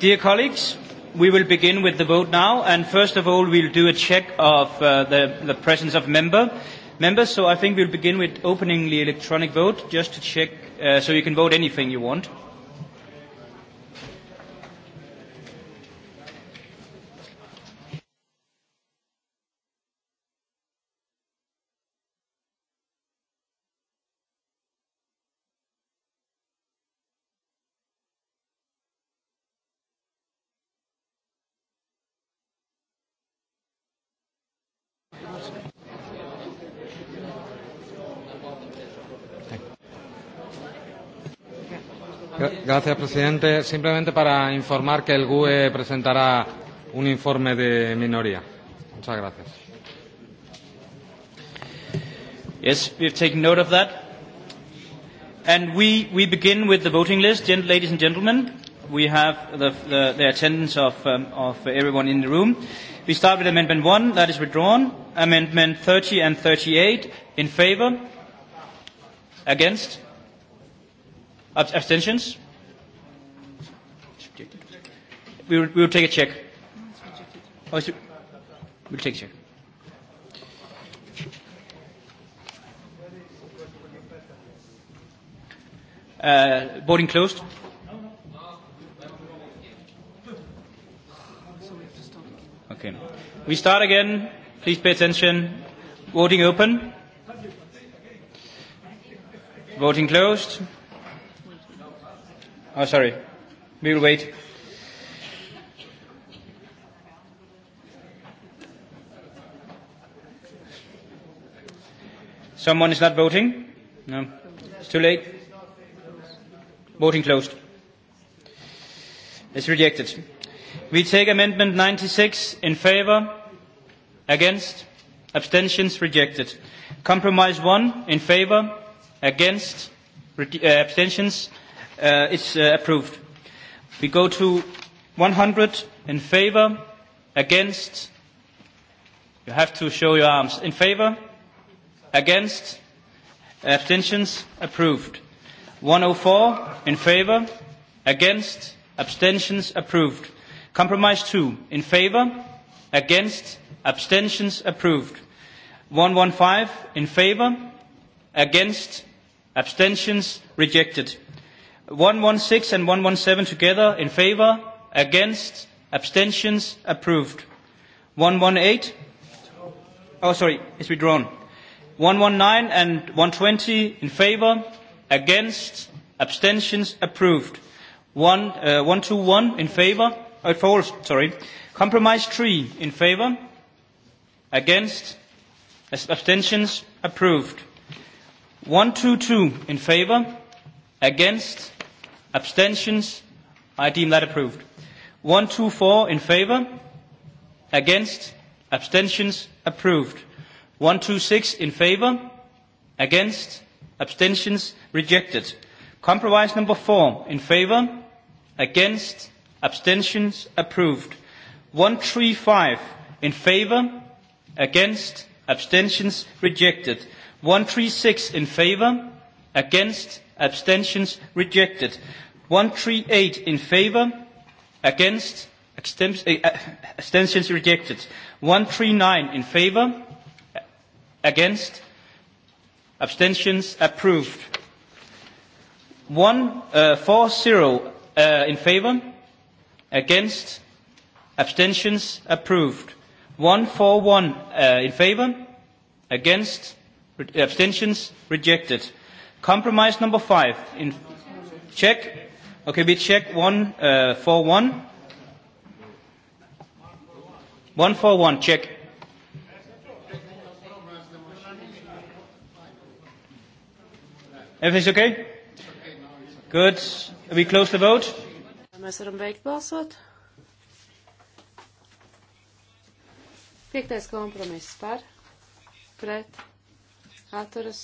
Dear colleagues, we will begin with the vote now, and first of all, we'll do a check of uh, the, the presence of member members. So I think we'll begin with opening the electronic vote just to check, uh, so you can vote anything you want. Gracias, presidente. Simplemente para informar que el GUE presentará un informe de minoría. Muchas gracias. Yes, we've taken note of that. And we, we begin with the voting list, Gen ladies and gentlemen. We have the, the, the attendance of, um, of everyone in the room. We start with Amendment 1, that is withdrawn. Amendment 30 and 38, in favour? Against? Abstentions? We will, we will take a check. Oh, it's, we'll take a check. Uh, voting closed. Okay. We start again. Please pay attention. Voting open. Voting closed. Oh, sorry. We will wait. Someone is not voting? No. It's too late. Voting closed. It's rejected. We take amendment 96 in favor, against, abstentions rejected. Compromise 1 in favor, against, uh, abstentions, uh, it's uh, approved. We go to 100 in favor, against, you have to show your arms, in favor, Against? Abstentions? Approved. 104 in favor? Against? Abstentions? Approved. Compromise 2 in favor? Against? Abstentions? Approved. 115 in favor? Against? Abstentions? Rejected. 116 and 117 together in favor? Against? Abstentions? Approved. 118? Oh, sorry, it's withdrawn. 119 and 120 in favor, against, abstentions approved. One, uh, 121 in favor, uh, false, sorry. Compromise 3 in favor, against, abstentions approved. 122 in favor, against, abstentions, I deem that approved. 124 in favor, against, abstentions approved. 126 in favor, against, abstentions rejected. Compromise number 4 in favor, against, abstentions approved. 135 in favor, against, abstentions rejected. 136 in favor, against, abstentions rejected. 138 in favor, against, eh, abstentions rejected. 139 in favor, Against? Abstentions? Approved. 1 uh, 4 0 uh, in favor. Against? Abstentions? Approved. 1 4 1 uh, in favor. Against? Re- abstentions? Rejected. Compromise number 5. In check. Okay, we check 1 uh, 4 1. 1 4 1. Check. Everything's okay? Good. Are we close the vote? Mēs varam beigt balsot. Piektais kompromiss par, pret, atturas,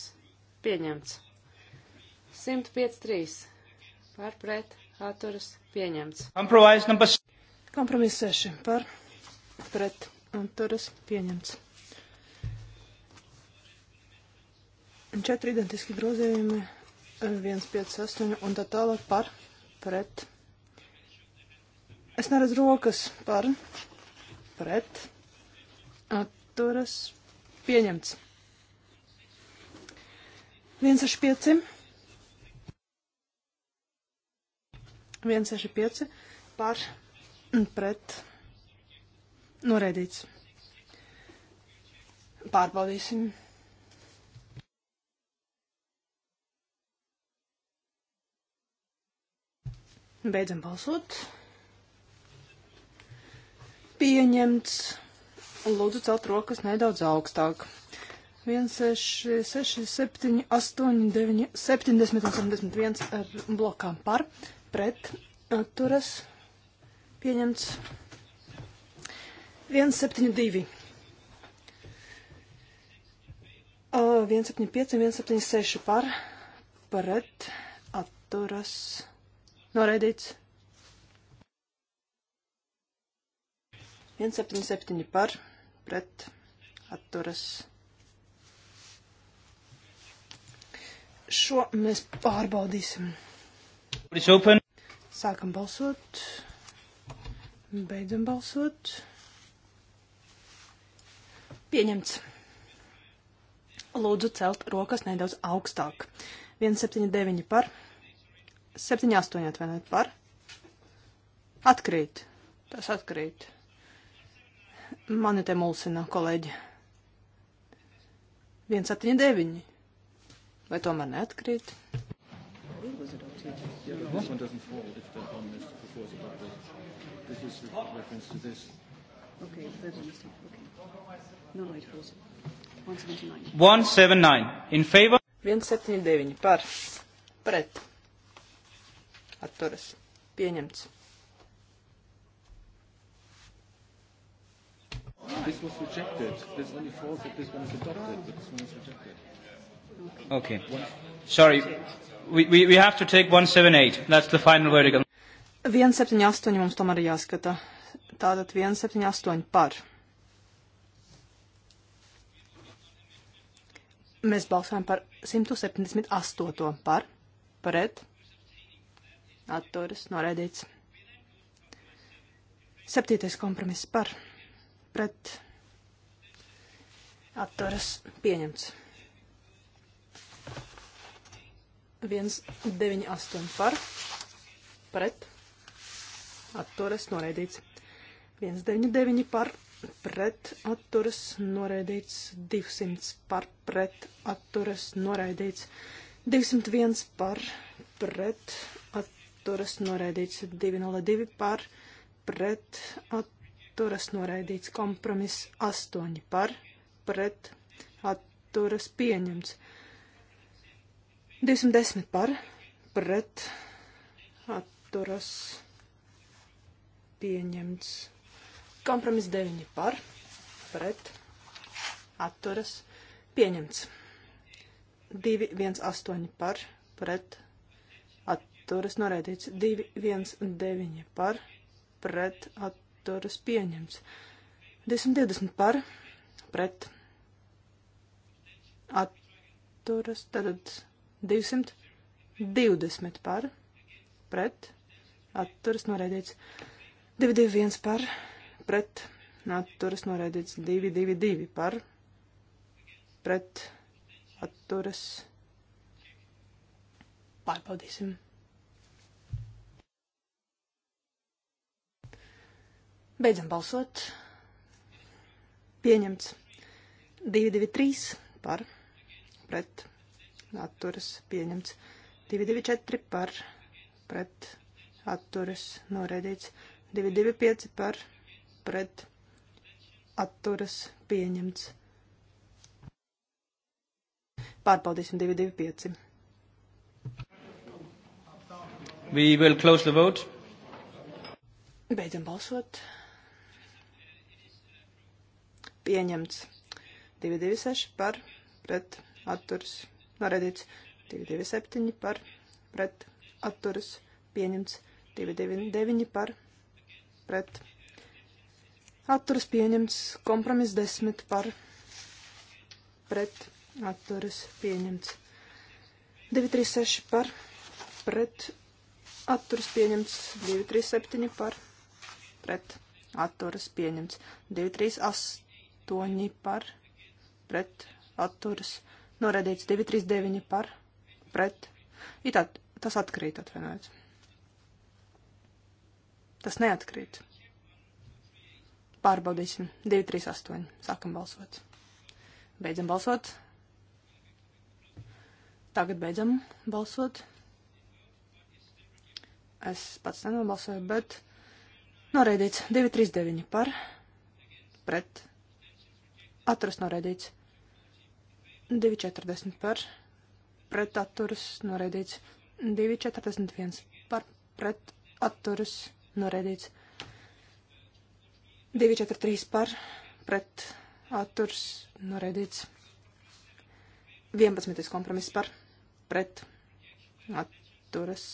pieņemts. 105.3 par, pret, atturas, pieņemts. Kompromiss 6 par, pret, atturas, pieņemts. Četri identiski grozījumi, 1, 5, 8 un tā tālāk par pret. Es neredzu rokas par pret. Atturas pieņemts. 165. 165 par un pret noraidīts. Pārbaudīsim. Beidzam balsot. Pieņemts. Lūdzu, celt rokas nedaudz augstāk. 1, 6, 6, 7, 8, 9, 70 un 71 ar blokām par, pret, atturas, pieņemts 1, 7, 2. Uh, 1, 7, 5, 1, 7, 6 par, pret, atturas, Noraidīts. 177 par pret atturas. Šo mēs pārbaudīsim. Sākam balsot. Beidzam balsot. Pieņemts. Lūdzu celt rokas nedaudz augstāk. 179 par pret 7-8 atvainojiet par. Atkrīt. Tas atkrīt. Mani te mulsina, kolēģi. 179. Vai tomēr neatkrīt? Okay, no, no, it falls. 179. 179 in favor. 179 par. Pret atturas pieņemts. This was rejected. This only falls if this one is adopted, but this one is rejected. Okay. Sorry. We, we, we have to take 178. That's the final verdict. 178 mums tomēr ir jāskata. Tātad 178 par. Mēs balsojam par 178 par, pret, atturas noraidīts. Septītais kompromiss par pret atturas pieņemts. 198 par pret atturas noraidīts. 199 par pret atturas noraidīts. 200 par pret atturas noraidīts. 201 par pret atturas atturas noraidīts 202 par, pret atturas noraidīts kompromiss 8 par, pret atturas pieņemts 210 par, pret atturas pieņemts kompromiss 9 par, pret atturas pieņemts 218 par, pret atturas pieņemts atturas noraidīts 219 par, pret atturas pieņemts 220 par, pret atturas, tad 220 par, pret atturas noraidīts 221 par, pret atturas noraidīts 222 par, pret atturas pārbaudīsim. Beidzam balsot. Pieņemts. 223 par pret atturas pieņemts. 224 par pret atturas noraidīts. 225 par pret atturas pieņemts. Pārbaudīsim 225. We will close the vote. Beidzam balsot pieņemts. 226 par pret atturas noraidīts. 227 par pret atturas pieņemts. 229 par pret atturas pieņemts. Kompromiss 10 par pret atturas pieņemts. 236 par pret atturas pieņemts. 237 par pret atturas pieņemts. 238 8 par pret atturas norēdīts 239 par pret. I tā, tas atkrīt, atvainojiet. Tas neatkrīt. Pārbaudīsim. 238. Sākam balsot. Beidzam balsot. Tagad beidzam balsot. Es pats nenobalsoju, bet noraidīts 239 par pret Atturas noraidīts. 2.40 par pret atturas noraidīts. 2.41 par pret atturas noraidīts. 2.43 par pret atturas noraidīts. 11. kompromiss par pret atturas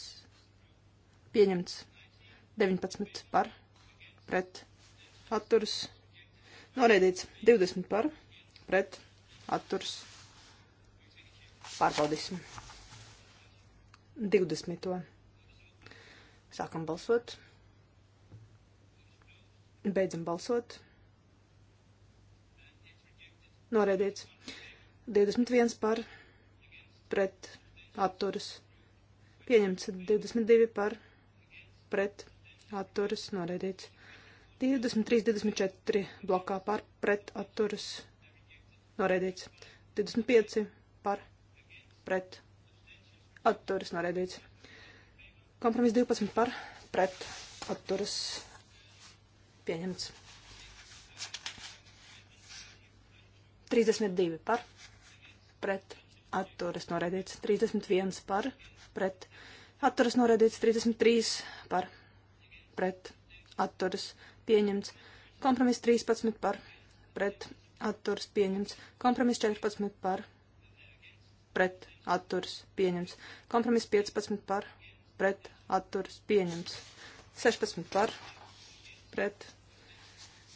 pieņemts. 19 par pret atturas noraidīts Noreidīts 20 par pret atturs. Pārbaudīsim. 20. Sākam balsot. Beidzam balsot. Noreidīts 21 par pret atturas. Pieņemts 22 par pret atturas. Noreidīts 23, 24 blokā par pret atturas noraidīts. 25 par pret atturas noraidīts. Kompromiss 12 par pret atturas pieņemts. 32 par pret atturas noraidīts. 31 par pret atturas noraidīts. 33 par pret atturas noraidīts pieņemts. Kompromiss 13 par pret atturs pieņemts. Kompromiss 14 par pret atturs pieņemts. Kompromiss 15 par pret atturs pieņemts. 16 par pret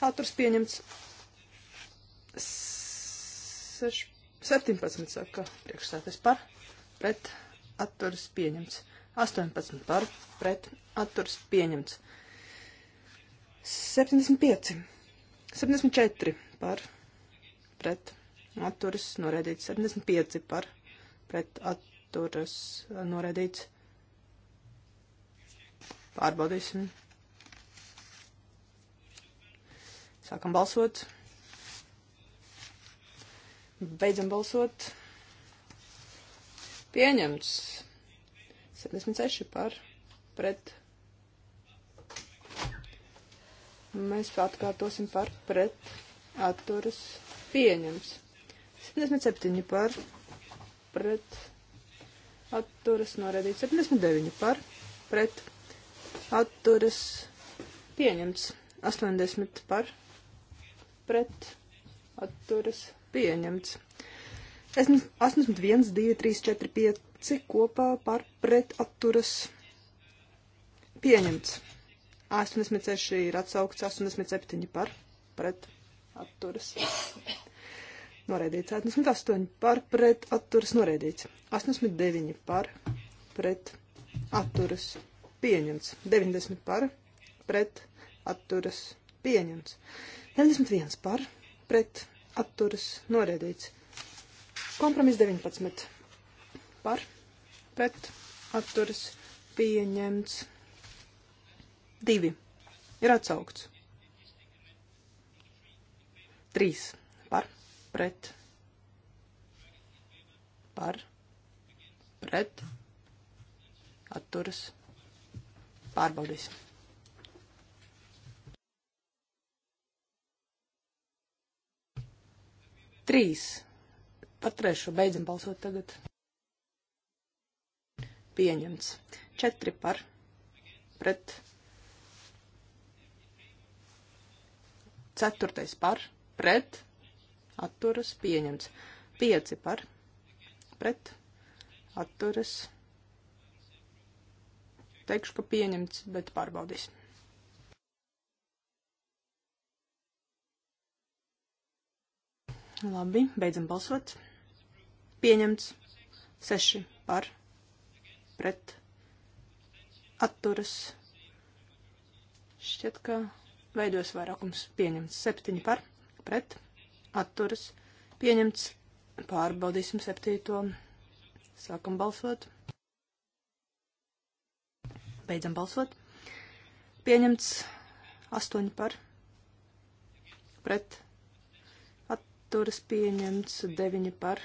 atturs pieņemts. 6, 17 saka priekšsētais par pret atturs pieņemts. 18 par pret atturs pieņemts. 75, 74 par pret atturas norēdīts, 75 par pret atturas norēdīts. Pārbaudīsim. Sākam balsot. Beidzam balsot. Pieņemts. 76 par pret atturas. Mēs atkārtosim par pret atturas pieņems. 77 par pret atturas norēdīts. 79 par pret atturas pieņemts. 80 par pret atturas pieņemts. 81, 2, 3, 4, 5 kopā par pret atturas pieņemts. 86 ir atsaukts, 87 par pret atturas. Noraidīts 88 par pret atturas noraidīts. 89 par pret atturas pieņemts. 90 par pret atturas pieņemts. 91 par pret atturas noraidīts. Kompromis 19 par pret atturas pieņemts. Divi. Ir atsaukts. Trīs. Par. Pret. Par. Pret. Atturas. Pārbaudīsim. Trīs. Par trešo beidzam balsot tagad. Pieņemts. Četri par. Pret Ceturtais par, pret, atturas, pieņemts. Pieci par, pret, atturas. Teikšu, ka pieņemts, bet pārbaudīsim. Labi, beidzam balsot. Pieņemts. Seši par, pret, atturas. Šķiet, ka veidos vairākums pieņemts. Septiņi par, pret, atturas, pieņemts. Pārbaudīsim septīto. Sākam balsot. Beidzam balsot. Pieņemts astoņi par, pret, atturas, pieņemts deviņi par,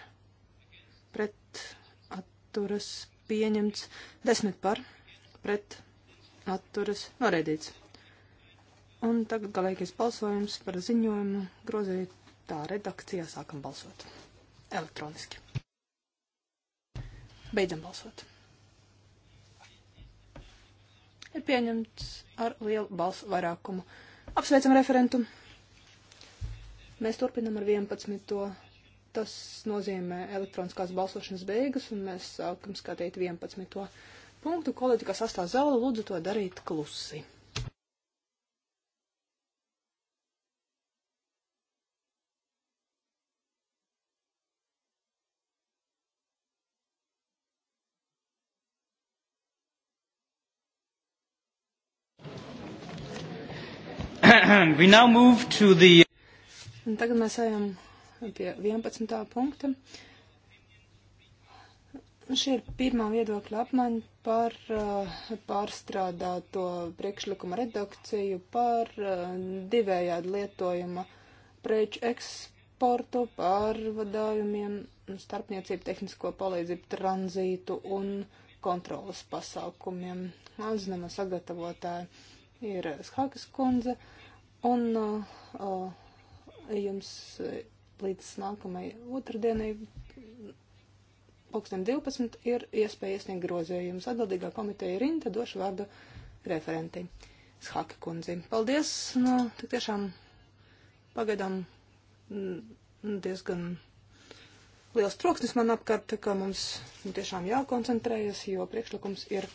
pret, atturas, pieņemts desmit par, pret, atturas, noraidīts. Un tagad galīgais balsojums par ziņojumu grozītā redakcijā sākam balsot. Elektroniski. Beidzam balsot. Ir pieņemts ar lielu balsu vairākumu. Apsveicam referentu. Mēs turpinam ar 11. Tas nozīmē elektroniskās balsošanas beigas, un mēs sākam skatīt 11. punktu. Kolēģi, kas astāv zāli, lūdzu to darīt klusi. The... Un tagad mēs ejam pie 11. punkta. Šī ir pirmā viedokļa apmaiņa par uh, pārstrādāto priekšlikuma redakciju par uh, divējādi lietojuma preču eksportu, pārvadājumiem, starpniecību, tehnisko palīdzību, tranzītu un kontrolas pasākumiem. Atzinama sagatavotāja ir Skakas kundze. Uh, Un uh, jums līdz nākamajai otrdienai, pulksten 12, ir iespēja iesniegt grozījumus. Atbildīgā komiteja ir Inta, došu vārdu referentei Schaka kundzi. Paldies, nu, tik tiešām pagaidām mm, diezgan liels troksnis man apkārt, ka mums nu, tiešām jākoncentrējas, jo priekšlikums ir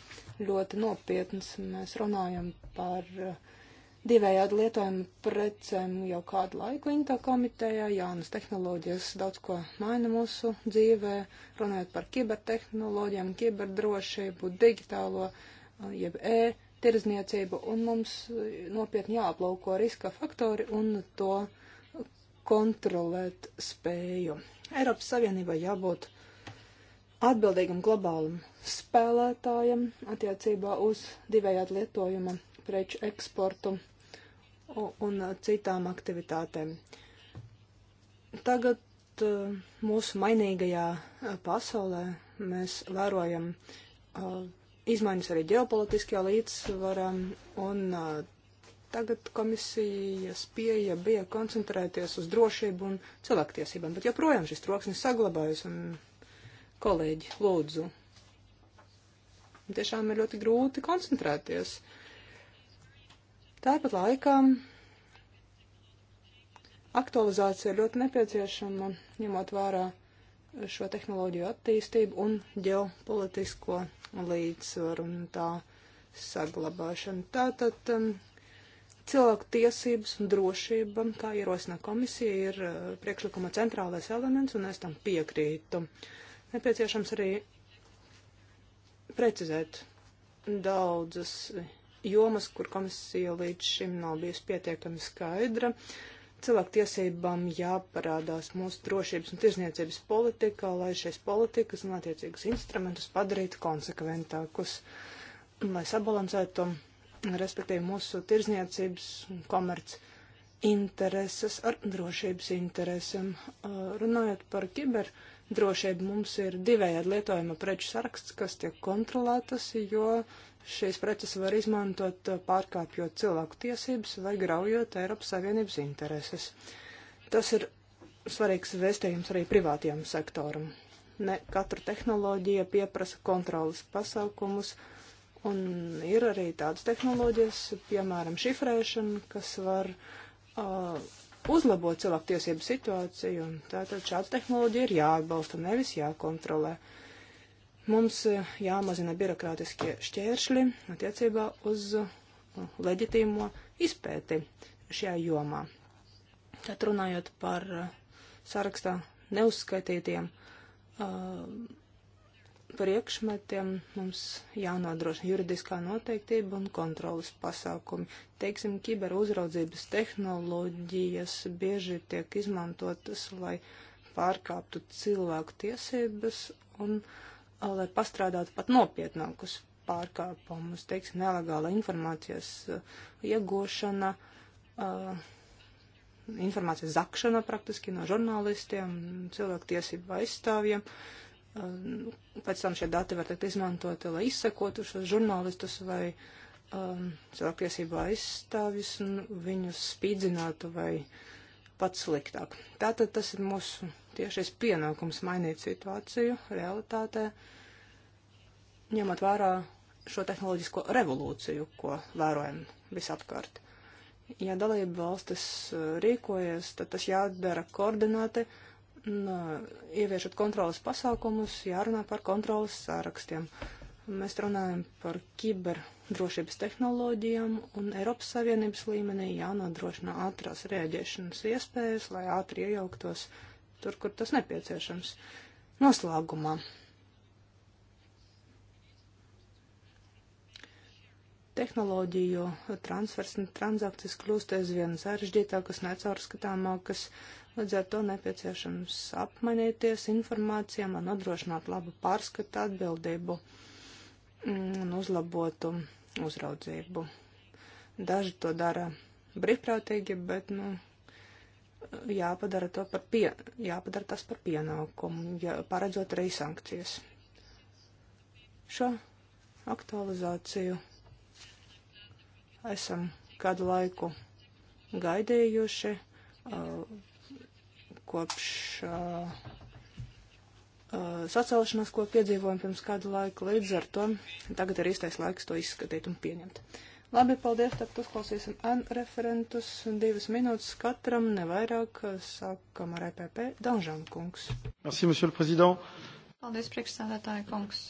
ļoti nopietns. Mēs runājam par uh, divējādi lietojumu precēm jau kādu laiku Intā komitejā, jaunas tehnoloģijas daudz ko maina mūsu dzīvē, runājot par kibertehnoloģijām, kiberdrošību, digitālo, uh, jeb e tirzniecību, un mums uh, nopietni jāaplauko riska faktori un to kontrolēt spēju. Eiropas Savienībai jābūt atbildīgam globālam spēlētājam attiecībā uz divējādi lietojuma preču eksportu un citām aktivitātēm. Tagad eh, mūsu mainīgajā eh, pasaulē mēs vērojam eh, izmaiņas arī ģeopolitiskajā līdzsvarā, un tagad komisijas pieeja bija koncentrēties uz drošību un cilvēktiesībām, bet joprojām šis troksnis saglabājas, un kolēģi, lūdzu, tiešām ir ļoti grūti koncentrēties. Uh, Tāpat laikā aktualizācija ir ļoti nepieciešama, ņemot vērā šo tehnoloģiju attīstību un ģeopolitisko līdzsvaru un tā saglabāšanu. Tātad um, cilvēku tiesības un drošība, kā ierosina komisija, ir uh, priekšlikuma centrālais elements, un es tam piekrītu. Nepieciešams arī precizēt daudzas jomas, kur komisija līdz šim nav bijusi pietiekami skaidra. Cilvēktiesībām jāparādās mūsu drošības un tirzniecības politikā, lai šīs politikas un attiecīgas instrumentus padarītu konsekventākus, lai sabalansētu, respektīvi, mūsu tirzniecības un komerces intereses, ar drošības interesēm. Uh, runājot par kiberdrošību, mums ir divējādi lietojama preču saraksts, kas tiek kontrolētas, jo šīs preces var izmantot eh, pārkāpjot cilvēku tiesības vai graujot Eiropas Savienības intereses. Tas ir svarīgs vēstījums arī privātajam sektoram. Ne katra tehnoloģija pieprasa kontrolas pasaukumus, un ir arī tādas tehnoloģijas, piemēram, šifrēšana, kas var uh, uzlabot cilvēku tiesību situāciju, un tātad šāda tehnoloģija ir jāatbalsta, nevis jākontrolē. Uh, Mums e, jāmazina birokrātiskie šķēršļi attiecībā uz e, leģitīmo izpēti šajā jomā. Tad runājot par e, sarakstā neuzskaitītiem uh, priekšmetiem, mums jānodrošina juridiskā noteiktība un kontrolas pasākumi. Teiksim, kiberuzraudzības tehnoloģijas bieži tiek izmantotas, lai pārkāptu cilvēku tiesības un uh, Uh, lai pastrādātu pat nopietnākus pārkāpumus, teiksim, nelegāla informācijas uh, iegošana, uh, informācijas zakšana praktiski no žurnālistiem, cilvēku tiesību aizstāvjiem. Pēc tam šie dati var tikt izmantoti, lai izsekotu šos žurnālistus vai um, cilvēku tiesību aizstāvjus un viņus spīdzinātu vai uh, pat sliktāk. Tātad tas ir mūsu tiešais pienākums mainīt situāciju realitātē, ņemot vērā šo tehnoloģisko revolūciju, ko vērojam visapkārt. Ja dalība valstis uh, rīkojas, tad tas jādara koordināti, uh, ieviešot kontrolas pasākumus, jārunā par kontrolas sārakstiem. Mēs runājam par kiber drošības tehnoloģijām un Eiropas Savienības līmenī jānodrošina ātrās rēģēšanas iespējas, lai ātri iejauktos tur, kur tas nepieciešams. Noslēgumā. Tehnoloģiju transfers un transakcijas kļūst aizvien sarežģītākas, necaurskatāmākas, līdz ar to nepieciešams apmainīties informācijām, nodrošināt labu pārskatu atbildību un uzlabotu uzraudzību. Daži to dara brīvprātīgi, bet, nu, jāpadara, to par pie, jāpadara tas par pienākumu, ja paredzot arī sankcijas. Šo aktualizāciju esam kādu laiku gaidījuši, uh, kopš uh, Uh, sacelšanos, ko piedzīvojam pirms kādu laiku. Līdz ar to tagad ir īstais laiks to izskatīt un pieņemt. Labi, paldies, tad uzklausīsim N referentus. Divas minūtes katram, nevairāk. Sākam ar EPP. Danžan kungs. Merci, monsieur le président. Paldies, priekšsēdētāja kungs.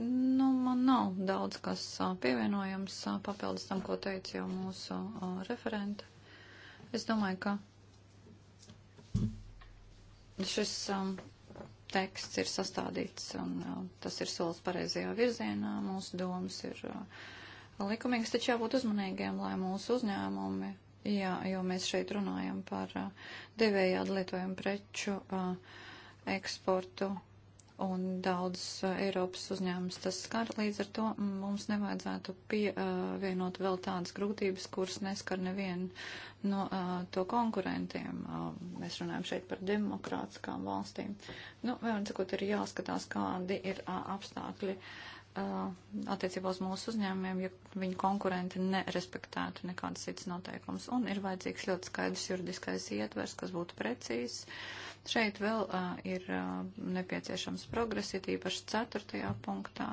Nu, man nav daudz kas pievienojams papildus tam, ko teica jau mūsu referenta. Es domāju, ka šis um, teksts ir sastādīts un uh, tas ir solis pareizajā virzienā. Mūsu domas ir uh, likumīgas, taču jābūt uzmanīgiem, lai mūsu uzņēmumi, jā, jo mēs šeit runājam par uh, devējādi lietojumu preču uh, eksportu un daudz Eiropas uzņēmums tas skar, līdz ar to mums nevajadzētu pievienot vēl tādas grūtības, kuras neskar nevienu no to konkurentiem. Mēs runājam šeit par demokrātiskām valstīm. Nu, vēl cikot ir jāskatās, kādi ir apstākļi attiecībā uz mūsu uzņēmumiem, ja viņu konkurenti nerespektētu nekādas citas noteikumus. Un ir vajadzīgs ļoti skaidrs juridiskais ietvers, kas būtu precīzs Šeit vēl uh, ir uh, nepieciešams progress, it īpaši ceturtajā punktā.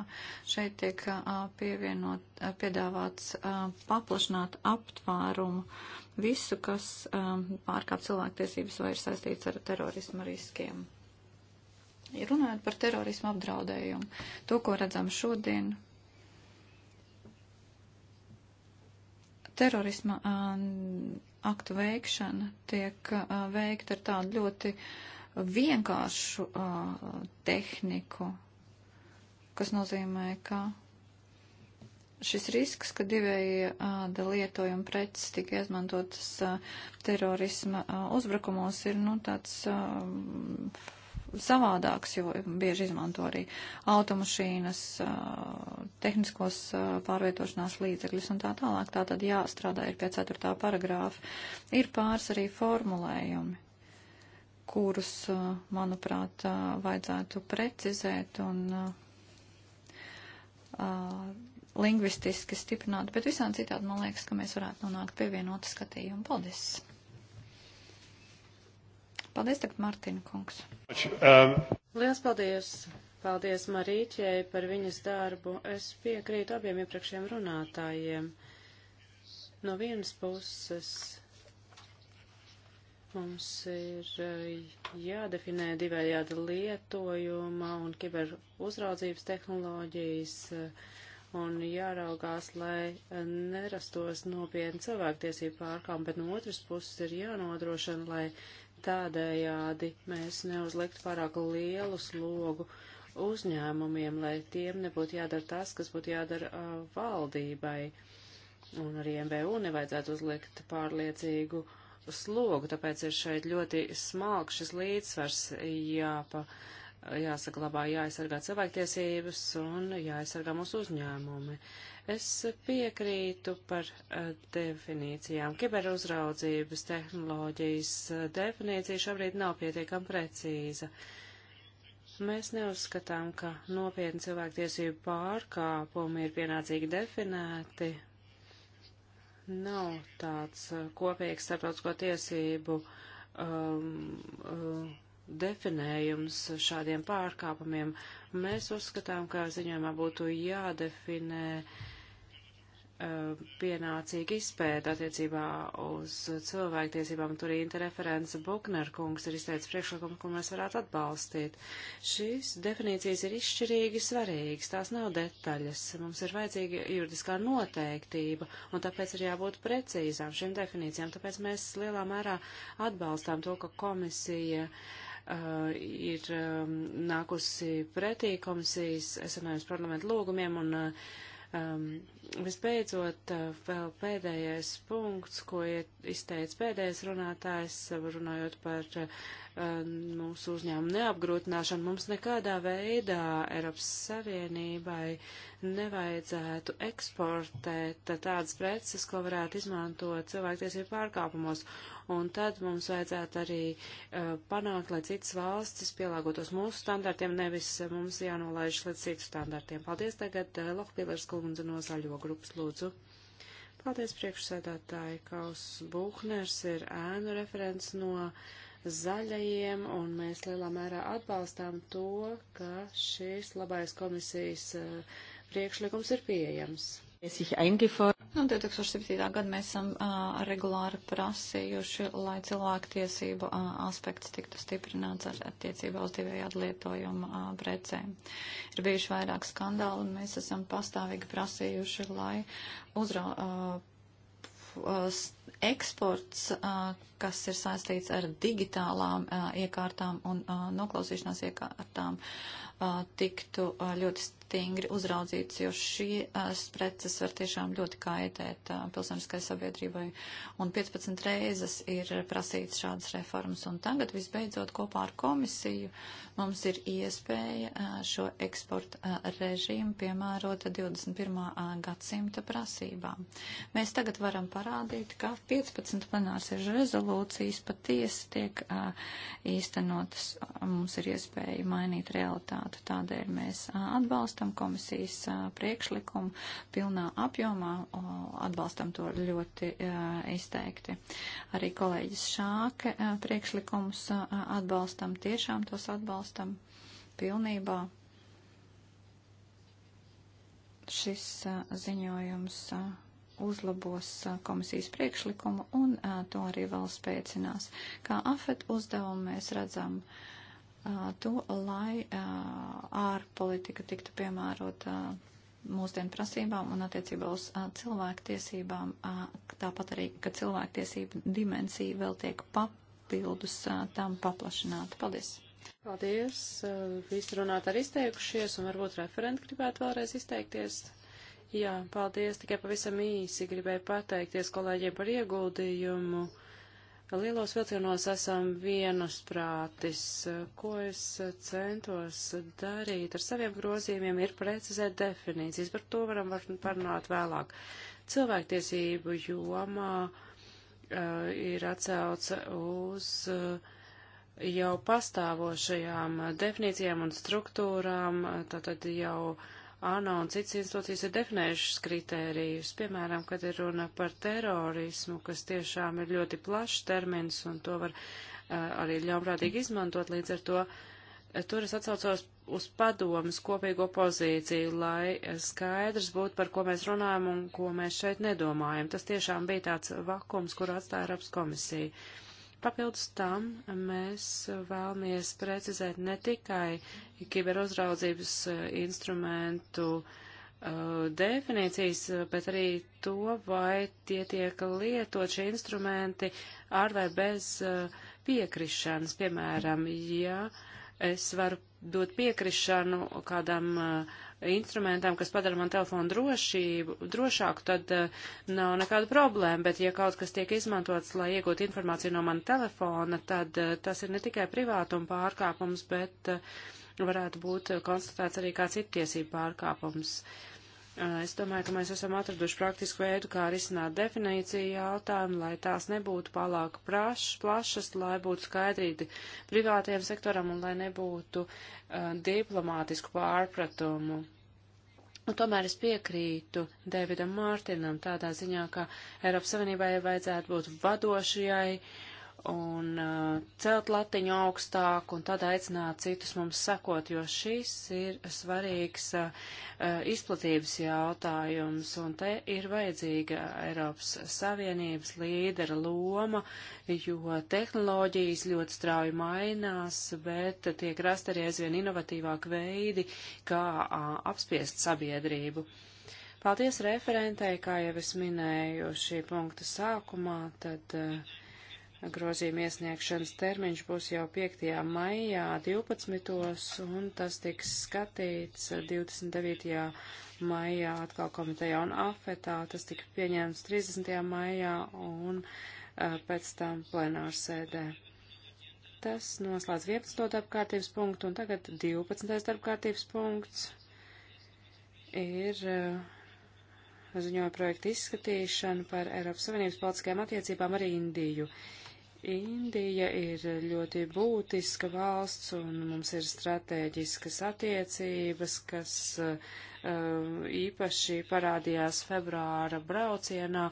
Šeit tiek uh, pievienot, uh, piedāvāts uh, paplašināt aptvērumu visu, kas uh, pārkāp cilvēktiesības vai ir saistīts ar terorismu riskiem. Ja runājot par terorismu apdraudējumu, to, ko redzam šodien, terorisma aktu veikšana tiek veikta ar tādu ļoti vienkāršu tehniku, kas nozīmē, ka šis risks, ka divējāda lietojuma preces tika izmantotas terorisma uzbrukumos, ir nu, tāds. Uh, savādāks, jo bieži izmanto arī automašīnas, tehniskos pārvietošanās līdzekļus un tā tālāk. Tā tad jāstrādā ir pie 4. paragrāfa. Ir pāris arī formulējumi, kurus, manuprāt, vajadzētu precizēt un lingvistiski stiprināt, bet visādi citādi man liekas, ka mēs varētu nonākt pie vienota skatījuma. Paldies! Paldies, tagad Mārtiņa kungs. Um, Liels paldies! Paldies Marīķei par viņas darbu. Es piekrītu abiem iepriekšējiem runātājiem. No vienas puses mums ir uh, jādefinē divējādi lietojuma un kiberuzraudzības tehnoloģijas uh, un jāraugās, lai uh, nerastos nopietni cilvēktiesību pārkām, bet no otras puses ir jānodrošina, lai Tādējādi mēs neuzlikt pārāk lielu slogu uzņēmumiem, lai tiem nebūtu jādara tas, kas būtu jādara uh, valdībai. Un arī MVU nevajadzētu uzlikt pārliecīgu slogu, tāpēc ir šeit ļoti smalks šis līdzsvars jāpa. Uh, jāsaglabā, jāaizsargā cilvēktiesības un jāaizsargā mūsu uzņēmumi. Es piekrītu par uh, definīcijām. Kiberuzraudzības tehnoloģijas uh, definīcija šobrīd nav pietiekami precīza. Mēs neuzskatām, ka nopietni cilvēktiesību pārkāpumi ir pienācīgi definēti. Nav tāds uh, kopīgs starptautisko tiesību um, uh, definējums šādiem pārkāpumiem. Mēs uzskatām, ka ziņojumā būtu jādefinē uh, eh, pienācīgi izpēta attiecībā uz cilvēktiesībām. Tur interreferents Bukner kungs ir izteicis priekšlikumu, ko mēs varētu atbalstīt. Šīs definīcijas ir izšķirīgi svarīgas, tās nav detaļas. Mums ir vajadzīga juridiskā noteiktība, un tāpēc ir jābūt precīzām šīm definīcijām. Tāpēc mēs lielā mērā atbalstām to, ka komisija uh, uh, ir um, nākusi pretī komisijas esamējums parlamentu lūgumiem un uh, um, visbeidzot uh, vēl pēdējais punkts, ko iet, izteica pēdējais runātājs, runājot par uh, mūsu uzņēmumu neapgrūtināšanu, mums nekādā veidā Eiropas Savienībai nevajadzētu eksportēt tādas preces, ko varētu izmantot cilvēktiesību pārkāpumos. Un tad mums vajadzētu arī uh, panākt, lai citas valstis pielāgotos mūsu standartiem, nevis mums jānolaiž līdz citu standartiem. Paldies tagad uh, Lohpīlers kundze no zaļo grupas lūdzu. Paldies priekšsēdētāji, Kaus Buhners ir ēnu referents no uh, zaļajiem, un mēs lielā mērā atbalstām to, ka šis labais komisijas eh, priekšlikums ir pieejams. Nu, 2007. gadu mēs esam uh, regulāri prasījuši, lai cilvēku tiesību uh, aspekts tiktu stiprināts ar attiecībā uz divējādu lietojumu uh, precēm. Ir bijuši vairāk skandāli, un mēs esam pastāvīgi prasījuši, lai uzra, uh, eksports, kas ir saistīts ar digitālām iekārtām un noklausīšanās iekārtām, tiktu ļoti stingri uzraudzīts, jo šīs preces var tiešām ļoti kaitēt pilsoniskai sabiedrībai. Un 15 reizes ir prasīts šādas reformas. Un tagad visbeidzot kopā ar komisiju mums ir iespēja šo eksporta režīmu piemērot 21. gadsimta prasībām. Mēs tagad varam parādīt, ka 15 plenārsiežu rezolūcijas patiesi tiek īstenotas. Mums ir iespēja mainīt realitāti. Tādēļ mēs atbalstam atbalstam komisijas priekšlikumu pilnā apjomā, atbalstam to ļoti izteikti. Arī kolēģis Šāke priekšlikumus atbalstam, tiešām tos atbalstam pilnībā. Šis ziņojums uzlabos komisijas priekšlikumu un to arī vēl spēcinās. Kā afet uzdevumu mēs redzam, uh, to, lai ārpolitika tiktu piemērota mūsdienu prasībām un attiecībā uz cilvēktiesībām, tāpat arī, ka cilvēktiesība dimensija vēl tiek papildus tam paplašināta. Paldies! Paldies! Visi runāt arī izteikušies, un varbūt referenti gribētu vēlreiz izteikties. Jā, paldies! Tikai pavisam īsi gribēju pateikties kolēģiem par ieguldījumu Lielos vilcienos esam vienusprātis. Ko es centos darīt ar saviem grozījumiem, ir precizēt definīcijas. Par to varam var parunāt vēlāk. Cilvēktiesību jomā uh, ir atsauce uz. Uh, jau pastāvošajām definīcijām un struktūrām, eh, tātad jau uh, ANO un citas institūcijas ir definējušas kritērijus, piemēram, kad ir runa par terorismu, kas tiešām ir ļoti plašs termins un to var uh, arī ļaunprātīgi izmantot. Līdz ar to eh, tur es atsaucos uz padomas kopīgo pozīciju, lai eh, skaidrs būtu, par ko mēs runājam un ko mēs šeit nedomājam. Tas tiešām bija tāds vakums, kur atstāja Eiropas komisija. Uh, Papildus tam mēs vēlamies precizēt ne tikai kiberuzraudzības eh, instrumentu uh, definīcijas, bet arī to, vai tie tiek lietot šie instrumenti ar vai bez uh, piekrišanas. Piemēram, ja es varu dot piekrišanu kādam uh, instrumentām, kas padara man telefonu drošību, drošāku, tad uh, nav nekāda problēma, bet ja kaut kas tiek izmantots, lai iegūtu informāciju no mana telefona, tad uh, tas ir ne tikai privātuma pārkāpums, bet uh, varētu būt konstatēts arī kāds citu tiesību pārkāpums. Uh, Eh, es domāju, ka mēs esam atraduši praktisku veidu, kā risināt definīciju jautājumu, lai tās nebūtu pārāk plašas, lai būtu skaidrība privātajam sektoram un lai nebūtu uh, diplomātisku pārpratumu. Un tomēr es piekrītu Davidam Mārtinam tādā ziņā, ka Eiropas Savienībai vajadzētu būt vadošajai uh, un uh, celt latiņu augstāk un tad aicināt citus mums sekot, jo šis ir svarīgs uh, uh, izplatības jautājums un te ir vajadzīga Eiropas Savienības līdera loma, jo tehnoloģijas ļoti strauji mainās, bet tiek rast arī aizvien inovatīvāk veidi, kā uh, apspiest sabiedrību. Paldies referentei, kā jau es minēju šī punkta sākumā, tad uh, Grozījuma iesniegšanas termiņš būs jau 5. maijā 12. un tas tiks skatīts 29. maijā atkal komitejā un afetā. Tas tika pieņemts 30. maijā un eh, pēc tam plenārsēdē. Tas noslēdz 11. darbkārtības punktu un tagad 12. darbkārtības punkts ir eh, ziņoja projekta izskatīšana par Eiropas Savienības politiskajām attiecībām ar Indiju. Uh, Indija ir ļoti būtiska valsts, un mums ir strateģiskas attiecības, kas uh, īpaši parādījās februāra braucienā,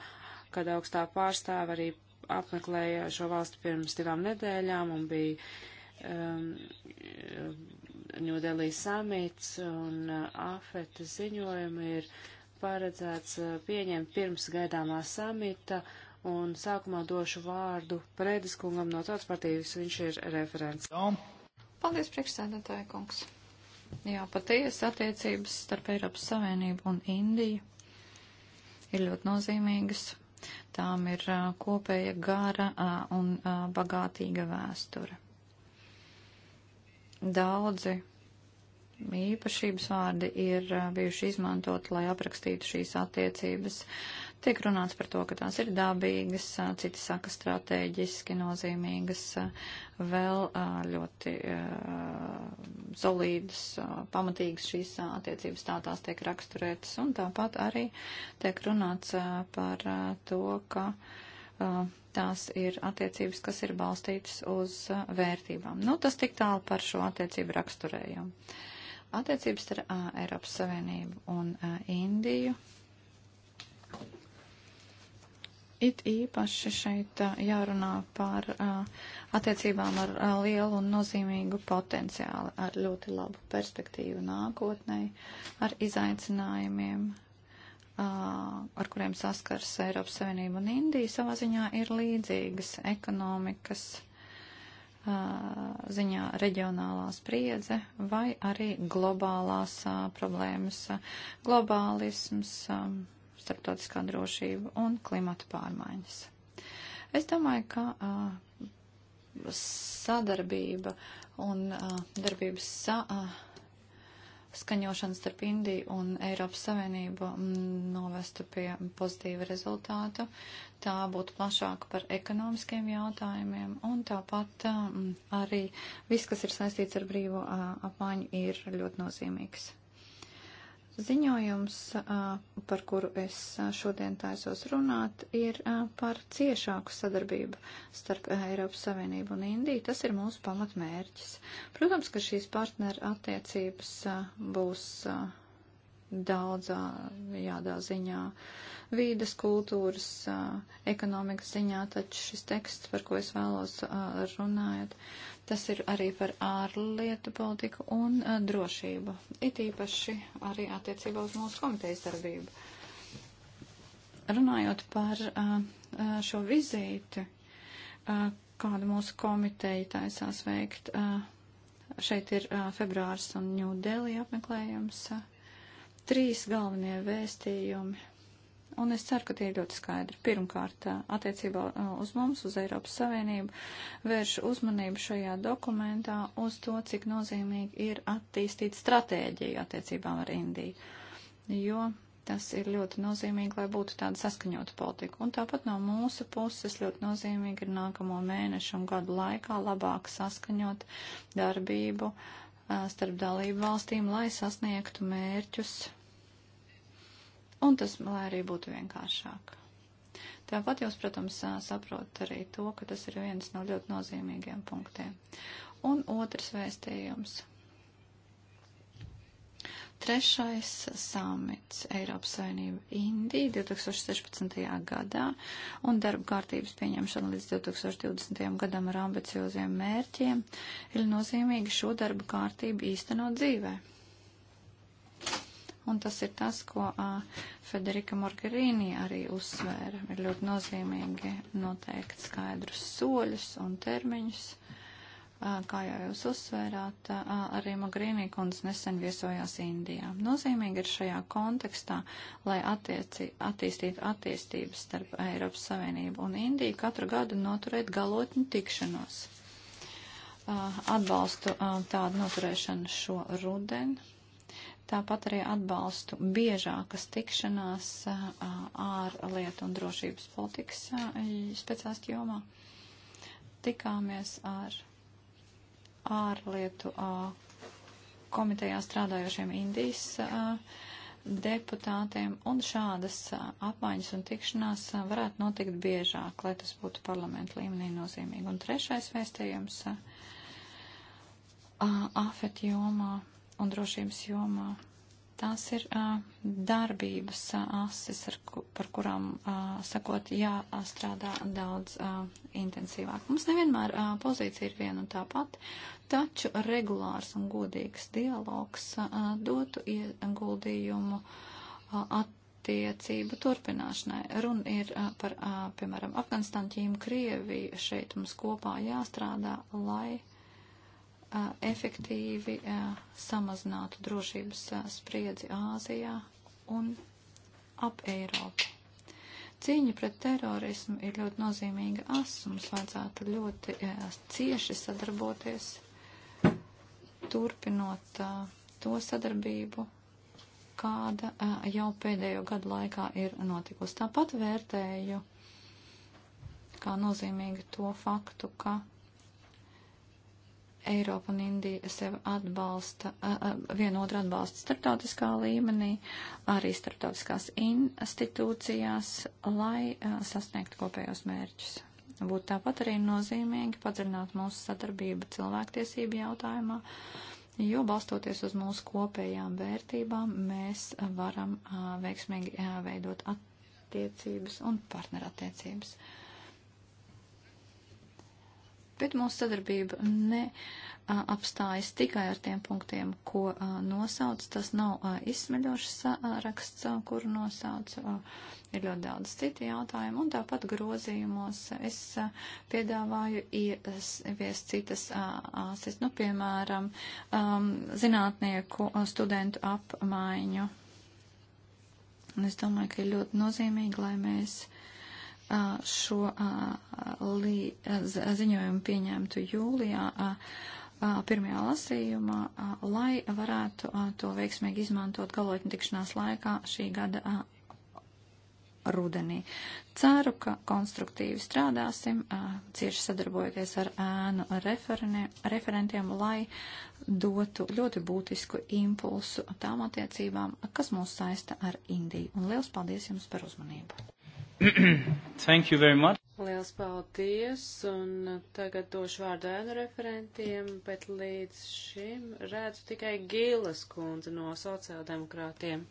kad augstā pārstāva arī apmeklēja šo valstu pirms divām nedēļām un bija Ņūdelī ehm, um, samits, un eh, afeta ziņojumi ir paredzēts eh, pieņemt pirms gaidāmā samita. Uh, un sākumā došu vārdu Prēdes kungam no tāds partijas, viņš ir referents. Paldies, priekšsēdētāja kungs. Jā, patiesi attiecības starp Eiropas Savienību un Indiju ir ļoti nozīmīgas. Tām ir uh, kopēja gara uh, un uh, bagātīga vēsture. Daudzi īpašības vārdi ir bijuši izmantot, lai aprakstītu šīs attiecības. Uh, Tiek runāts par to, ka tās ir dabīgas, citi saka strateģiski nozīmīgas, vēl ļoti solīdas, pamatīgas šīs attiecības tā tās tiek raksturētas. Un tāpat arī tiek runāts par to, ka tās ir attiecības, kas ir balstītas uz vērtībām. Nu, tas tik tālu par šo attiecību raksturējumu. Attiecības ar Eiropas Savienību un Indiju It īpaši šeit jārunā par attiecībām ar lielu un nozīmīgu potenciālu, ar ļoti labu perspektīvu nākotnē, ar izaicinājumiem, ar kuriem saskars Eiropas Savienība un Indija, savā ziņā ir līdzīgas ekonomikas ziņā reģionālā spriedze vai arī globālās problēmas, globālisms starptautiskā drošība un klimata pārmaiņas. Es domāju, ka uh, sadarbība un uh, darbības sa, uh, skaņošana starp Indiju un Eiropas Savienību mm, novestu pie pozitīva rezultātu. Tā būtu plašāka par ekonomiskiem jautājumiem un tāpat uh, arī viss, kas ir saistīts ar brīvo uh, apmaiņu, ir ļoti nozīmīgs. Ziņojums, par kuru es šodien taisos runāt, ir par ciešāku sadarbību starp Eiropas Savienību un Indiju. Tas ir mūsu pamatmērķis. Protams, ka šīs partneru attiecības būs daudzā jādā ziņā vīdas, kultūras, ekonomikas ziņā, taču šis teksts, par ko es vēlos runāt, tas ir arī par ārlietu politiku un drošību. It īpaši arī attiecībā uz mūsu komitejas darbību. Runājot par šo vizīti, kādu mūsu komiteja taisās veikt, šeit ir februārs un ņūdēlī apmeklējums trīs galvenie vēstījumi. Un es ceru, ka tie ir ļoti skaidri. Pirmkārt, attiecībā uz mums, uz Eiropas Savienību, vērš uzmanību šajā dokumentā uz to, cik nozīmīgi ir attīstīt stratēģiju attiecībām ar Indiju. Jo tas ir ļoti nozīmīgi, lai būtu tāda saskaņota politika. Un tāpat no mūsu puses ļoti nozīmīgi ir nākamo mēnešu un gadu laikā labāk saskaņot darbību starp dalību valstīm, lai sasniegtu mērķus Un tas, lai arī būtu vienkāršāk. Tāpat jūs, protams, saprotat arī to, ka tas ir viens no ļoti nozīmīgiem punktiem. Un otrs vēstījums. Trešais samits Eiropas Savienība Indija 2016. gadā un darba kārtības pieņemšana līdz 2020. gadam ar ambicioziem mērķiem ir nozīmīgi šo darba kārtību īstenot dzīvē. Un tas ir tas, ko uh, Federika Morgarīni arī uzsvēra. Ir ļoti nozīmīgi noteikt skaidrus soļus un termiņus. Uh, kā jau jūs uzsvērāt, uh, arī Magrīnī kundze nesen viesojās Indijā. Nozīmīgi ir šajā kontekstā, lai attieci, attīstītu attīstības starp Eiropas Savienību un Indiju, katru gadu noturēt galotņu tikšanos atbalstu tādu noturēšanu šo rudeni. Tāpat arī atbalstu biežākas tikšanās ārlietu un drošības politikas speciālistu jomā. Tikāmies ar ārlietu komitejā strādājošiem Indijas deputātiem, un šādas apmaiņas un tikšanās varētu notikt biežāk, lai tas būtu parlamentu līmenī nozīmīgi. Un trešais vēstījums - AFET jomā un drošības jomā. Tās ir uh, darbības uh, asis, ar, ku, par kurām, uh, sakot, jāstrādā daudz uh, intensīvāk. Mums nevienmēr uh, pozīcija ir viena un tā pati, taču regulārs un godīgs dialogs uh, dotu ieguldījumu uh, attiecību turpināšanai. Runa ir uh, par, uh, piemēram, Afganistānu, Ķīmu, Krieviju. Šeit mums kopā jāstrādā, lai. Uh, efektīvi samazinātu drošības spriedzi Āzijā un ap Eiropu. Cīņa pret terorismu ir ļoti nozīmīga as, mums vajadzētu ļoti cieši sadarboties, turpinot to sadarbību, kāda jau pēdējo gadu laikā ir notikusi. Tāpat vērtēju kā nozīmīgi to faktu, ka Eiropa un Indija sev atbalsta, vienotru atbalsta starptautiskā līmenī, arī starptautiskās institūcijās, lai sasniegtu kopējos mērķus. Būtu tāpat arī nozīmīgi padzināt mūsu sadarbību cilvēktiesību jautājumā, jo balstoties uz mūsu kopējām vērtībām, mēs varam veiksmīgi veidot attiecības un partnerattiecības. attiecības Bet mūsu sadarbība ne apstājas tikai ar tiem punktiem, ko a, nosauc. Tas nav a, izsmeļošs raksts, a, kuru nosauc. Ir ļoti daudz citu jautājumu, un tāpat grozījumos es piedāvāju ieviest citas āsis, nu, piemēram, zinātnieku studentu apmaiņu. Un es domāju, ka ir ļoti nozīmīgi, lai mēs šo ziņojumu pieņemtu jūlijā pirmajā lasījumā, lai varētu to veiksmīgi izmantot galotņu tikšanās laikā šī gada rudenī. Ceru, ka konstruktīvi strādāsim, cieši sadarbojoties ar ēnu referentiem, lai dotu ļoti būtisku impulsu tām attiecībām, kas mūs saista ar Indiju. Un liels paldies jums par uzmanību! Thank you very much. Liels paldies, un tagad došu vārdu ēnu referentiem, bet līdz šim redzu tikai Gīlas kundze no sociāldemokrātiem.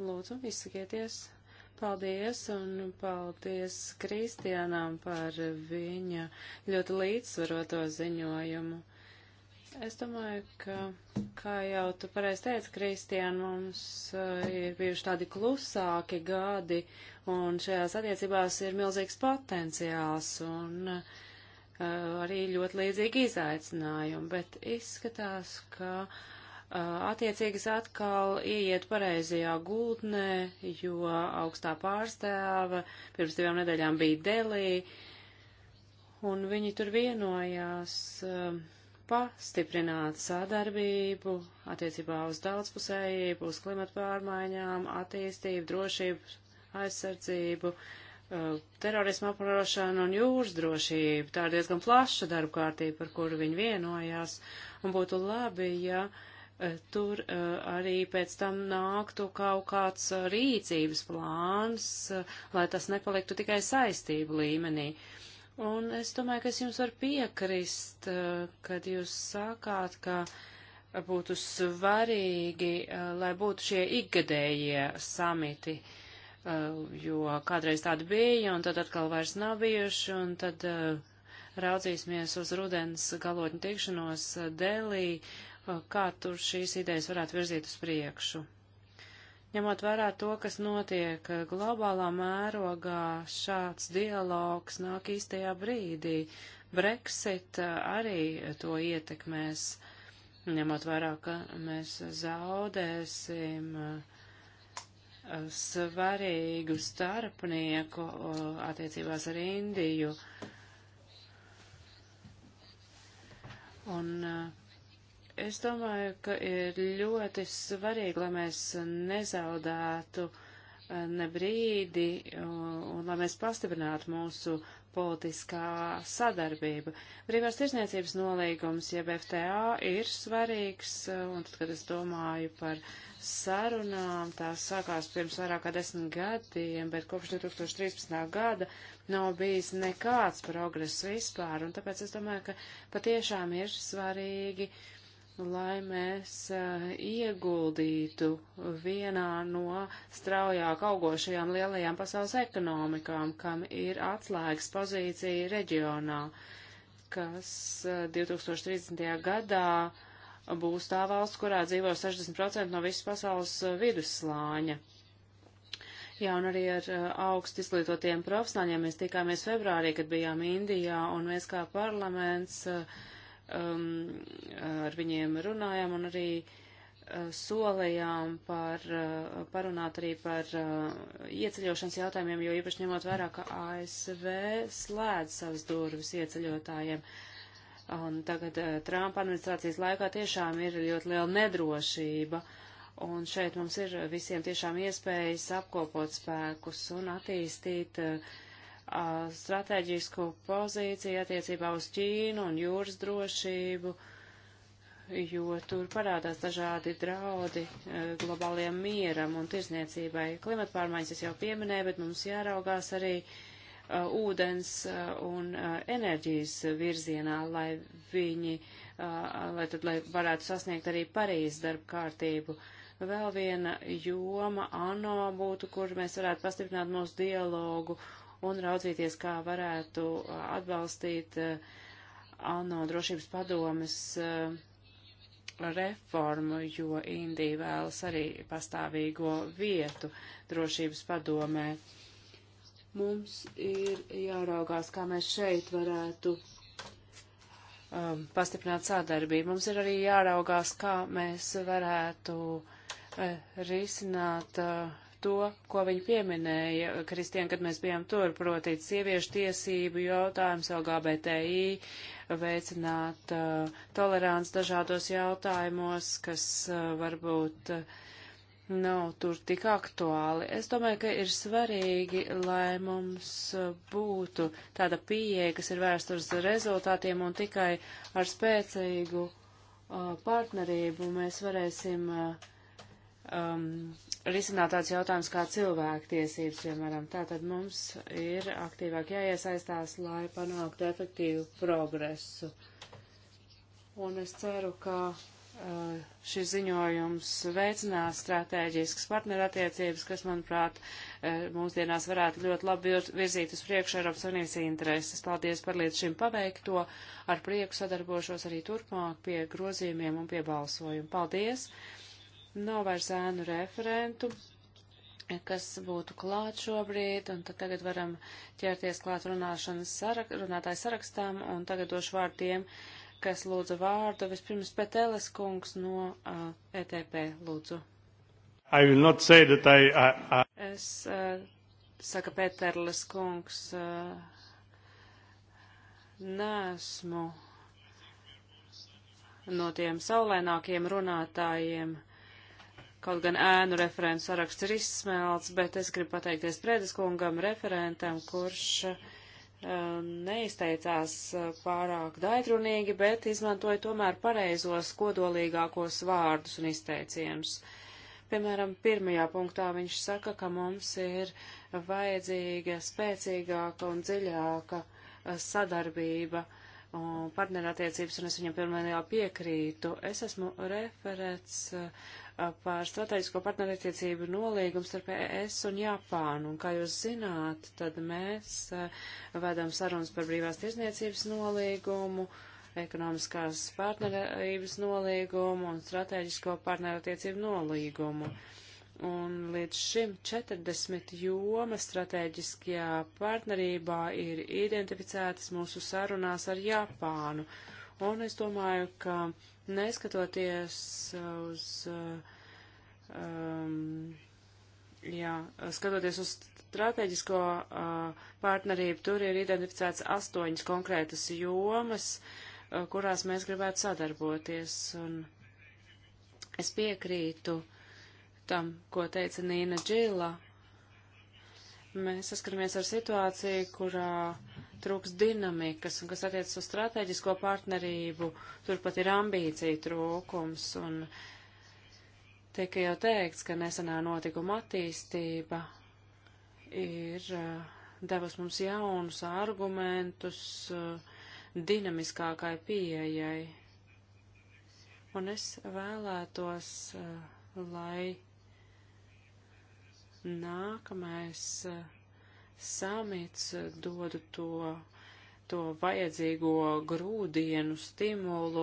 Lūdzu, izsakieties. Paldies, un paldies Kristianām par viņa ļoti līdzsvaroto ziņojumu. Es domāju, ka, kā jau tu pareiz teici, Kristian, mums uh, ir bijuši tādi klusāki gadi, un šajās attiecībās ir milzīgs potenciāls, un uh, arī ļoti līdzīgi izaicinājumi, bet izskatās, ka uh, attiecīgas atkal ieiet pareizajā gultnē, jo augstā pārstāve pirms divām nedēļām bija Delī, un viņi tur vienojās uh, pastiprināt sadarbību attiecībā uz daudzpusējību, uz klimatu pārmaiņām, attīstību, drošību, aizsardzību, uh, terorismu apkarošanu un jūras drošību. Tā ir diezgan plaša darba kārtība, par kuru viņi vienojās, un būtu labi, ja uh, tur uh, arī pēc tam nāktu kaut kāds rīcības plāns, lai tas nepaliktu tikai saistību līmenī. Uh, Un es domāju, ka es jums varu piekrist, eh, kad jūs sākāt, ka būtu svarīgi, eh, lai būtu šie ikgadējie samiti, eh, jo kādreiz tādi bija, un tad atkal vairs nav bijuši, un tad raudzīsimies uz rudens galotņu tikšanos Delī, kā tur šīs idejas varētu virzīt uz priekšu. Ņemot vērā to, kas notiek eh, globālā mērogā, šāds dialogs nāk īstajā brīdī. Brexit eh, arī to ietekmēs, ņemot vērā, ka mēs zaudēsim eh, svarīgu starpnieku attiecībās ar Indiju. Un uh, Es domāju, ka ir ļoti svarīgi, lai mēs nezaudētu eh, ne brīdi un lai mēs pastiprinātu mūsu politiskā sadarbība. Brīvās tirsniecības nolīgums, jeb FTA, ir svarīgs, eh, un tad, kad es domāju par sarunām, tās sākās pirms vairāk kā desmit gadiem, bet kopš 2013. gada nav bijis nekāds progress vispār, un tāpēc es domāju, ka patiešām ir svarīgi uh, lai mēs uh, ieguldītu vienā no straujāk augošajām lielajām pasaules ekonomikām, kam ir atslēgas pozīcija reģionā, kas uh, eh, 2030. gadā būs tā valsts, kurā dzīvo 60% no visas pasaules eh, vidusslāņa. Jā, un arī ar uh, augstu izglītotiem profesionāļiem mēs tikāmies februārī, kad bijām Indijā, un mēs kā parlaments uh, um, ar viņiem runājām un arī uh, solījām par, uh, parunāt arī par uh, ieceļošanas jautājumiem, jo īpaši ņemot vērā, ka ASV slēdz savas durvis ieceļotājiem. Un tagad uh, Trumpa administrācijas laikā tiešām ir ļoti liela nedrošība. Un šeit mums ir visiem tiešām iespējas apkopot spēkus un attīstīt uh, stratēģisku pozīciju attiecībā uz Ķīnu un jūras drošību, jo tur parādās dažādi draudi e, globāliem mieram un tirsniecībai. Klimata pārmaiņas es jau pieminēju, bet mums jāraugās arī uh, ūdens e, un uh, enerģijas virzienā, lai viņi, uh, lai, tad, lai varētu sasniegt arī Parīzes darba kārtību. Vēl viena joma ANO būtu, kur mēs varētu pastiprināt mūsu dialogu un raudzīties, kā varētu uh, atbalstīt uh, ANO drošības padomes uh, reformu, jo Indija vēlas arī pastāvīgo vietu drošības padomē. Mums ir jāraugās, kā mēs šeit varētu um, pastiprināt sadarbību. Mums ir arī jāraugās, kā mēs varētu uh, risināt uh, to, ko viņi pieminēja, Kristien, kad mēs bijām tur, proti, sieviešu tiesību jautājums, LGBTI, veicināt uh, tolerants dažādos jautājumos, kas uh, varbūt uh, nav tur tik aktuāli. Es domāju, ka ir svarīgi, lai mums uh, būtu tāda pieeja, kas ir vērsta uz rezultātiem un tikai ar spēcīgu uh, partnerību mēs varēsim uh, um, risināt tāds jautājums kā cilvēktiesības, piemēram. Tātad mums ir aktīvāk jāiesaistās, lai panāktu efektīvu progresu. Un es ceru, ka uh, šis ziņojums veicinās strateģiskas partnerattiecības, kas, manuprāt, uh, mūsdienās varētu ļoti labi virzīt uz priekšu Eiropas Savienības intereses. Paldies par līdz šim paveikto. Ar prieku sadarbošos arī turpmāk pie grozījumiem un pie balsojuma. Paldies! Nav vairs ēnu referentu, kas būtu klāt šobrīd, un tad tagad varam ķerties klāt runāšanas sarak runātāju sarakstām, un tagad došu vārdu tiem, kas lūdza vārdu. Vispirms Petēles kungs no uh, ETP lūdzu. I will not say that I, I, I... Es uh, saka Pēterlis kungs, nesmu no tiem saulēnākiem runātājiem, Kaut gan ēnu referents saraksts ir izsmelts, bet es gribu pateikties Prēdiskungam, referentam, kurš eh, neizteicās eh, pārāk daitrunīgi, bet izmantoja tomēr pareizos kodolīgākos vārdus un izteicienus. Piemēram, pirmajā punktā viņš saka, ka mums ir vajadzīga spēcīgāka un dziļāka eh, sadarbība un partnerattiecības, un es viņam pilnībā piekrītu. Es esmu referents par strateģisko partnerattiecību nolīgumu starp ES un Japānu. Un, kā jūs zināt, tad mēs vedam sarunas par brīvās tirzniecības nolīgumu, ekonomiskās partnerības nolīgumu un strateģisko partnerattiecību nolīgumu. Un līdz šim 40 jomas strateģiskajā partnerībā ir identificētas mūsu sarunās ar Japānu. Un es domāju, ka uh, neskatoties uz, um, jā, skatoties uz strateģisko uh, partnerību, tur ir identificēts astoņas konkrētas jomas, uh, kurās mēs gribētu sadarboties. Un es piekrītu tam, ko teica Nīna Džila. Mēs saskaramies ar situāciju, kurā trūks dinamikas, un kas attiecas uz strateģisko partnerību, turpat ir ambīcija trūkums, un tika jau teikts, ka nesenā notikuma attīstība ir eh, devas mums jaunus argumentus eh, dinamiskākai pieejai. Un es vēlētos, eh, lai nākamais uh, samits dodu to, to vajadzīgo grūdienu, stimulu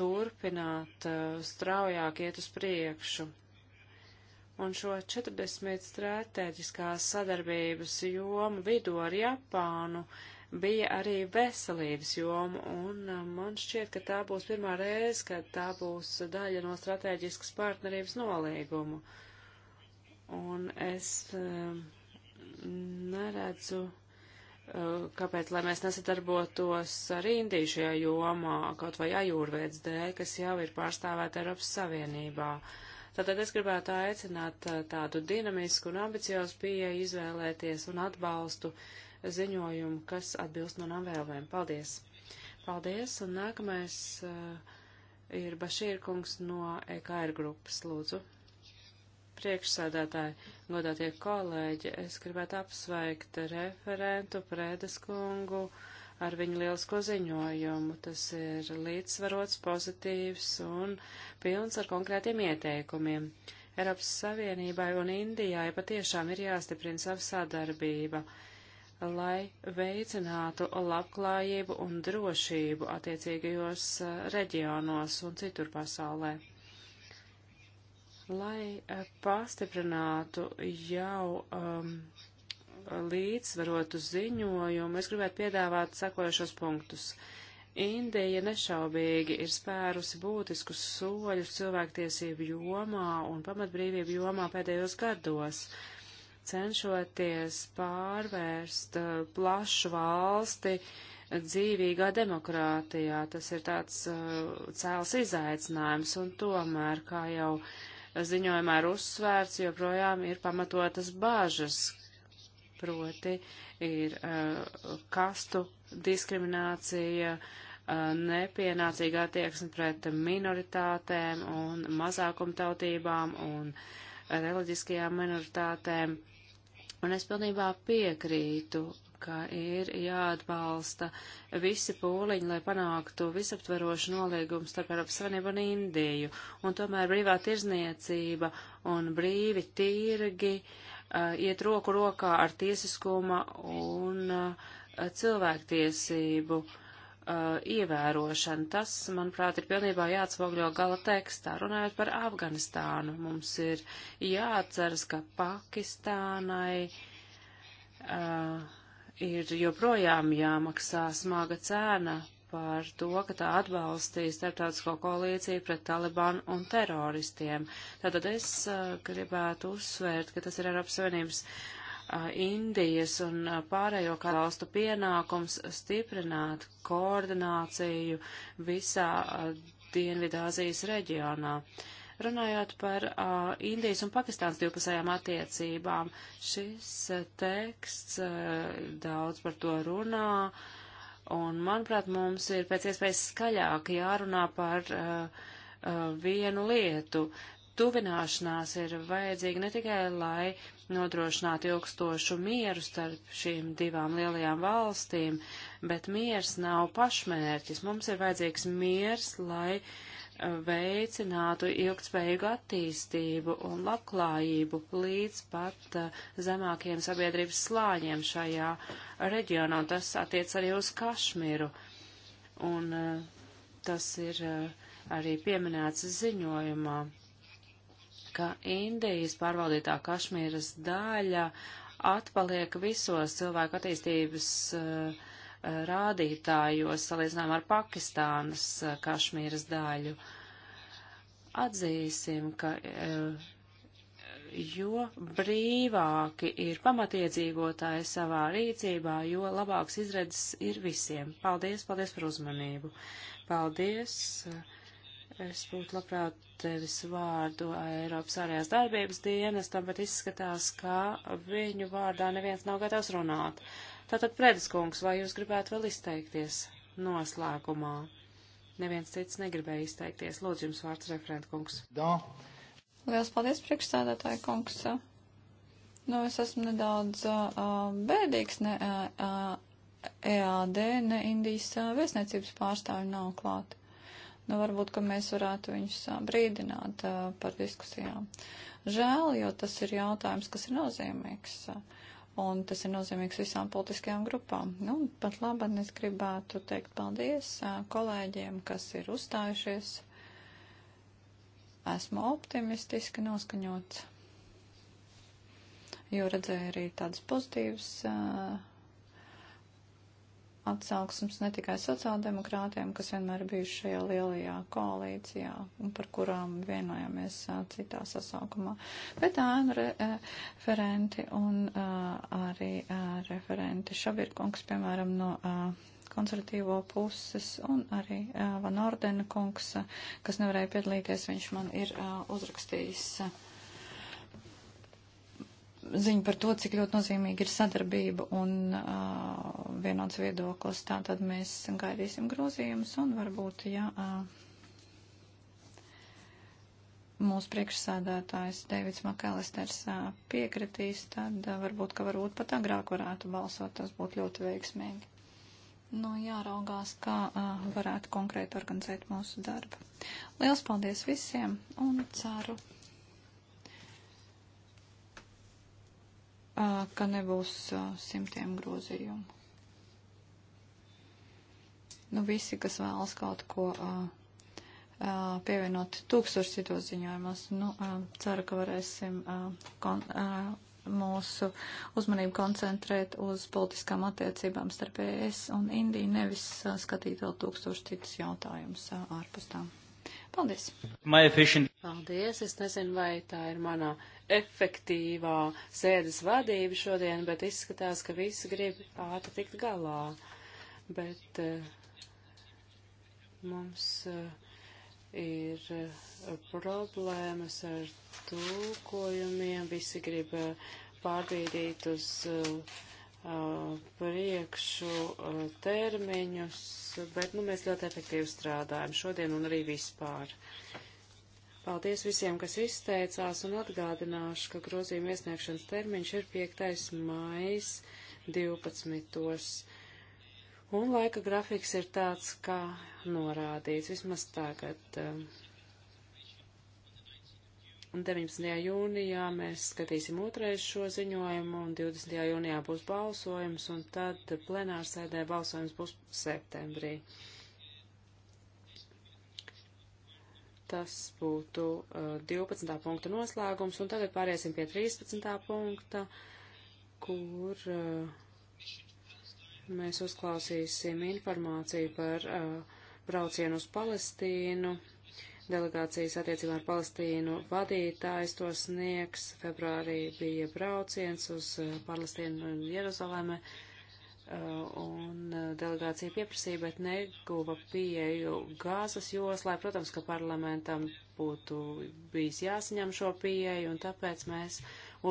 turpināt eh, straujāk iet uz priekšu. Un šo 40 strateģiskās sadarbības jomu vidū ar Japānu bija arī veselības joma, un eh, man šķiet, ka tā būs pirmā reize, kad tā būs daļa no strateģiskas partnerības nolīgumu. Un es uh, neredzu, eh, kāpēc, lai mēs nesadarbotos ar Indiju šajā jomā, kaut vai ajūrvēts dēļ, kas jau ir pārstāvēta Eiropas Savienībā. Tātad es gribētu aicināt eh, tādu dinamisku un ambiciozu pieeju izvēlēties un atbalstu ziņojumu, kas atbilst manām vēlvēm. Paldies! Paldies! Un nākamais uh, ir Bašīrkungs no EKR grupas. Lūdzu! priekšsēdētāji, godātie kolēģi, es gribētu apsveikt referentu Prēdas kungu ar viņu lielisko ziņojumu. Tas ir līdzsvarots, pozitīvs un pilns ar konkrētiem ieteikumiem. Eiropas Savienībai un Indijai patiešām ir jāstiprina sava sadarbība, lai veicinātu labklājību un drošību attiecīgajos eh, reģionos un citur pasaulē lai e, pastiprinātu jau um, līdzsvarotu ziņojumu, es gribētu piedāvāt sakojušos punktus. Indija nešaubīgi ir spērusi būtiskus soļus cilvēktiesību jomā un pamatbrīvību jomā pēdējos gados, cenšoties pārvērst uh, plašu valsti dzīvīgā demokrātijā. Tas ir tāds uh, cēls izaicinājums, un tomēr, kā jau uh, ziņojumā ir uzsvērts, joprojām ir pamatotas bāžas, proti ir uh, kastu diskriminācija, uh, nepienācīga attieksme pret minoritātēm un mazākumtautībām un reliģiskajām minoritātēm. Un es pilnībā piekrītu ka ir jāatbalsta visi pūliņi, lai panāktu visaptverošu nolīgumu starp Eiropas Savienību un Indiju. Un tomēr brīvā tirzniecība un brīvi tirgi uh, iet roku rokā ar tiesiskuma un uh, cilvēktiesību uh, ievērošanu. Tas, manuprāt, ir pilnībā jāatspogļo gala tekstā. Runājot par Afganistānu, mums ir jāatceras, ka Pakistānai uh, ir joprojām jāmaksā smaga cēna par to, ka tā atbalstīja starptautisko koalīciju pret Talibanu un teroristiem. Tātad es uh, gribētu uzsvērt, ka tas ir Eiropas Savienības uh, Indijas un uh, pārējo valstu pienākums stiprināt koordināciju visā uh, Dienvidāzijas reģionā. Uh, Runājot par uh, Indijas un Pakistānas divpusējām attiecībām, šis uh, teksts uh, daudz par to runā, un, manuprāt, mums ir pēc iespējas skaļāk jārunā par uh, uh, vienu lietu. Tuvināšanās ir vajadzīga ne tikai, lai nodrošinātu ilgstošu mieru starp šīm divām lielajām valstīm, bet miers nav pašmērķis. Mums ir vajadzīgs miers, lai uh, veicinātu ilgtspējīgu attīstību un labklājību līdz pat uh, zemākiem sabiedrības slāņiem šajā reģionā. Un tas attiec arī uz Kašmiru. Un uh, tas ir uh, arī pieminēts ziņojumā, ka Indijas pārvaldītā Kašmīras daļa atpaliek visos cilvēku attīstības uh, rādītājos salīdzinājumā ar Pakistānas eh, Kašmīras daļu. Atzīsim, ka eh, jo brīvāki ir pamatiedzīvotāji savā rīcībā, jo labāks izredzes ir visiem. Paldies, paldies par uzmanību. Paldies. Es būtu labprāt tevis vārdu Eiropas ārējās darbības dienestam, bet izskatās, ka viņu vārdā neviens nav gatavs runāt. Uh, Tātad, Predeskungs, vai jūs gribētu vēl izteikties noslēgumā? Neviens cits negribēja izteikties. Lūdzu, jums vārds referentkungs. Lielas paldies, priekšstādātāja kungs. Nu, es esmu nedaudz uh, bēdīgs, ne uh, EAD, ne Indijas uh, vēstniecības pārstāvi nav klāt. Nu, varbūt, ka mēs varētu viņus uh, brīdināt uh, par diskusijām. Žēl, jo tas ir jautājums, kas ir nozīmīgs. Uh, un tas ir nozīmīgs visām politiskajām grupām. Nu, pat labāk es gribētu teikt paldies kolēģiem, kas ir uzstājušies. Esmu optimistiski noskaņots, jo redzēju arī tādas pozitīvas. Uh, atsauksmes ne tikai sociāldemokrātiem, kas vienmēr bijuši šajā lielajā koalīcijā un par kurām vienojamies citā sasaukumā, bet ēnu referenti un arī referenti Šabirkungs, piemēram, no konservatīvo puses un arī Van Ordena kungs, kas nevarēja piedalīties, viņš man ir uzrakstījis ziņu par to, cik ļoti nozīmīgi ir sadarbība un uh, vienots viedoklis. Tātad mēs gaidīsim grozījumus un varbūt, ja uh, mūsu priekšsādātājs Deivids Makalisters uh, piekritīs, tad uh, varbūt, ka varbūt pat agrāk varētu balsot, tas būtu ļoti veiksmīgi. Nu, jāraugās, kā uh, varētu konkrēti organizēt mūsu darbu. Liels paldies visiem un ceru. ka nebūs simtiem grozījumu. Nu, visi, kas vēlas kaut ko pievienot tūkstoši citos ziņojumos, nu, ceru, ka varēsim kon, mūsu uzmanību koncentrēt uz politiskām attiecībām starp ES un Indiju, nevis skatīt vēl tūkstoši citus jautājumus ārpus tām. Paldies! Paldies! Es nezinu, vai tā ir mana efektīvā sēdes vadība šodien, bet izskatās, ka visi grib ātri tikt galā. Bet eh, mums eh, ir eh, problēmas ar tūkojumiem, visi grib pārbīdīt uz priekšu termiņus, bet nu, mēs ļoti efektīvi strādājam šodien un arī vispār. Uh, Paldies visiem, kas izteicās un atgādināšu, ka grozījuma iesniegšanas termiņš ir 5. mājas 12. Un laika grafiks ir tāds, kā norādīts, vismaz tagad. 19. Um, jūnijā mēs skatīsim otrais šo ziņojumu, un 20. jūnijā būs balsojums, un tad plenārsēdē balsojums būs septembrī. Tas būtu uh, 12. punkta noslēgums, un tagad pāriesim pie 13. punkta, kur uh, mēs uzklausīsim informāciju par uh, braucienu uz Palestīnu. Delegācijas attiecībā ar Palestīnu vadītājs to sniegs. Februārī bija brauciens uz uh, Palestīnu un Jeruzaleme. Uh, Uh, un uh, delegācija pieprasīja, bet neguva pieeju gāzes joslai. Protams, ka parlamentam būtu bijis jāsaņem šo pieeju, un tāpēc mēs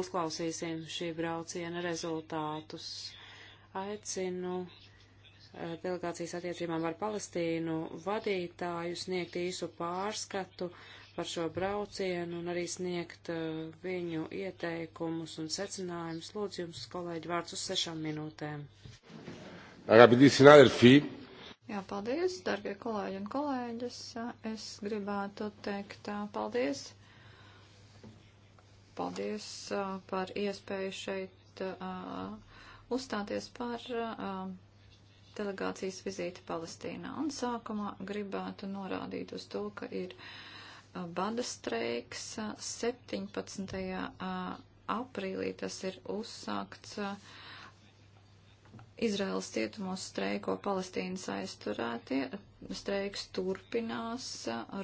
uzklausīsim šī brauciena rezultātus. Aicinu uh, delegācijas attiecībām ar Palestīnu vadītāju sniegt īsu pārskatu par šo braucienu un arī sniegt uh, viņu ieteikumus un secinājumus. Lūdzu, jums, kolēģi, vārds uz sešām minūtēm. Jā, paldies, darbie kolēģi un kolēģis. Es gribētu teikt uh, paldies. Paldies uh, par iespēju šeit uh, uzstāties par uh, delegācijas vizīti Palestīnā. Un sākumā gribētu norādīt uz to, ka ir uh, bada streiks 17. aprīlī. Tas ir uzsākts Izraels cietumos streiko Palestīnas aizturētie. Streiks turpinās.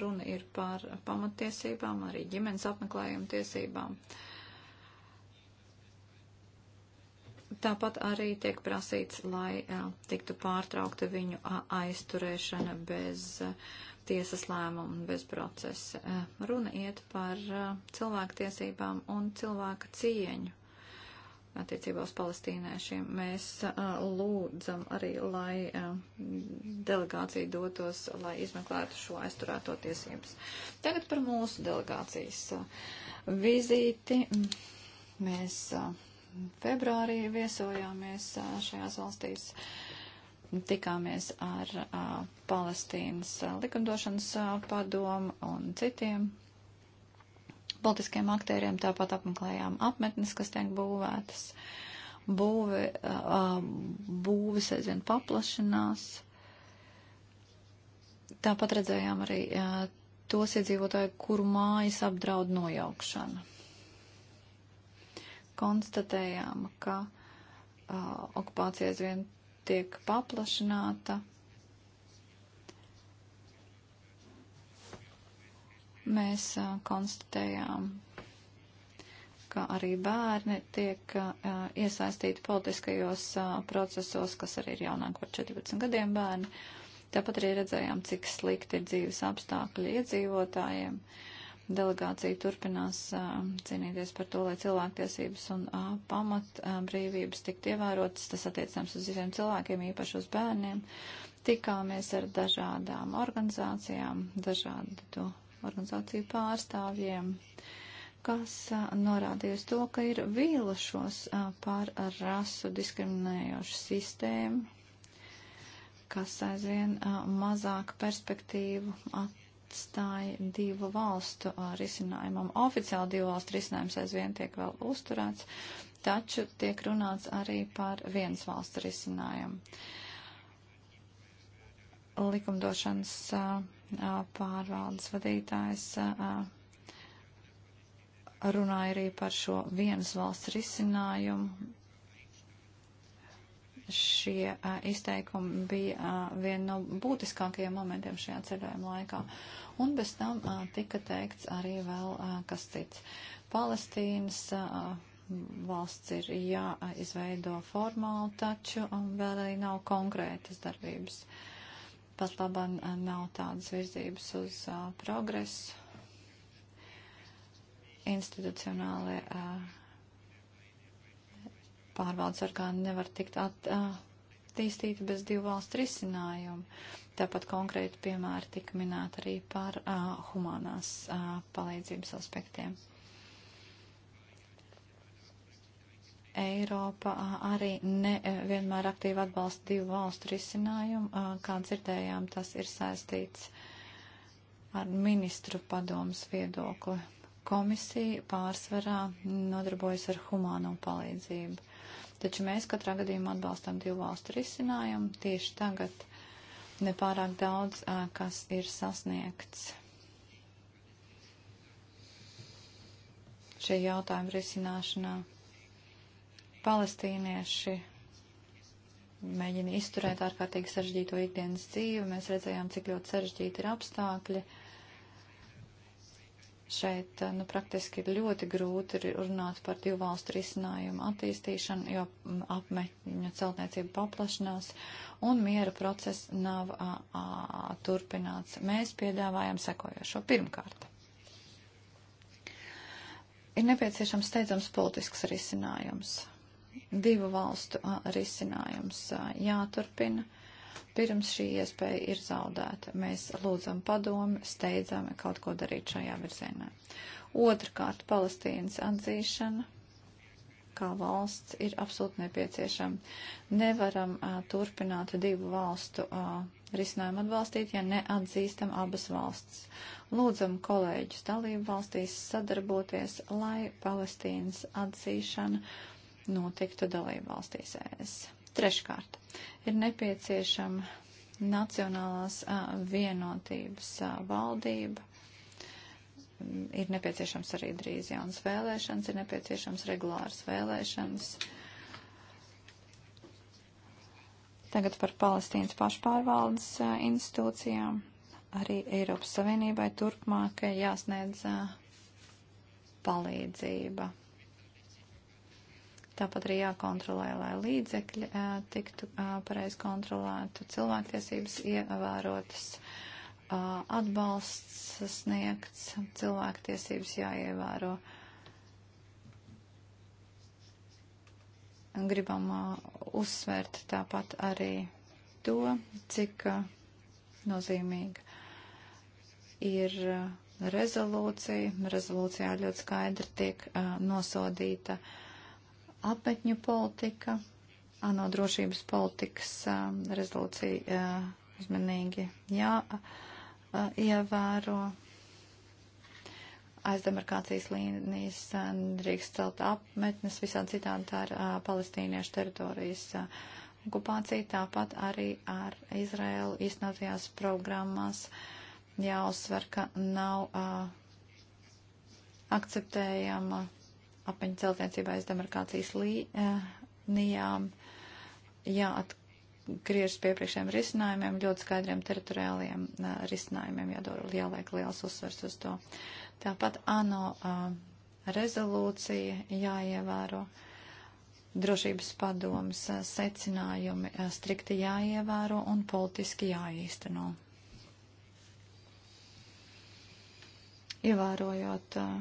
Runa ir par pamatiesībām, arī ģimenes apmeklējuma tiesībām. Tāpat arī tiek prasīts, lai tiktu pārtraukta viņu aizturēšana bez tiesas lēmumu un bez procesa. Eh, runa iet par eh, cilvēku tiesībām un cilvēka cieņu attiecībā uz palestīniešiem. Mēs eh, lūdzam arī, lai delegācija dotos, lai izmeklētu šo aizturēto tiesības. Tagad par mūsu delegācijas vizīti. Mēs februārī viesojāmies šajās valstīs. Uh, tikāmies ar a, Palestīnas a, likumdošanas a, padomu un citiem politiskiem aktēriem, tāpat apmeklējām apmetnes, kas tiek būvētas. Būve, a, būvis aizvien paplašinās. Tāpat redzējām arī a, tos iedzīvotāju, kuru mājas apdraud nojaukšana. Konstatējām, ka okupācija aizvien tiek paplašināta. Mēs uh, konstatējām, ka arī bērni tiek uh, iesaistīti politiskajos uh, procesos, kas arī ir jaunāk par 14 gadiem bērni. Tāpat arī redzējām, cik slikti ir dzīves apstākļi iedzīvotājiem. Uh, delegācija turpinās uh, cīnīties par to, lai cilvēktiesības un uh, pamatbrīvības uh, tiktu ievērotas. Tas attiecams uz visiem cilvēkiem, īpaši uz bērniem. Tikāmies ar dažādām organizācijām, dažādu organizāciju pārstāvjiem, kas norādīja uz to, ka ir vīlušos par rasu diskriminējošu sistēmu, kas aizvien mazāk perspektīvu attīstīt jāatstāj divu valstu risinājumam. Oficiāli divu valstu risinājums aizvien tiek vēl uzturēts, taču tiek runāts arī par vienas valsts risinājumu. Likumdošanas pārvaldes vadītājs runāja arī par šo vienas valsts risinājumu, šie uh, izteikumi bija uh, viena no būtiskākajiem momentiem šajā ceļojuma laikā. Un bez tam uh, tika teikts arī vēl uh, kas cits. Palestīnas uh, valsts ir jāizveido formāli, taču um, vēl arī nav konkrētas darbības. Pat labam uh, nav tādas virzības uz uh, progresu. Institucionālie. Uh, pārvaldes orgāni nevar tikt attīstīti bez divu valstu risinājumu. Tāpat konkrēti piemēri tika minēti arī par uh, humanās uh, palīdzības aspektiem. Eiropa arī nevienmēr aktīvi atbalsta divu valstu risinājumu. Kā dzirdējām, tas ir saistīts ar ministru padomus viedokli. Komisija pārsvarā nodarbojas ar humāno palīdzību. Taču mēs katrā gadījumā atbalstam divu valstu risinājumu. Tieši tagad nepārāk daudz, kas ir sasniegts. Šie jautājumi risināšanā palestīnieši mēģina izturēt ārkārtīgi sarežģīto ikdienas dzīvi. Mēs redzējām, cik ļoti sarežģīti ir apstākļi. Uh, Šeit nu, praktiski ir ļoti grūti runāt par divu valstu risinājumu attīstīšanu, jo mm, apmetņu celtniecība paplašinās un miera process nav a, a, turpināts. Mēs piedāvājam sekojošo pirmkārt. Ir nepieciešams steidzams politisks risinājums divu valstu risinājums jāturpina, pirms šī iespēja ir zaudēta. Mēs lūdzam padomu, steidzam kaut ko darīt šajā virzienā. Otrakārt, Palestīnas atzīšana kā valsts ir absolūti nepieciešama. Nevaram uh, turpināt divu valstu uh, risinājumu atbalstīt, ja neatzīstam abas valsts. Lūdzam kolēģus dalību valstīs sadarboties, lai Palestīnas atzīšana notiktu dalību valstīs ES. Treškārt, ir nepieciešama nacionālās a, vienotības a, valdība. Ir nepieciešams arī drīz jauns vēlēšanas, ir nepieciešams regulārs vēlēšanas. Tagad par Palestīnas pašpārvaldes a, institūcijām. Arī Eiropas Savienībai turpmāk jāsniedz palīdzība Tāpat arī jākontrolē, lai līdzekļi tiktu pareizi kontrolēti, cilvēktiesības ievērotas, atbalsts sniegts, cilvēktiesības jāievēro. gribam uh, uzsvērt tāpat arī to, cik uh, nozīmīga ir uh, rezolūcija. Rezolūcijā ļoti skaidri tiek nosodīta uh, apetņu politika, ANO drošības politikas um, rezolūcija uh, uzmanīgi jāievēro. Uh, Aizdemarkācijas līnijas uh, drīkst celt apmetnes, visādi citādi tā ir palestīniešu teritorijas okupācija, tāpat arī ar Izraēlu iznotajās programmās jāuzsver, ka nav akceptējama apaņu celtniecībā aiz demarkācijas līnijām jāatgriežas pie priekšējiem risinājumiem, ļoti skaidriem teritoriāliem risinājumiem jādod, jāliek liels uzsvers uz to. Tāpat ANO rezolūcija jāievēro drošības padomas secinājumi strikti jāievēro un politiski jāīsteno. Ievērojot uh,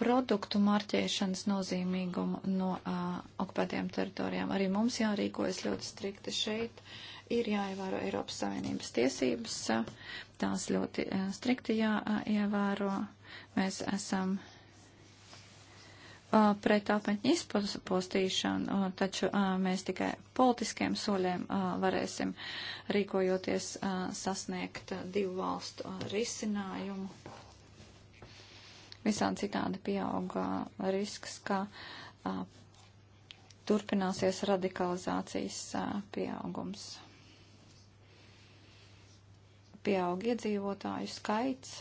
produktu marķēšanas nozīmīgumu no uh, okupētajām teritorijām. Arī mums jārīkojas ļoti strikti šeit. Ir jāievēro Eiropas Savienības tiesības. Tās ļoti uh, strikti jāievēro. Mēs esam uh, pret apmetņu izpostīšanu, uh, taču uh, mēs tikai politiskiem soļiem uh, varēsim rīkojoties uh, sasniegt uh, divu valstu uh, risinājumu Visādi citādi pieauga risks, ka a, turpināsies radikalizācijas a, pieaugums. Pieaug iedzīvotāju skaits,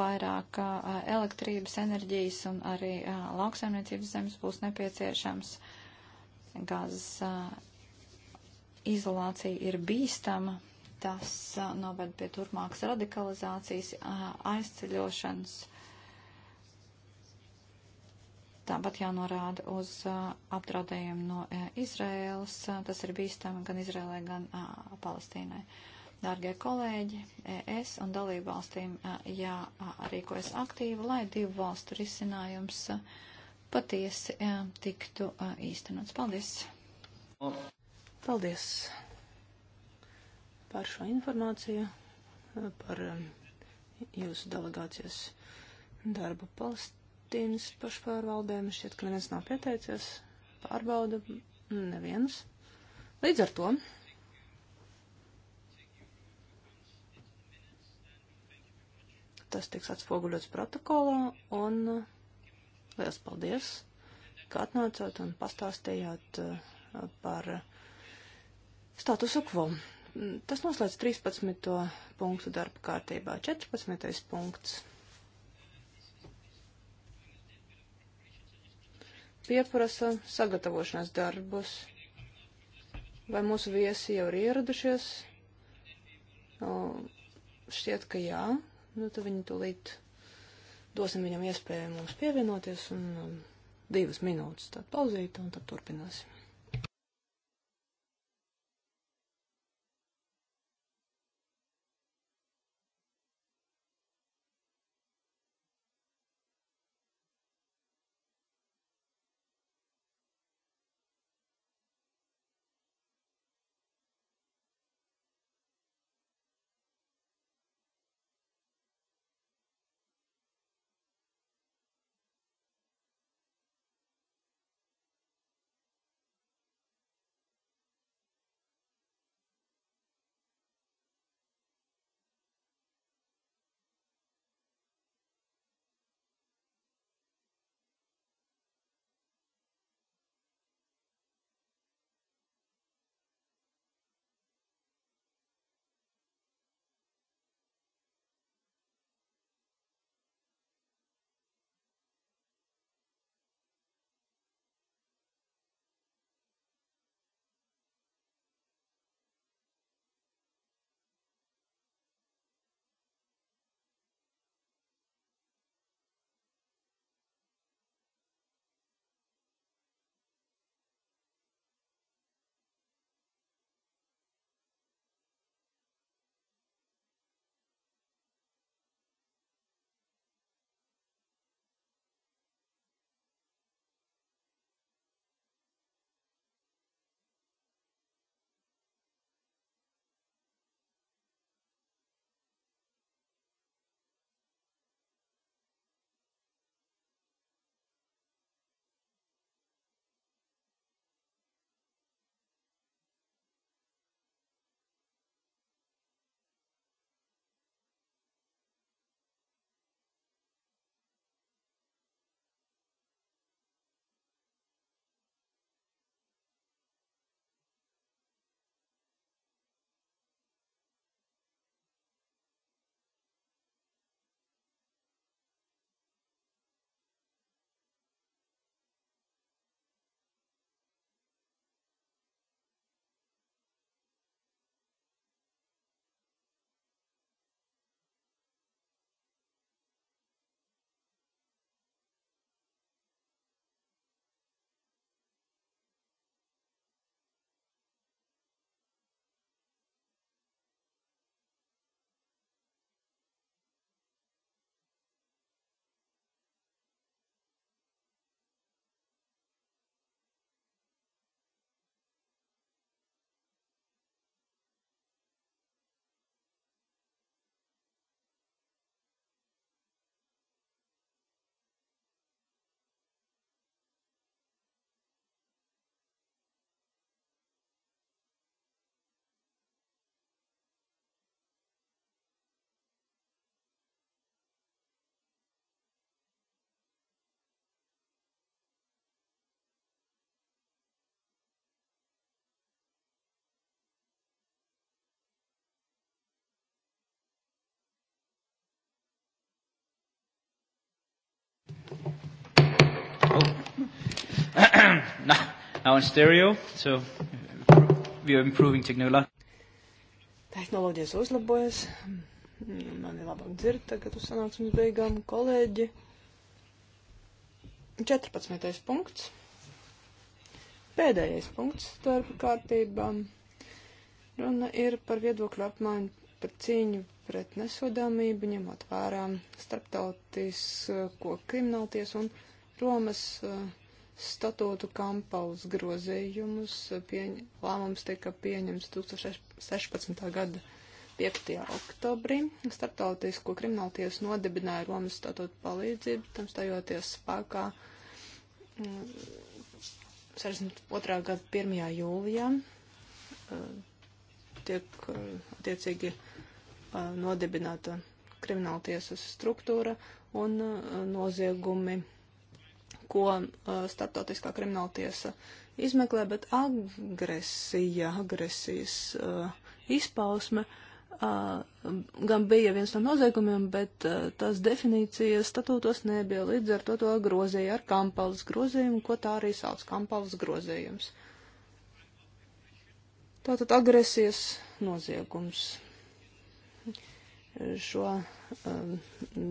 vairāk a, elektrības enerģijas un arī lauksaimniecības zemes būs nepieciešams. Gāzes izolācija ir bīstama tas noved pie turpmākas radikalizācijas, aizceļošanas. Tāpat jānorāda uz apdraudējumu no e, Izraēlas. Tas ir bīstami gan Izraēlai, gan Palestīnai. Dārgie kolēģi, e, es un dalību valstīm jārīkojas aktīvi, lai divu valstu risinājums patiesi tiktu īstenots. Paldies! Paldies! par šo informāciju, par um, jūsu delegācijas darbu Palestīnas pašpārvaldēm. Šķiet, ka neviens nav pieteicies, pārbauda neviens. Līdz ar to. Tas tiks atspoguļots protokolā un uh, liels paldies, ka atnācāt un pastāstījāt uh, par uh, statusu quo. Tas noslēdz 13. punktu darba kārtībā. 14. punkts. Pieprasa sagatavošanās darbus. Vai mūsu viesi jau ir ieradušies? Šķiet, ka jā. Nu, tad viņi tūlīt dosim viņam iespēju mums pievienoties un um, divas minūtes tad pauzīt un tad turpināsim. now, now in stereo, so we are improving technology. Tehnoloģijas uzlabojas. Man ir labāk dzird tagad uz sanāksmes beigām kolēģi. 14. punkts. Pēdējais punkts starp kārtībām. Runa ir par viedokļu apmaiņu par cīņu pret nesodāmību, ņemot vērā starptautisko kriminālties un Romas uh, statūtu kampaus grozījumus. Pieņ, lēmums tika pieņems 2016. gada 5. oktobrī. Startautisko kriminālu tiesu nodibināja Romas statūtu palīdzību, tam stājoties spēkā 62. Mm, gada 1. jūlijā. E, tiek e, attiecīgi e, nodibināta krimināla tiesas struktūra un noziegumi ko uh, starptautiskā krimināla tiesa izmeklē, bet agresija, agresijas uh, izpausme uh, gan bija viens no noziegumiem, bet uh, tās definīcijas statūtos nebija. Līdz ar to to grozīja ar Kampalas grozījumu, ko tā arī sauc Kampalas grozījums. Tātad agresijas noziegums. Šo um,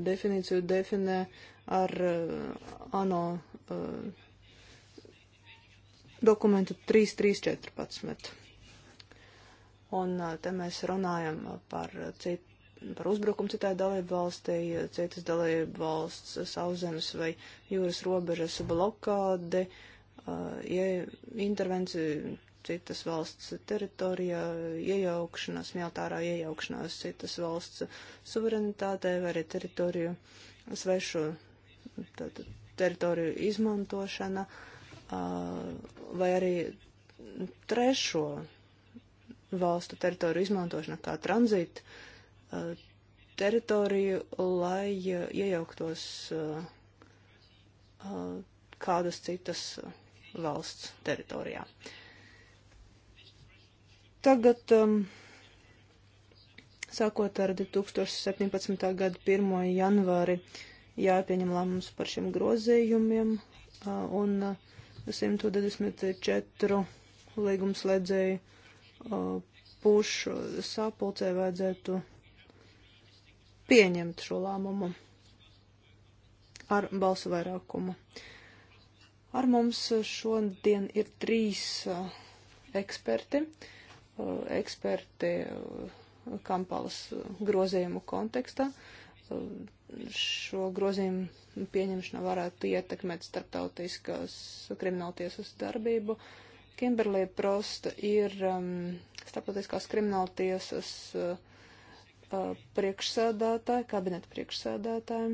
definīciju definē uh, ar eh, ANO eh, dokumentu 3314. Un eh, te mēs runājam par, cit, par uzbrukumu citai dalību valstī, citas dalību valsts sauszemes vai jūras robežas blokādi, ja intervenciju citas valsts teritorijā, iejaukšanās, militārā iejaukšanās citas valsts suverenitātē vai arī teritoriju svešu tad, teritoriju izmantošana vai arī trešo valstu teritoriju izmantošana kā tranzīta teritoriju, lai iejauktos kādas citas valsts teritorijā. Tagad, um, sākot ar 2017. gada 1. janvāri, uh, jāpieņem lēmums par šiem grozījumiem un 124 līgumslēdzēju pušu sapulcē vajadzētu pieņemt šo lēmumu ar balsu vairākumu. Ar mums šodien ir trīs eksperti, eksperti Kampalas grozījumu kontekstā. Uh, šo grozījumu pieņemšana varētu ietekmēt starptautiskās krimināltiesas darbību. Kimberlī Prosta ir um, starptautiskās krimināltiesas uh, uh, priekšsēdētāja, kabineta priekšsēdētāja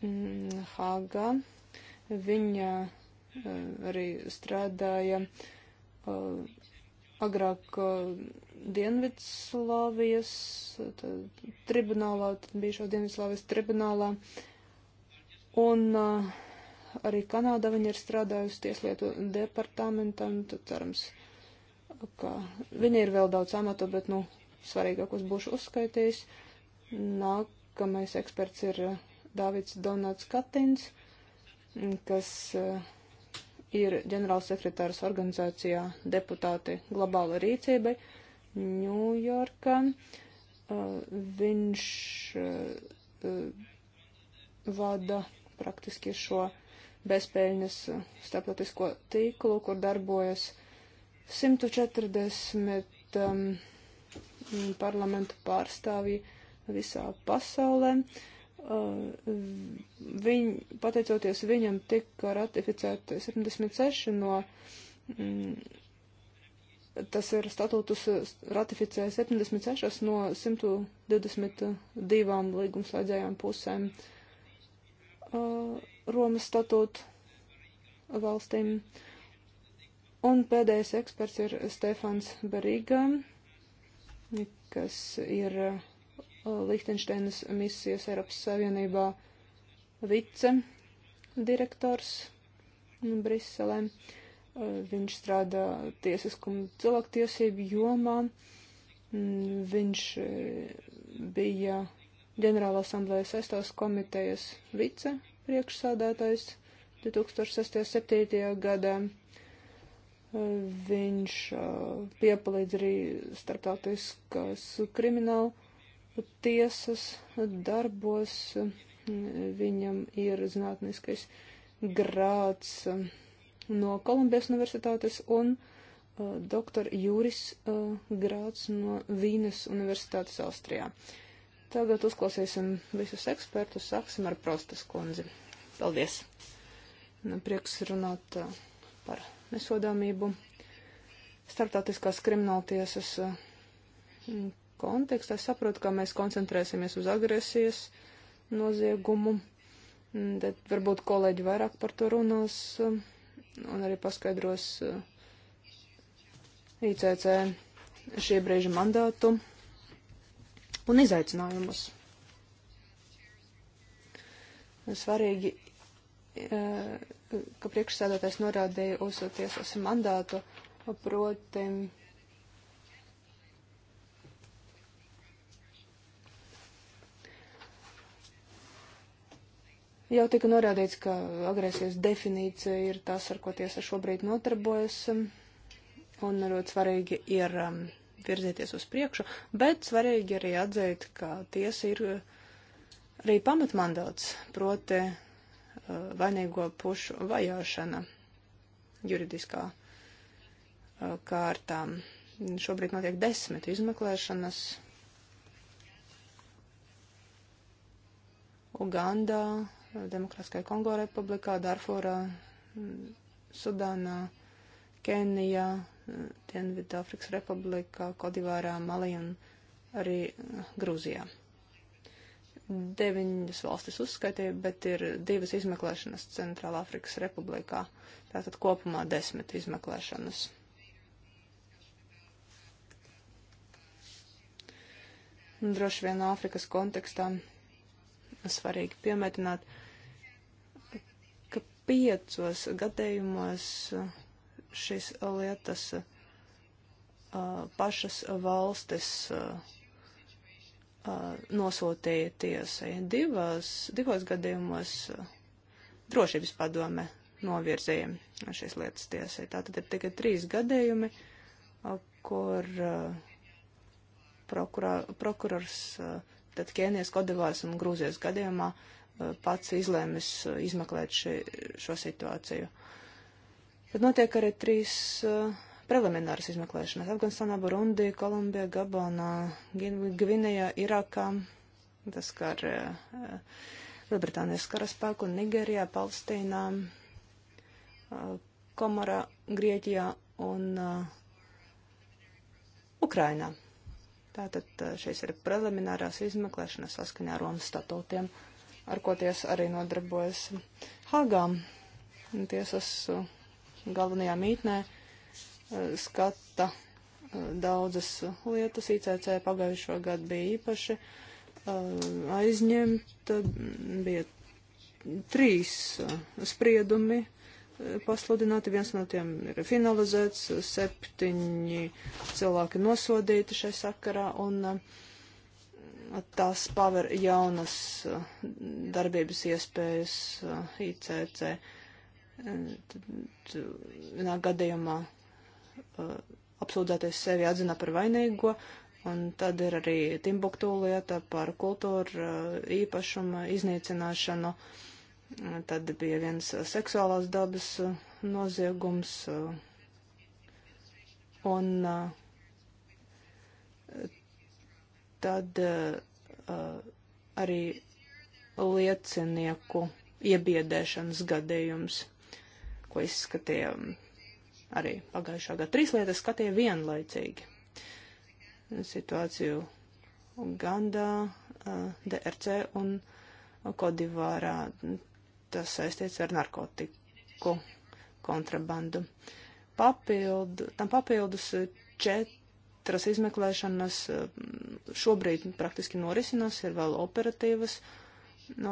mm, Hāgā. Viņa uh, arī strādāja uh, agrāk uh, Dienvidslāvijas tribunālā, tad bija šo Dienvidslāvijas tribunālā, un uh, arī Kanādā viņa ir strādājusi tieslietu departamentam, tad cerams, ka viņa ir vēl daudz amatu, bet, nu, svarīgākos būšu uzskaitījis. Nākamais eksperts ir uh, Dāvids Donāts Katins, kas uh, ir ģenerālsekretārs organizācijā deputāti globāla rīcībai Ņujorkā. Uh, viņš uh, uh, vada praktiski šo bezpēļņas starptautisko tīklu, kur darbojas 140 um, parlamentu pārstāvji visā pasaulē. Uh, viņ, pateicoties viņam tika ratificēta 76 no, mm, tas ir statūtus ratificēja 76 no 122 līgumslēdzējām pusēm Romas statūtu valstīm. Un pēdējais eksperts ir Stefans Berīga, kas ir uh, Lihtenšteinas misijas Eiropas Savienībā vice direktors Briselē. Viņš strādā tiesiskuma cilvēktiesību jomā. Viņš eh, bija ģenerāla asamblējas sestās komitejas vice priekšsādātājs 2006.7. gadā. Viņš eh, piepalīdz arī starptautiskās krimināla tiesas darbos viņam ir zinātniskais grāds no Kolumbijas universitātes un uh, doktora Jūris uh, grāds no Vīnes universitātes Austrijā. Tagad uzklausīsim visus ekspertus, sāksim ar Prostas kundzi. Paldies! Nu, prieks runāt uh, par nesodāmību. Startautiskās krimināltiesas uh, kontekstā. Es saprotu, ka mēs koncentrēsimies uz agresijas noziegumu, mm, tad varbūt kolēģi vairāk par to runās um, un arī paskaidros uh, ICC šī brīža mandātu un izaicinājumus. Svarīgi, uh, ka priekšsēdētājs norādīja uz tiesas mandātu, proti Jau tika norādīts, ka agresijas definīcija ir tas, ar ko tiesa šobrīd notarbojas, un ļoti svarīgi ir um, virzīties uz priekšu, bet svarīgi arī atzīt, ka tiesa ir arī pamatmandāts, proti uh, vainīgo pušu vajāšana juridiskā uh, kārtā. Šobrīd notiek desmit izmeklēšanas. Ugandā, Demokrātiskajā Kongo republikā, Darfūrā, Sudānā, Kenijā, Dienvidāfrikas republikā, Kodivārā, Malī un arī eh, Grūzijā. Deviņas valstis uzskaitīja, bet ir divas izmeklēšanas Centrāla Afrikas republikā. Tātad kopumā desmit izmeklēšanas. Droši vien Āfrikas kontekstā svarīgi piemērināt, ka piecos gadījumos šīs lietas pašas valstis nosūtīja tiesai. Divos, divos gadījumos drošības padome novirzīja šīs lietas tiesai. Tātad ir tikai trīs gadījumi, kur prokurā, prokurors uh, Tad Kenijas, Kodivāras un Grūzijas gadījumā e, pats izlēmis e, izmeklēt ši, šo situāciju. Tad notiek arī trīs e, prelimināras izmeklēšanas - Afganistānā, Burundi, Kolumbijā, Gabonā, Gvinējā, Irākā, tas kā ar Lielbritānijas karaspēku, Nigērijā, Palestīnā, Komorā, Grieķijā un Ukrainā. Tātad šīs ir preliminārās izmeklēšanas saskaņā ar Romas statūtiem, ar ko tiesa arī nodarbojas Hagām. Tiesas galvenajā mītnē skata daudzas lietas. ICC pagājušo gadu bija īpaši aizņemta, bija trīs spriedumi pasludināti, viens no tiem ir finalizēts, septiņi cilvēki nosodīti šai sakarā, un uh, tās paver jaunas uh, darbības iespējas uh, ICC. Vienā gadījumā apsūdzētais sevi atzina par vainīgo, un tad ir arī Timbuktu lieta par kultūra īpašuma iznīcināšanu. Uh, Tad bija viens uh, seksuālās dabas uh, noziegums. Uh, un tad arī liecinieku iebiedēšanas gadījums, ko izskatīja um, arī pagājušā gada trīs lietas, skatīja vienlaicīgi. Situāciju Ugandā, DRC un Kodivārā tas saistīts ar narkotiku kontrabandu. Papildu, tam papildus eh, četras izmeklēšanas eh, šobrīd praktiski norisinās, ir vēl operatīvas,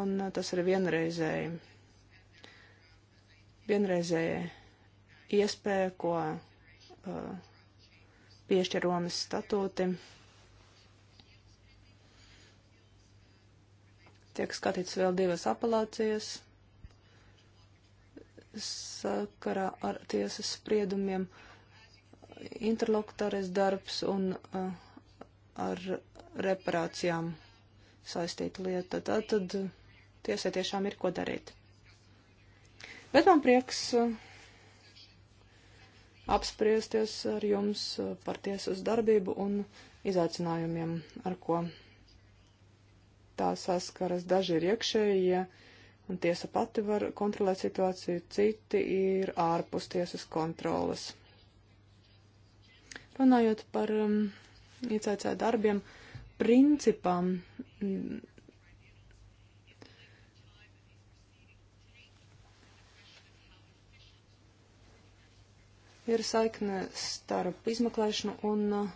un eh, tas ir vienreizēji, vienreizēji iespēja, ko uh, piešķir Romas statūti. Tiek skatīts vēl divas apelācijas sakarā ar tiesas spriedumiem, interlokutārais darbs un uh, ar reparācijām saistīta lieta. Tātad tiesai tiešām ir ko darīt. Bet man prieks uh, apspriesties ar jums uh, par tiesas darbību un izaicinājumiem, ar ko tā saskaras. Daži ir iekšējie. Ja un tiesa pati var kontrolēt situāciju, citi ir ārpus tiesas kontrolas. Runājot par um, ICC darbiem, principam mm, ir saikne starp izmeklēšanu un uh,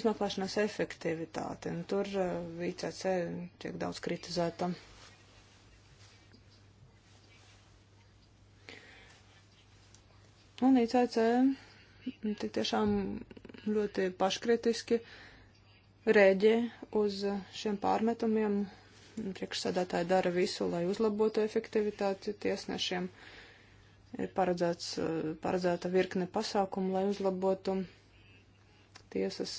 izmeklēšanas efektivitāti, un tur uh, ICC tiek daudz kritizēta. Un ICC tik tiešām ļoti paškritiski rēģē uz šiem pārmetumiem. Priekšsādātāji dara visu, lai uzlabotu efektivitāti tiesnešiem. Ir paredzēts, paredzēta virkne pasākumu, lai uzlabotu tiesas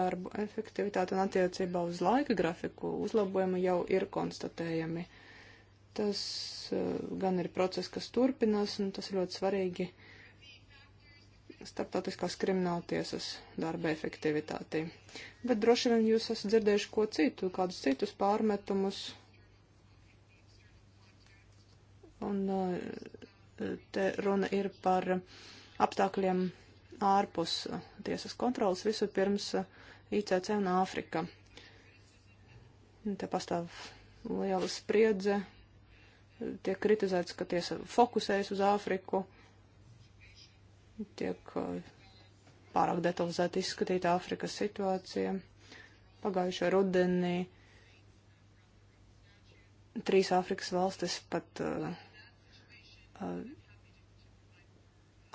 darbu efektivitāti un attiecībā uz laika grafiku uzlabojumi jau ir konstatējami. Uh, Tas eh, gan ir process, kas turpinās, un tas ir ļoti svarīgi starptautiskās krimināltiesas darba efektivitātei. Bet droši vien jūs esat dzirdējuši ko citu, kādus citus pārmetumus. Un eh, te runa ir par apstākļiem ārpus eh, tiesas kontrolas, visu pirms ICC un Āfrika. Te pastāv liela spriedze tiek kritizēts, ka tiesa fokusējas uz Āfriku, tiek eh, pārāk detalizēti izskatīta Āfrikas situācija. Pagājušo rudenī trīs Āfrikas valstis pat uh, uh,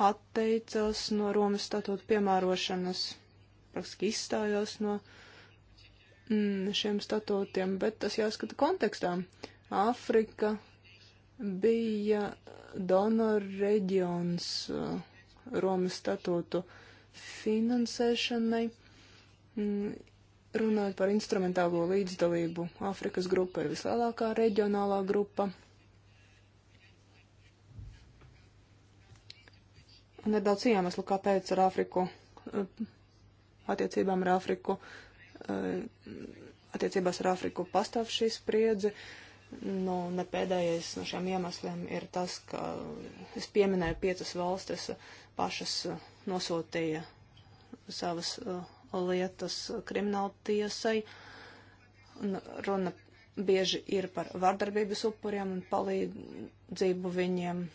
atteicās no Romas statūta piemērošanas, praktiski izstājās no mm, šiem statūtiem, bet tas jāskata kontekstā. Āfrika bija donoru reģions uh, Romas statūtu finansēšanai, mm, runājot par instrumentālo līdzdalību. Āfrikas grupa ir vislielākā reģionālā grupa. Un ir daudz iemeslu, kāpēc ar Āfriku, uh, attiecībām ar Āfriku, uh, attiecībās ar Āfriku pastāv šī spriedze. Uh, Nu, ne pēdējais no šiem iemesliem ir tas, ka es pieminēju piecas valstis pašas eh, nosūtīja savas eh, lietas krimināla tiesai. Runa bieži ir par vardarbības upuriem un palīdzību viņiem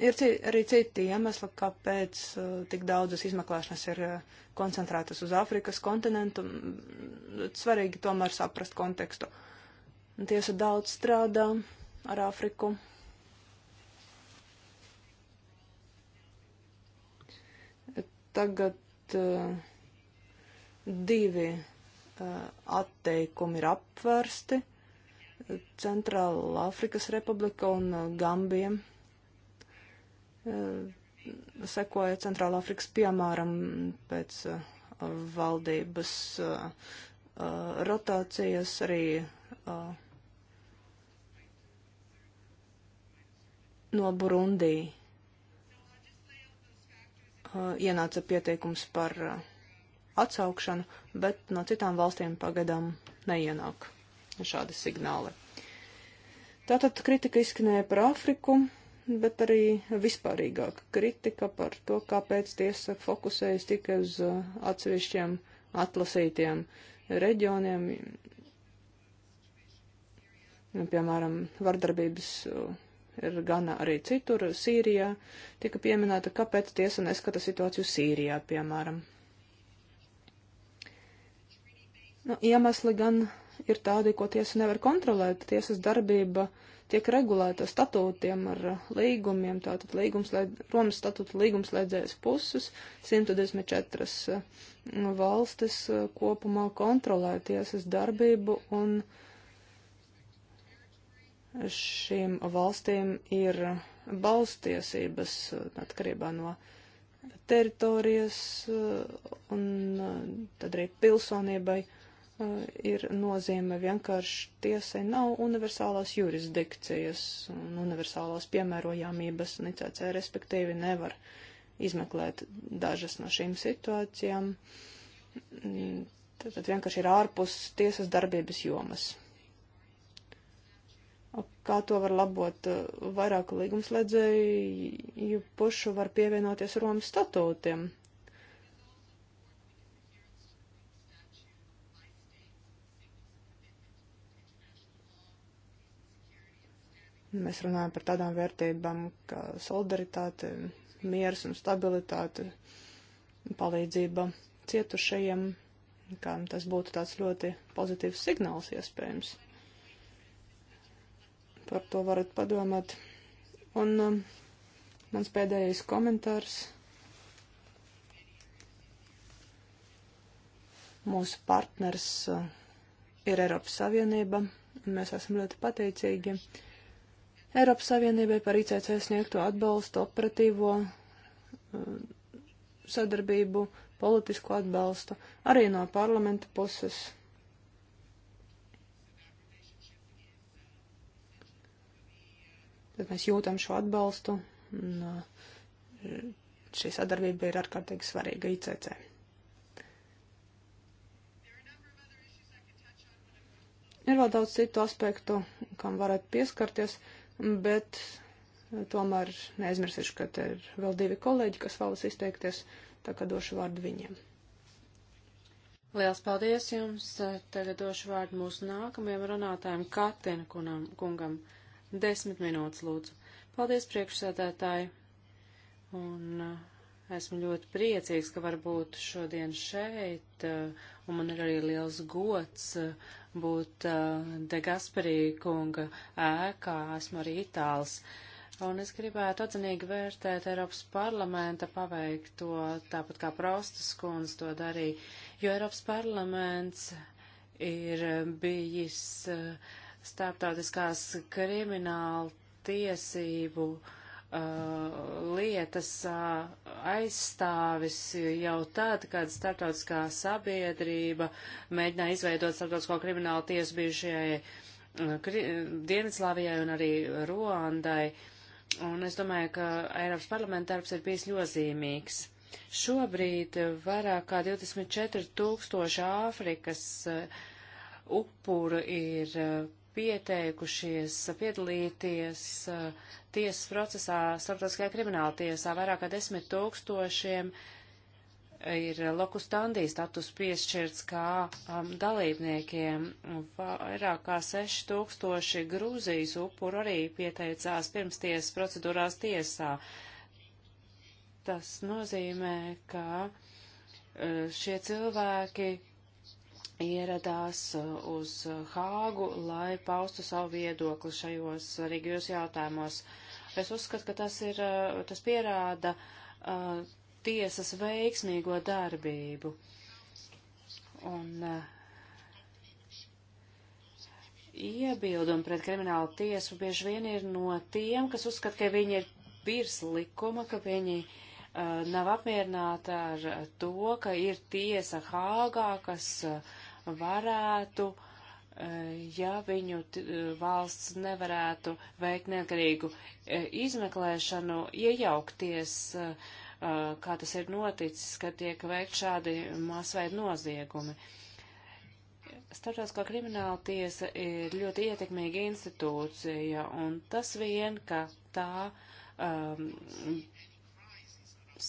Ir arī citi iemesli, kāpēc uh, tik daudzas izmeklēšanas ir uh, koncentrētas uz Āfrikas kontinentu. Mm, svarīgi tomēr saprast kontekstu. Tiesa daudz strādā ar Āfriku. Tagad uh, divi uh, atteikumi ir apvērsti. Centrāla Afrikas Republika un uh, Gambija. Eh, sekoja Centrāla Afrikas piemēram pēc eh, valdības eh, rotācijas arī no Burundī ienāca pieteikums par atsaukšanu, bet no citām valstīm pagaidām neienāk šādi signāli. Tātad kritika izskanēja par Āfriku bet arī vispārīgāka kritika par to, kāpēc tiesa fokusējas tikai uz uh, atsevišķiem atlasītiem reģioniem, nu, piemēram, vardarbības uh, ir gana arī citur, Sīrijā, tika pieminēta, kāpēc tiesa neskata situāciju Sīrijā, piemēram. Nu, iemesli gan ir tādi, ko tiesa nevar kontrolēt. Tiesas darbība uh, tiek regulēta statūtiem ar līgumiem, tātad līgumslēd, Romas statūta līgumslēdzējas puses, 124 eh, valstis eh, kopumā kontrolē tiesas darbību un šīm valstīm ir balstiesības eh, atkarībā no teritorijas un tad arī pilsonībai. Uh, Eh, ir nozīme vienkārši tiesai nav universālās jurisdikcijas un universālās piemērojamības, un ICC respektīvi nevar izmeklēt dažas no šīm situācijām. Mm, tad vienkārši ir ārpus tiesas darbības jomas. Kā to var labot? Eh, vairāk līgumslēdzēju pušu var pievienoties Romas statūtiem Mēs runājam par tādām vērtībām kā solidaritāte, miers un stabilitāte, palīdzība cietušajiem, kā tas būtu tāds ļoti pozitīvs signāls iespējams. Par to varat padomāt. Un um, mans pēdējais komentārs. Mūsu partners uh, ir Eiropas Savienība, un mēs esam ļoti pateicīgi. Uh, Eiropas Savienībai par ICC sniegto atbalstu, operatīvo eh, sadarbību, politisko atbalstu, arī no parlamenta puses. Tad mēs jūtam šo atbalstu, un eh, šī sadarbība ir ārkārtīgi svarīga ICC. Ir vēl daudz citu aspektu, kam varētu pieskarties. Uh, bet tomēr neaizmirsīšu, ka te ir vēl divi kolēģi, kas vēlas izteikties, tā kā došu vārdu viņiem. Liels paldies jums! Tagad došu vārdu mūsu nākamajam runātājam Katina kunam, kungam. Desmit minūtes, lūdzu. Paldies, priekšsēdētāji! Un eh, esmu ļoti priecīgs, ka var būt šodien šeit, eh, un man ir arī liels gods eh, būt uh, De Gasperī kunga ēkā, esmu arī itāls. Un es gribētu atzinīgi vērtēt Eiropas parlamenta paveikto, tāpat kā Prostas kundze to darīja, jo Eiropas parlaments ir bijis eh, starptautiskās krimināla tiesību uh, Uh, lietas uh, aizstāvis jau tad, kad starptautiskā sabiedrība mēģināja izveidot starptautisko kriminālu tiesu bijušajai uh, kri, Dienvidslāvijai un arī Ruandai. Un es domāju, ka Eiropas parlamenta darbs ir bijis ļozīmīgs. Šobrīd vairāk kā 24 tūkstoši Āfrikas upuru ir pieteikušies piedalīties uh, tiesas procesā starptautiskajā krimināla tiesā. Vairāk kā desmit tūkstošiem ir lokustandī status piešķirts kā um, dalībniekiem. Vairāk kā seši tūkstoši Grūzijas upuru arī pieteicās pirms tiesas procedūrās tiesā. Tas nozīmē, ka uh, šie cilvēki ieradās uh, uz uh, Hāgu, lai paustu savu viedokli šajos Rīgajos jautājumos. Es uzskatu, ka tas, ir, uh, tas pierāda uh, tiesas veiksmīgo darbību. Un uh, iebildumi pret kriminālu tiesu bieži vien ir no tiem, kas uzskata, ka viņi ir virs likuma, ka viņi uh, nav apmierināti ar to, ka ir tiesa Hāgā, kas uh, varētu, e, ja viņu e, valsts nevarētu veikt neatkarīgu e, izmeklēšanu, iejaukties, kā tas ir noticis, kad tiek veikt šādi masveida noziegumi. Starptautiskā krimināla tiesa ir ļoti ietekmīga institūcija, un tas vien, ka tā um,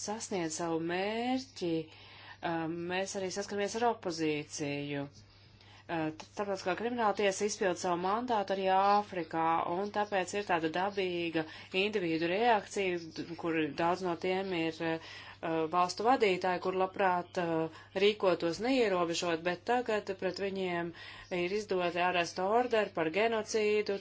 sasniedz savu mērķi, uh, Um, mēs arī saskaramies ar opozīciju. Uh, starptautiskā krimināla tiesa izpild savu mandātu arī Āfrikā, un tāpēc ir tāda dabīga individu reakcija, kur daudz no tiem ir uh, valstu vadītāji, kur labprāt uh, rīkotos neierobežot, bet tagad pret viņiem ir izdoti arestu orderi par genocīdu,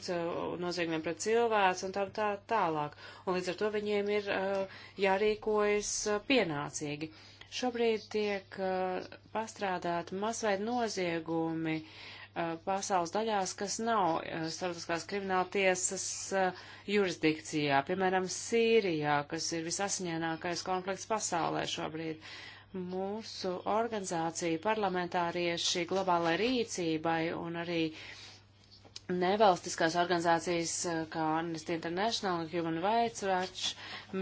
noziegumiem pret cilvēks un tā, tā tālāk. Un līdz ar to viņiem ir uh, jārīkojas uh, pienācīgi. Uh, Šobrīd tiek uh, pastrādāti masveida noziegumi uh, pasaules daļās, kas nav uh, starptautiskās krimināla tiesas uh, jurisdikcijā, piemēram, Sīrijā, kas ir visasņēnākais konflikts pasaulē šobrīd. Mūsu organizācija parlamentārieši globālai rīcībai un arī uh, nevalstiskās organizācijas eh, kā Amnesty International un Human Rights Watch,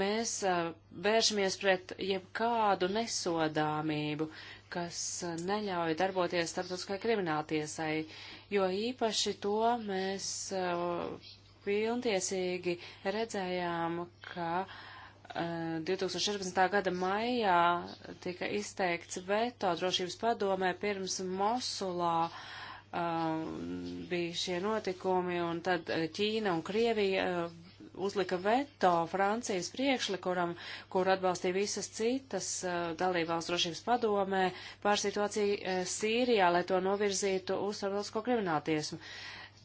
mēs eh, vēršamies pret jebkādu nesodāmību, kas eh, neļauj darboties starptautiskai krimināltiesai, jo īpaši to mēs pilntiesīgi redzējām, ka 2014. gada maijā tika izteikts veto drošības padomē pirms Mosulā uh, Um, bija šie notikumi, un tad eh, Ķīna un Krievija eh, uzlika veto Francijas priekšlikuram, kur atbalstīja visas citas eh, dalībvalsts drošības padomē pār situāciju Sīrijā, lai to novirzītu uz starptautisko krimināltiesmu.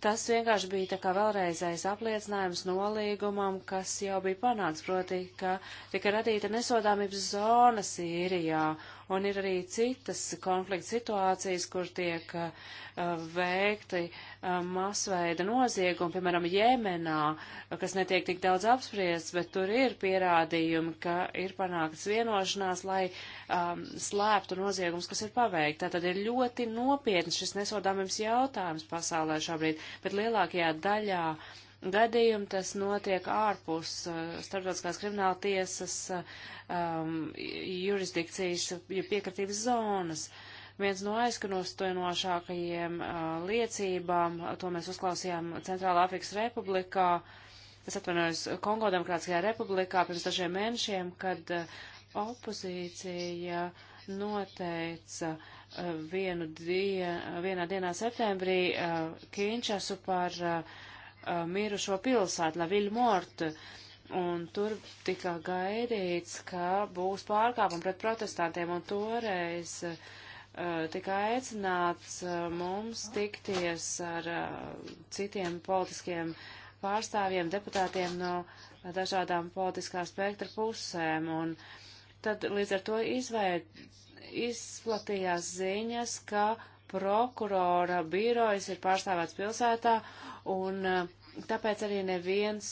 Tas vienkārši bija tā kā vēlreizējs apliecinājums nolīgumam, kas jau bija panāks, proti, ka tika radīta nesodāmības zona Sīrijā, un ir arī citas konflikta situācijas, kur tiek uh, veikti uh, masveida noziegumi, piemēram, Jemenā, kas netiek tik daudz apspriests, bet tur ir pierādījumi, ka ir panāktas vienošanās, lai um, slēptu noziegums, kas ir paveikti. Tātad ir ļoti nopietns šis nesodāmības jautājums pasaulē šobrīd, bet lielākajā daļā uh, gadījumu tas notiek ārpus uh, starptautiskās krimināla tiesas uh, um, jurisdikcijas piekritības zonas. Viens no aizkanostojošākajiem uh, liecībām, uh, to mēs uzklausījām Centrālā Afrikas Republikā, es atvainojos Kongo Demokrātiskajā Republikā pirms dažiem mēnešiem, kad uh, opozīcija noteica uh, vienu die, vienā dienā septembrī uh, Kinčasu par uh, Uh, mirušo pilsētu, La Ville Morte, un tur tika gaidīts, ka būs pārkāpumi pret protestantiem, un toreiz uh, tika aicināts uh, mums tikties ar uh, citiem politiskiem pārstāvjiem, deputātiem no dažādām politiskā spektra pusēm, un tad līdz ar to izvēr, izplatījās ziņas, ka uh, prokurora birojas ir pārstāvēts pilsētā, un eh, tāpēc arī neviens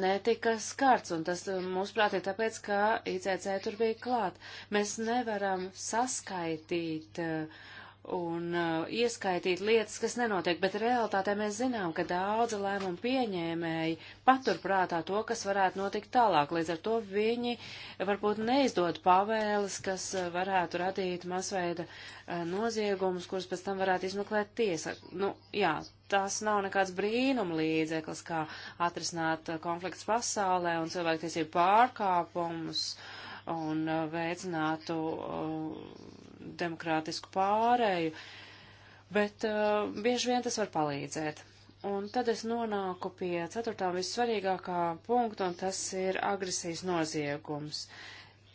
netika skarts, un tas eh, mūsuprāt ir tāpēc, ka ICC tur bija klāt. Mēs nevaram saskaitīt uh, un uh, ieskaitīt lietas, kas nenotiek, bet realitātē mēs zinām, ka daudzi lēmumu pieņēmēji paturprātā to, kas varētu notikt tālāk. Līdz ar to viņi varbūt neizdod pavēles, kas uh, varētu radīt masveida uh, noziegumus, kurus pēc tam varētu izmeklēt tiesa. Nu, jā, tas nav nekāds brīnuma līdzeklis, kā atrisināt uh, konflikts pasaulē un cilvēktiesību pārkāpumus un uh, veicinātu. Uh, demokrātisku pārēju, bet uh, bieži vien tas var palīdzēt. Un tad es nonāku pie ceturtā vissvarīgākā punkta, un tas ir agresijas noziegums.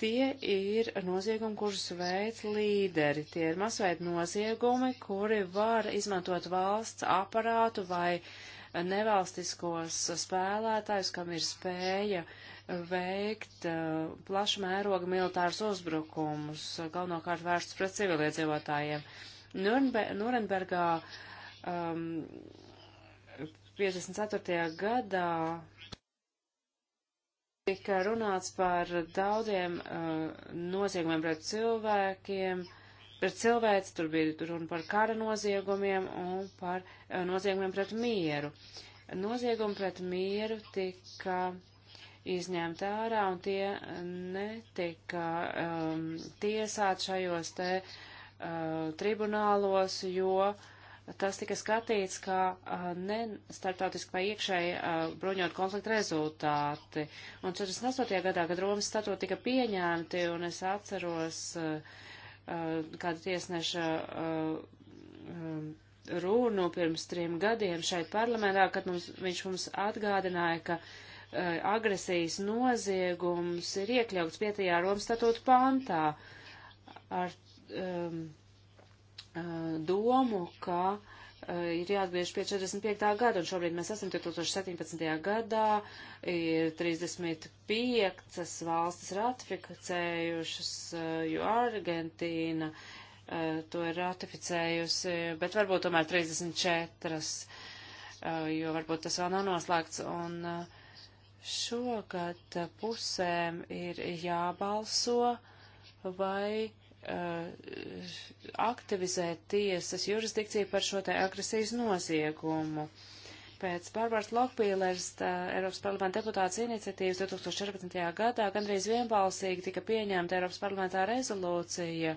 Tie ir noziegumi, kurus veic līderi. Tie ir masveida noziegumi, kuri var izmantot valsts aparātu vai uh, nevalstiskos spēlētājus, kam ir spēja veikt uh, plašu mēroga militārus uzbrukumus, galvenokārt vērstus pret civiliedzīvotājiem. Nurnbe Nurenbergā um, 54. gadā tika runāts par daudziem uh, noziegumiem pret cilvēkiem, uh, pret cilvēci, tur bija runa par kara noziegumiem un par uh, noziegumiem pret mieru. Noziegumi pret mieru tika izņemti ārā un tie eh, netika um, ehm, tiesāt šajos te uh, tribunālos, jo tas tika skatīts kā uh, ne startautiski vai iekšēji uh, bruņot konfliktu rezultāti. Un 48. gadā, kad Romas statūti tika pieņemti, un es atceros, uh, Eh, kāda tiesneša eh, eh, runu pirms trim gadiem šeit parlamentā, kad mums, viņš mums atgādināja, ka agresijas noziegums ir iekļauts 5. Romas statūta pantā ar um, domu, ka uh, Eh, ir jāatgriež pie 45. gada, un šobrīd mēs esam 2017. gadā, ir 35 valstis ratificējušas, eh, jo Argentīna eh, to ir ratificējusi, bet varbūt tomēr 34, jo varbūt tas vēl nav noslēgts, un šogad pusēm ir jābalso, vai uh, aktivizēt tiesas jurisdikciju par šo te agresijas noziegumu. Pēc Barbāras Lokpīlers Eiropas parlamenta deputāts iniciatīvas 2014. gadā gandrīz vienbalsīgi tika pieņemta Eiropas parlamentā rezolūcija.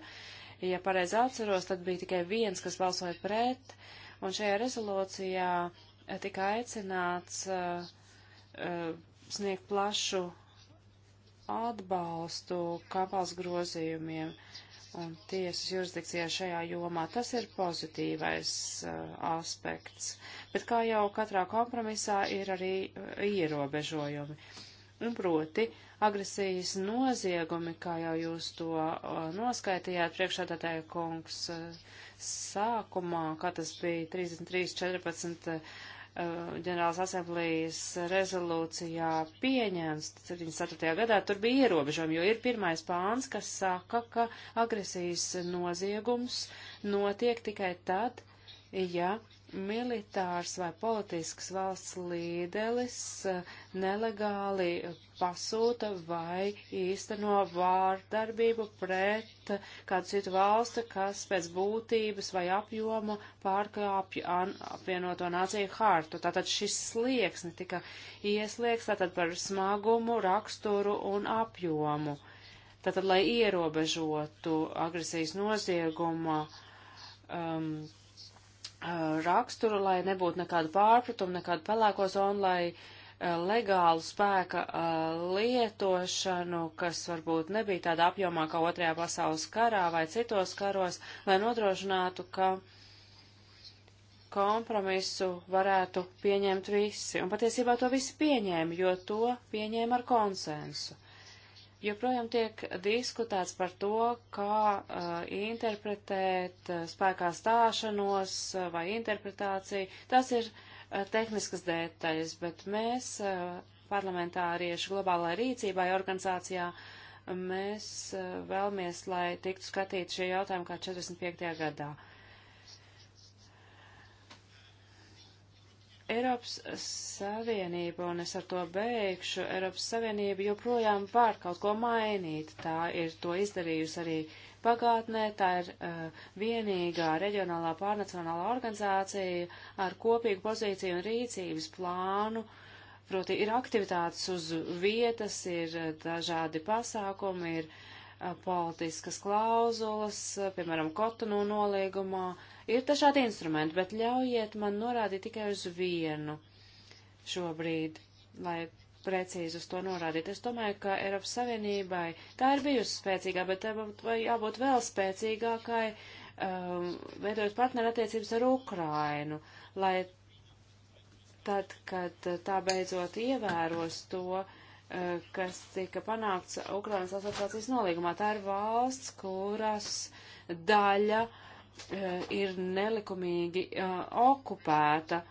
Ja pareizi atceros, tad bija tikai viens, kas balsoja pret, un šajā rezolūcijā eh, tika aicināts uh, uh, sniegt plašu atbalstu kapals grozījumiem. Uh, un tiesas jurisdikcijā šajā jomā. Tas ir pozitīvais uh, aspekts, bet kā jau katrā kompromisā ir arī uh, ierobežojumi. Un proti, agresijas noziegumi, kā jau jūs to uh, noskaitījāt priekšādātāja kungs uh, sākumā, kā tas bija 33.14 Eh, ģenerālas asamblējas rezolūcijā pieņēmts 74. gadā, tur bija ierobežojumi, jo ir pirmais pāns, kas saka, ka agresijas noziegums notiek tikai tad, ja militārs vai politisks valsts līdelis eh, nelegāli pasūta vai īsteno vārdarbību pret kādu citu valsti, kas pēc būtības vai apjoma pārkāpj apvienoto nāciju hārtu. Tātad šis slieksni tika iesliegs tātad par smagumu, raksturu un apjomu. Tātad, lai ierobežotu agresijas nozieguma um, uh, raksturu, lai nebūtu nekādu pārpratumu, nekādu pelēko zonu, lai uh, legālu spēka uh, lietošanu, kas varbūt nebija tādā apjomā kā otrajā pasaules karā vai citos karos, lai nodrošinātu, ka kompromisu varētu pieņemt visi. Un patiesībā to visi pieņēma, jo to pieņēma ar konsensu. Joprojām tiek diskutēts par to, kā uh, interpretēt uh, spēkā stāšanos uh, vai interpretāciju. Tas ir uh, Eh, tehniskas detaļas, bet mēs eh, parlamentārieši globālai rīcībai organizācijā mēs eh, vēlamies, lai tiktu skatīt šie jautājumi kā 45. gadā. Eiropas Savienība, un es ar to beigšu, Eiropas Savienība joprojām var kaut ko mainīt. Tā ir to izdarījusi arī Pagātnē tā ir uh, vienīgā reģionālā pārnacionālā organizācija ar kopīgu pozīciju un rīcības plānu. Proti ir aktivitātes uz vietas, ir eh, dažādi pasākumi, ir uh, politiskas klauzulas, piemēram, Kotonu nolīgumā. Ir dažādi instrumenti, bet ļaujiet man norādīt tikai uz vienu šobrīd, lai precīzi uz to norādīt. Es domāju, ka Eiropas Savienībai tā ir bijusi spēcīgā, bet tai jābūt vēl spēcīgākai, um, veidojot partnerattiecības ar Ukrainu, lai tad, kad tā beidzot ievēros to, uh, kas tika panākts Ukrainas asociācijas nolīgumā. Tā ir valsts, kuras daļa uh, ir nelikumīgi uh, okupēta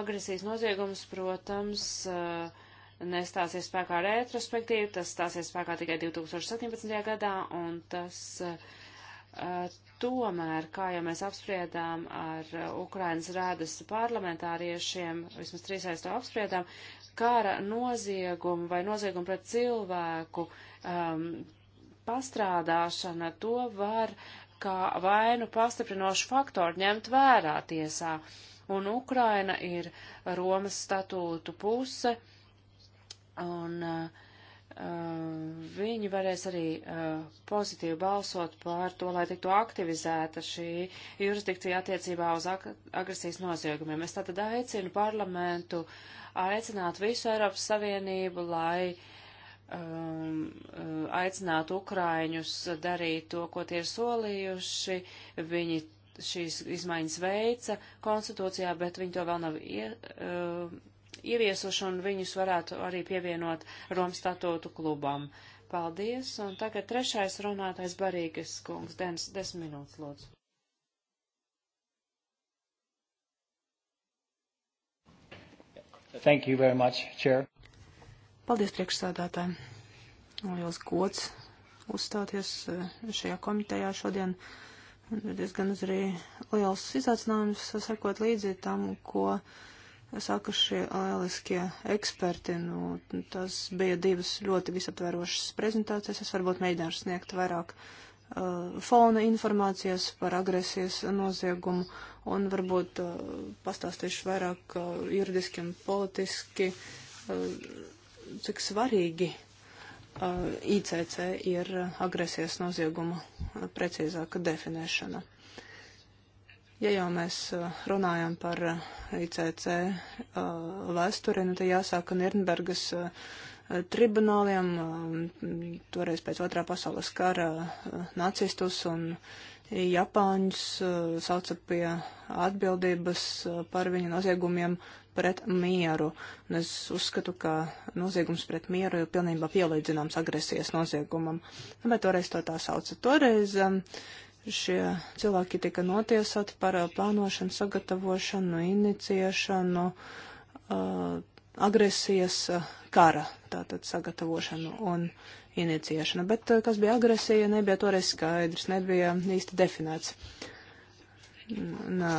agresijas noziegums, protams, uh, nestāsies spēkā retrospektīvi, tas stāsies spēkā tikai 2017. gadā, un tas uh, tomēr, kā jau mēs apspriedām ar Ukrainas rādas parlamentāriešiem, vismaz trīsais to apspriedām, kara noziegumu vai noziegumu pret cilvēku um, pastrādāšana, to var kā vainu pastiprinošu faktoru ņemt vērā tiesā. Un Ukraina ir Romas statūtu puse, uh, un uh, uh, viņi varēs arī uh, pozitīvi balsot par to, lai tiktu aktivizēta šī jurisdikcija attiecībā uz ag agresijas noziegumiem. Es tātad aicinu parlamentu aicināt visu Eiropas Savienību, lai um, uh, aicinātu Ukraiņus darīt to, ko tie ir solījuši. Viņi šīs izmaiņas veica konstitūcijā, bet viņi to vēl nav ie, uh, ieviesuši un viņus varētu arī pievienot Romas statūtu klubam. Paldies, un tagad trešais runātais Barīgas kungs, Dens, desmit minūtes lūdzu. Thank you very much, Chair. Paldies priekšsādātājiem. Liels gods uzstāties eh, šajā komitejā šodien. Diezgan arī liels izaicinājums sakot līdzi tam, ko uh, saka šie lieliskie eksperti. Nu, tas bija divas ļoti visaptverošas prezentācijas. Es varbūt mēģināšu sniegt vairāk uh, fona informācijas par agresijas noziegumu un varbūt uh, pastāstīšu vairāk uh, juridiski un politiski, uh, cik svarīgi uh, ICC ir agresijas nozieguma uh, precīzāka definēšana. Ja jau mēs eh, runājam par eh, ICC eh, vēsturi, nu te jāsāka Nirnbergas tribunāliem, toreiz pēc otrā pasaules kara nacistus un Japāņus sauca pie atbildības par viņu noziegumiem pret mieru. Un es uzskatu, ka noziegums pret mieru ir pilnībā pielīdzināms agresijas noziegumam. Nu, bet toreiz to tā sauca. Toreiz Šie cilvēki tika notiesāti par plānošanu, sagatavošanu, iniciešanu, agresijas kara, tātad sagatavošanu un iniciešanu. Bet kas bija agresija, nebija toreiz skaidrs, nebija īsti definēts. Nā,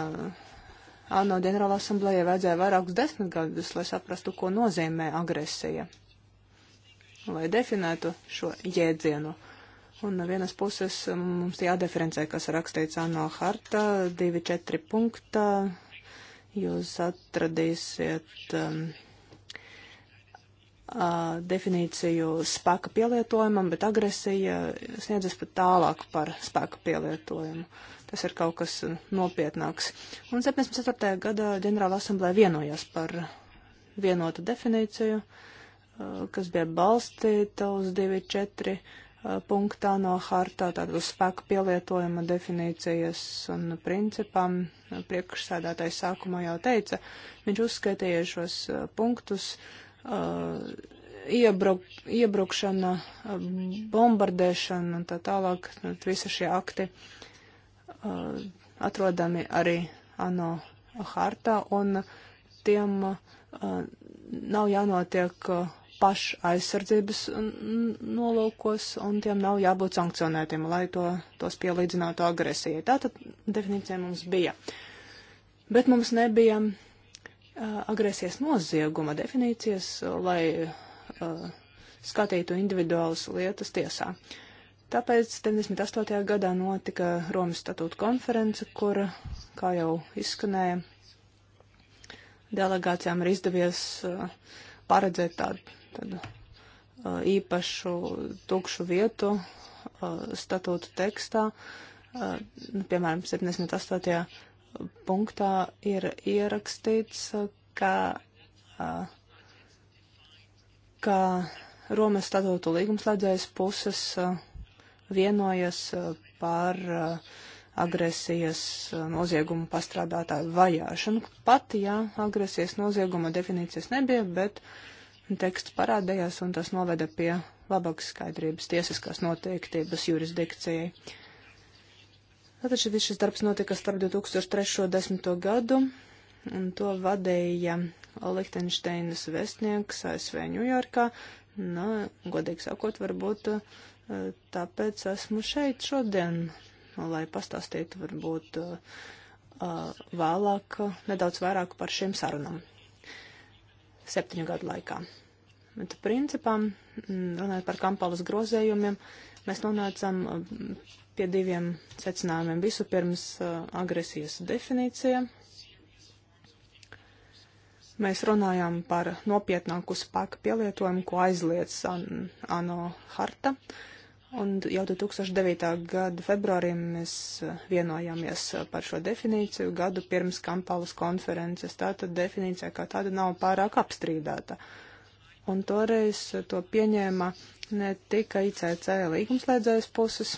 ANO ģenerāla asamblējai vajadzēja vairākus desmit gadus, lai saprastu, ko nozīmē agresija, lai definētu šo jēdzienu. Un no vienas puses um, mums jādiferencē, kas rakstīts ANO harta, divi četri punkta, jūs atradīsiet um, uh, definīciju spēka pielietojumam, bet agresija sniedzas pat tālāk par spēka pielietojumu. Tas ir kaut kas um, nopietnāks. Un 74. gadā ģenerāla asamblē vienojās par vienotu definīciju, uh, kas bija balstīta uz 2.4 Uh, punktā no hartā, tātad uz spēku pielietojuma definīcijas un principam. Uh, priekšsēdētājs sākumā jau teica, viņš uzskaitīja šos uh, punktus. Uh, iebruk, iebrukšana, bombardēšana un tā tālāk, nu, visi šie akti uh, atrodami arī ANO hartā un tiem uh, nav jānotiek uh, pašaizsardzības nolūkos, un tiem nav jābūt sankcionētiem, lai to, tos pielīdzinātu agresijai. Tātad definīcija mums bija. Bet mums nebija uh, agresijas nozieguma definīcijas, lai uh, skatītu individuālas lietas tiesā. Tāpēc 98. gadā notika Romas statūta konference, kur, kā jau izskanēja, delegācijām ir izdevies uh, paredzēt tādu tādu īpašu tukšu vietu statūtu tekstā. Nu, piemēram, 78. punktā ir ierakstīts, ka, ka Romas statūtu līgumslēdzējas puses vienojas par agresijas noziegumu pastrādātāju vajāšanu. Pat, ja agresijas nozieguma definīcijas nebija, bet uh, teksts parādījās, un tas noveda pie labākas skaidrības tiesiskās noteiktības jurisdikcijai. Tātad viss šis darbs notika starp 2003. un 2010. gadu, un to vadīja Lichtensteinas vēstnieks ASV Ņujorkā. Nu, godīgi sakot, varbūt eh, tāpēc esmu šeit šodien, lai pastāstītu varbūt eh, vēlāk nedaudz vairāk par šīm sarunām septiņu gadu laikā. Bet, principā, runājot par Kampalas grozējumiem, mēs nonācām pie diviem secinājumiem. Visupirms agresijas definīcija. Mēs runājām par nopietnāku spēku pielietojumu, ko aizliedz ANO harta. Uh, Un jau 2009. gada februārī mēs eh, vienojāmies eh, par šo definīciju gadu pirms Kampalas konferences. Tātad definīcija kā tāda nav pārāk apstrīdēta. Un toreiz eh, to pieņēma ne tikai ICC līgumslēdzējas puses,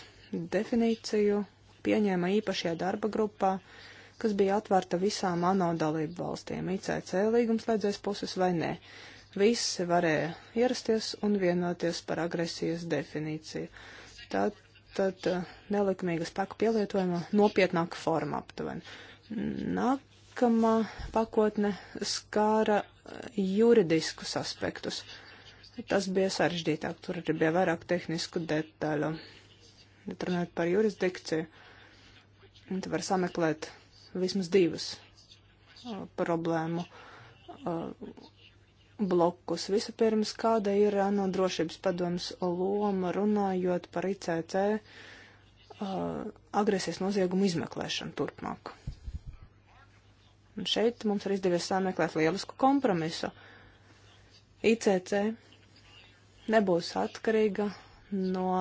definīciju pieņēma īpašajā darba grupā, kas bija atvērta visām ANO dalību valstīm, ICC līgumslēdzējas puses vai nē. Visi varēja ierasties un vienoties par agresijas definīciju. Tad, tad eh, nelikumīga spēku pielietojuma nopietnāka forma aptuveni. Nākamā pakotne skāra eh, juridiskus aspektus. Tas bija sarežģītāk, tur arī bija vairāk tehnisku detaļu. Bet runājot par jurisdikciju, tu var sameklēt vismaz divas eh, problēmu blokus. Vispirms, kāda ir ANO drošības padomas loma runājot par ICC uh, agresijas noziegumu izmeklēšanu turpmāk? Un šeit mums ir izdevies sameklēt lielisku kompromisu. ICC nebūs atkarīga no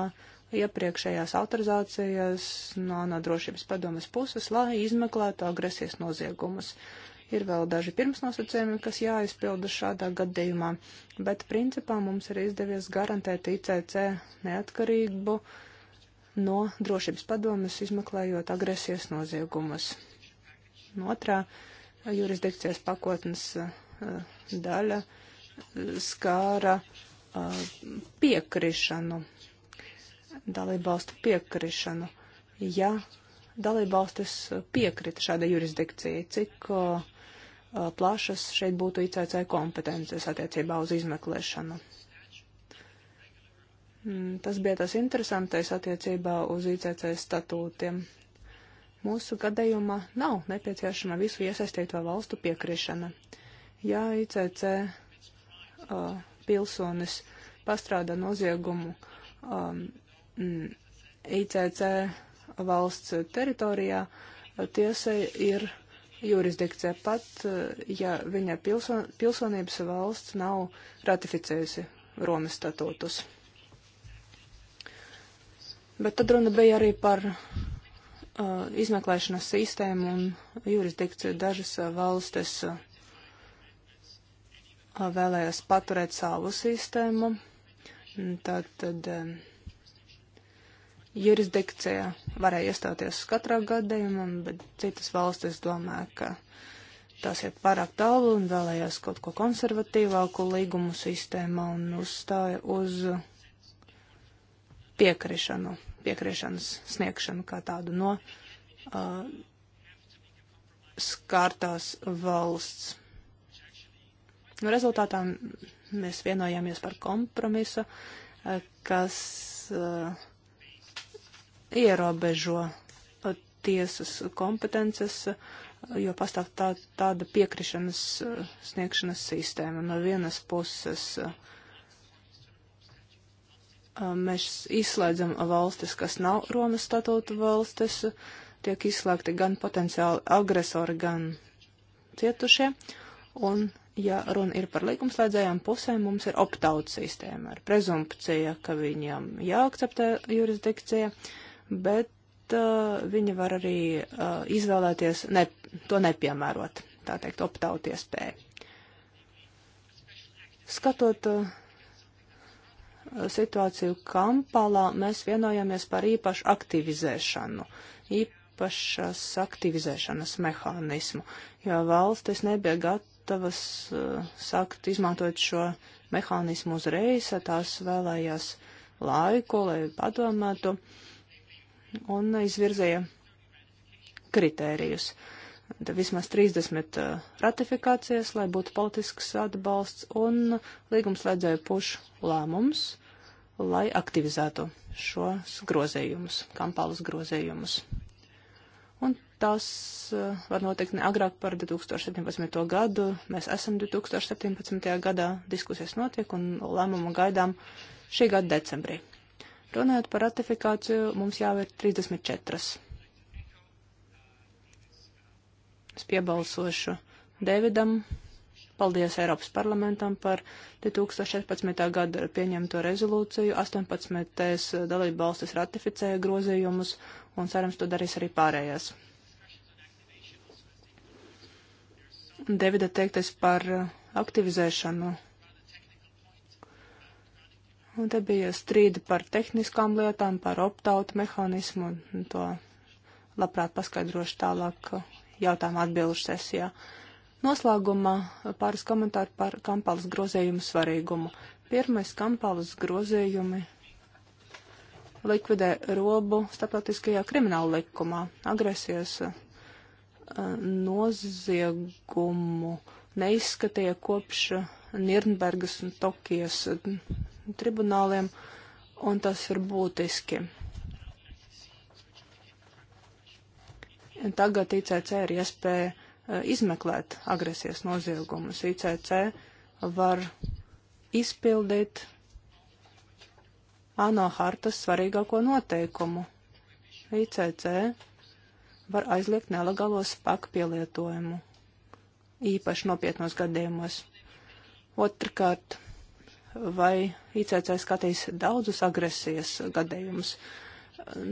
iepriekšējās autorizācijas no ANO drošības padomas puses, lai izmeklētu agresijas noziegumus. Uh, Ir vēl daži pirmsnosacījumi, kas jāizpilda šādā gadījumā, bet principā mums ir izdevies garantēt ICC neatkarību no drošības padomas, izmeklējot agresijas noziegumus. Otrā jurisdikcijas pakotnes eh, daļa eh, skāra eh, piekrišanu, dalībvalstu piekrišanu. Ja dalībvalstis piekrita šādai jurisdikcijai, cik uh, Uh, plašas, šeit būtu ICC kompetences attiecībā uz izmeklēšanu. Mm, tas bija tas interesantais attiecībā uz ICC statūtiem. Mūsu gadījumā nav nepieciešama visu iesaistīto valstu piekrišana. Ja ICC uh, pilsonis pastrādā noziegumu um, mm, ICC valsts teritorijā, uh, tiesa ir jurisdikcija pat, eh, ja viņa pilson, pilsonības valsts nav ratificējusi Romas statūtus. Bet tad runa bija arī par uh, izmeklēšanas sistēmu un jurisdikciju. Dažas uh, valstis uh, vēlējās paturēt savu sistēmu. Tad, tad um, jurisdikcija varēja iestāties katrā gadījumam, bet citas valstis domāja, ka tas iet pārāk tālu un vēlējās kaut ko konservatīvāku līgumu sistēmā un uzstāja uz piekrišanu, piekrišanas sniegšanu kā tādu no uh, skārtās valsts. Nu, rezultātā mēs vienojāmies par kompromisu, kas uh, ierobežo uh, tiesas kompetences, uh, jo pastāv tā, tāda piekrišanas uh, sniegšanas sistēma. No vienas puses mēs izslēdzam valstis, kas nav Romas statūta valstis, tiek izslēgti gan potenciāli agresori, gan cietušie. Un, ja runa ir par līgumslēdzējām pusēm, mums ir optaut sistēma ar prezumpcija, ka viņiem jāakceptē jurisdikcija. Uh, bet uh, viņi var arī uh, izvēlēties ne, to nepiemērot, tā teikt, optaut iespēju. Skatot uh, situāciju Kampalā, mēs vienojamies par īpašu aktivizēšanu, īpašas aktivizēšanas mehānismu, jo valstis nebija gatavas uh, sākt izmantot šo mehānismu uzreiz, tās vēlējās laiku, lai padomātu. Uh, un izvirzīja kritērijus. Tad vismaz 30 uh, ratifikācijas, lai būtu politisks atbalsts un līgumslēdzēju pušu lēmums, lai aktivizētu šos grozījumus, kampālus grozījumus. Un tas uh, var notikt ne agrāk par 2017. gadu. Mēs esam 2017. gadā, diskusijas notiek un lēmumu gaidām šī gada decembrī. Runājot par ratifikāciju, mums jau ir 34. Es piebalsošu Davidam. Paldies Eiropas parlamentam par 2014. gada pieņemto rezolūciju. 18. dalība valstis ratificēja grozījumus un cerams to darīs arī pārējās. Davida teiktais par aktivizēšanu Un te bija strīdi par tehniskām lietām, par optautu mehānismu, un to labprāt paskaidrošu tālāk jautājumu atbilžu sesijā. Noslēgumā pāris komentāri par kampalas grozējumu svarīgumu. Pirmais kampalas grozējumi likvidē robu starptautiskajā krimināla likumā, agresijas eh, noziegumu neizskatīja kopš Nirnbergas un Tokijas eh, tribunāliem, un tas ir būtiski. Tagad ICC ir iespēja eh, izmeklēt agresijas noziegumus. ICC var izpildīt ANO hartas svarīgāko noteikumu. ICC var aizliegt nelegālo spaku pielietojumu, īpaši nopietnos gadījumos. Otrkārt, vai ICC skatīs daudzus agresijas gadījumus.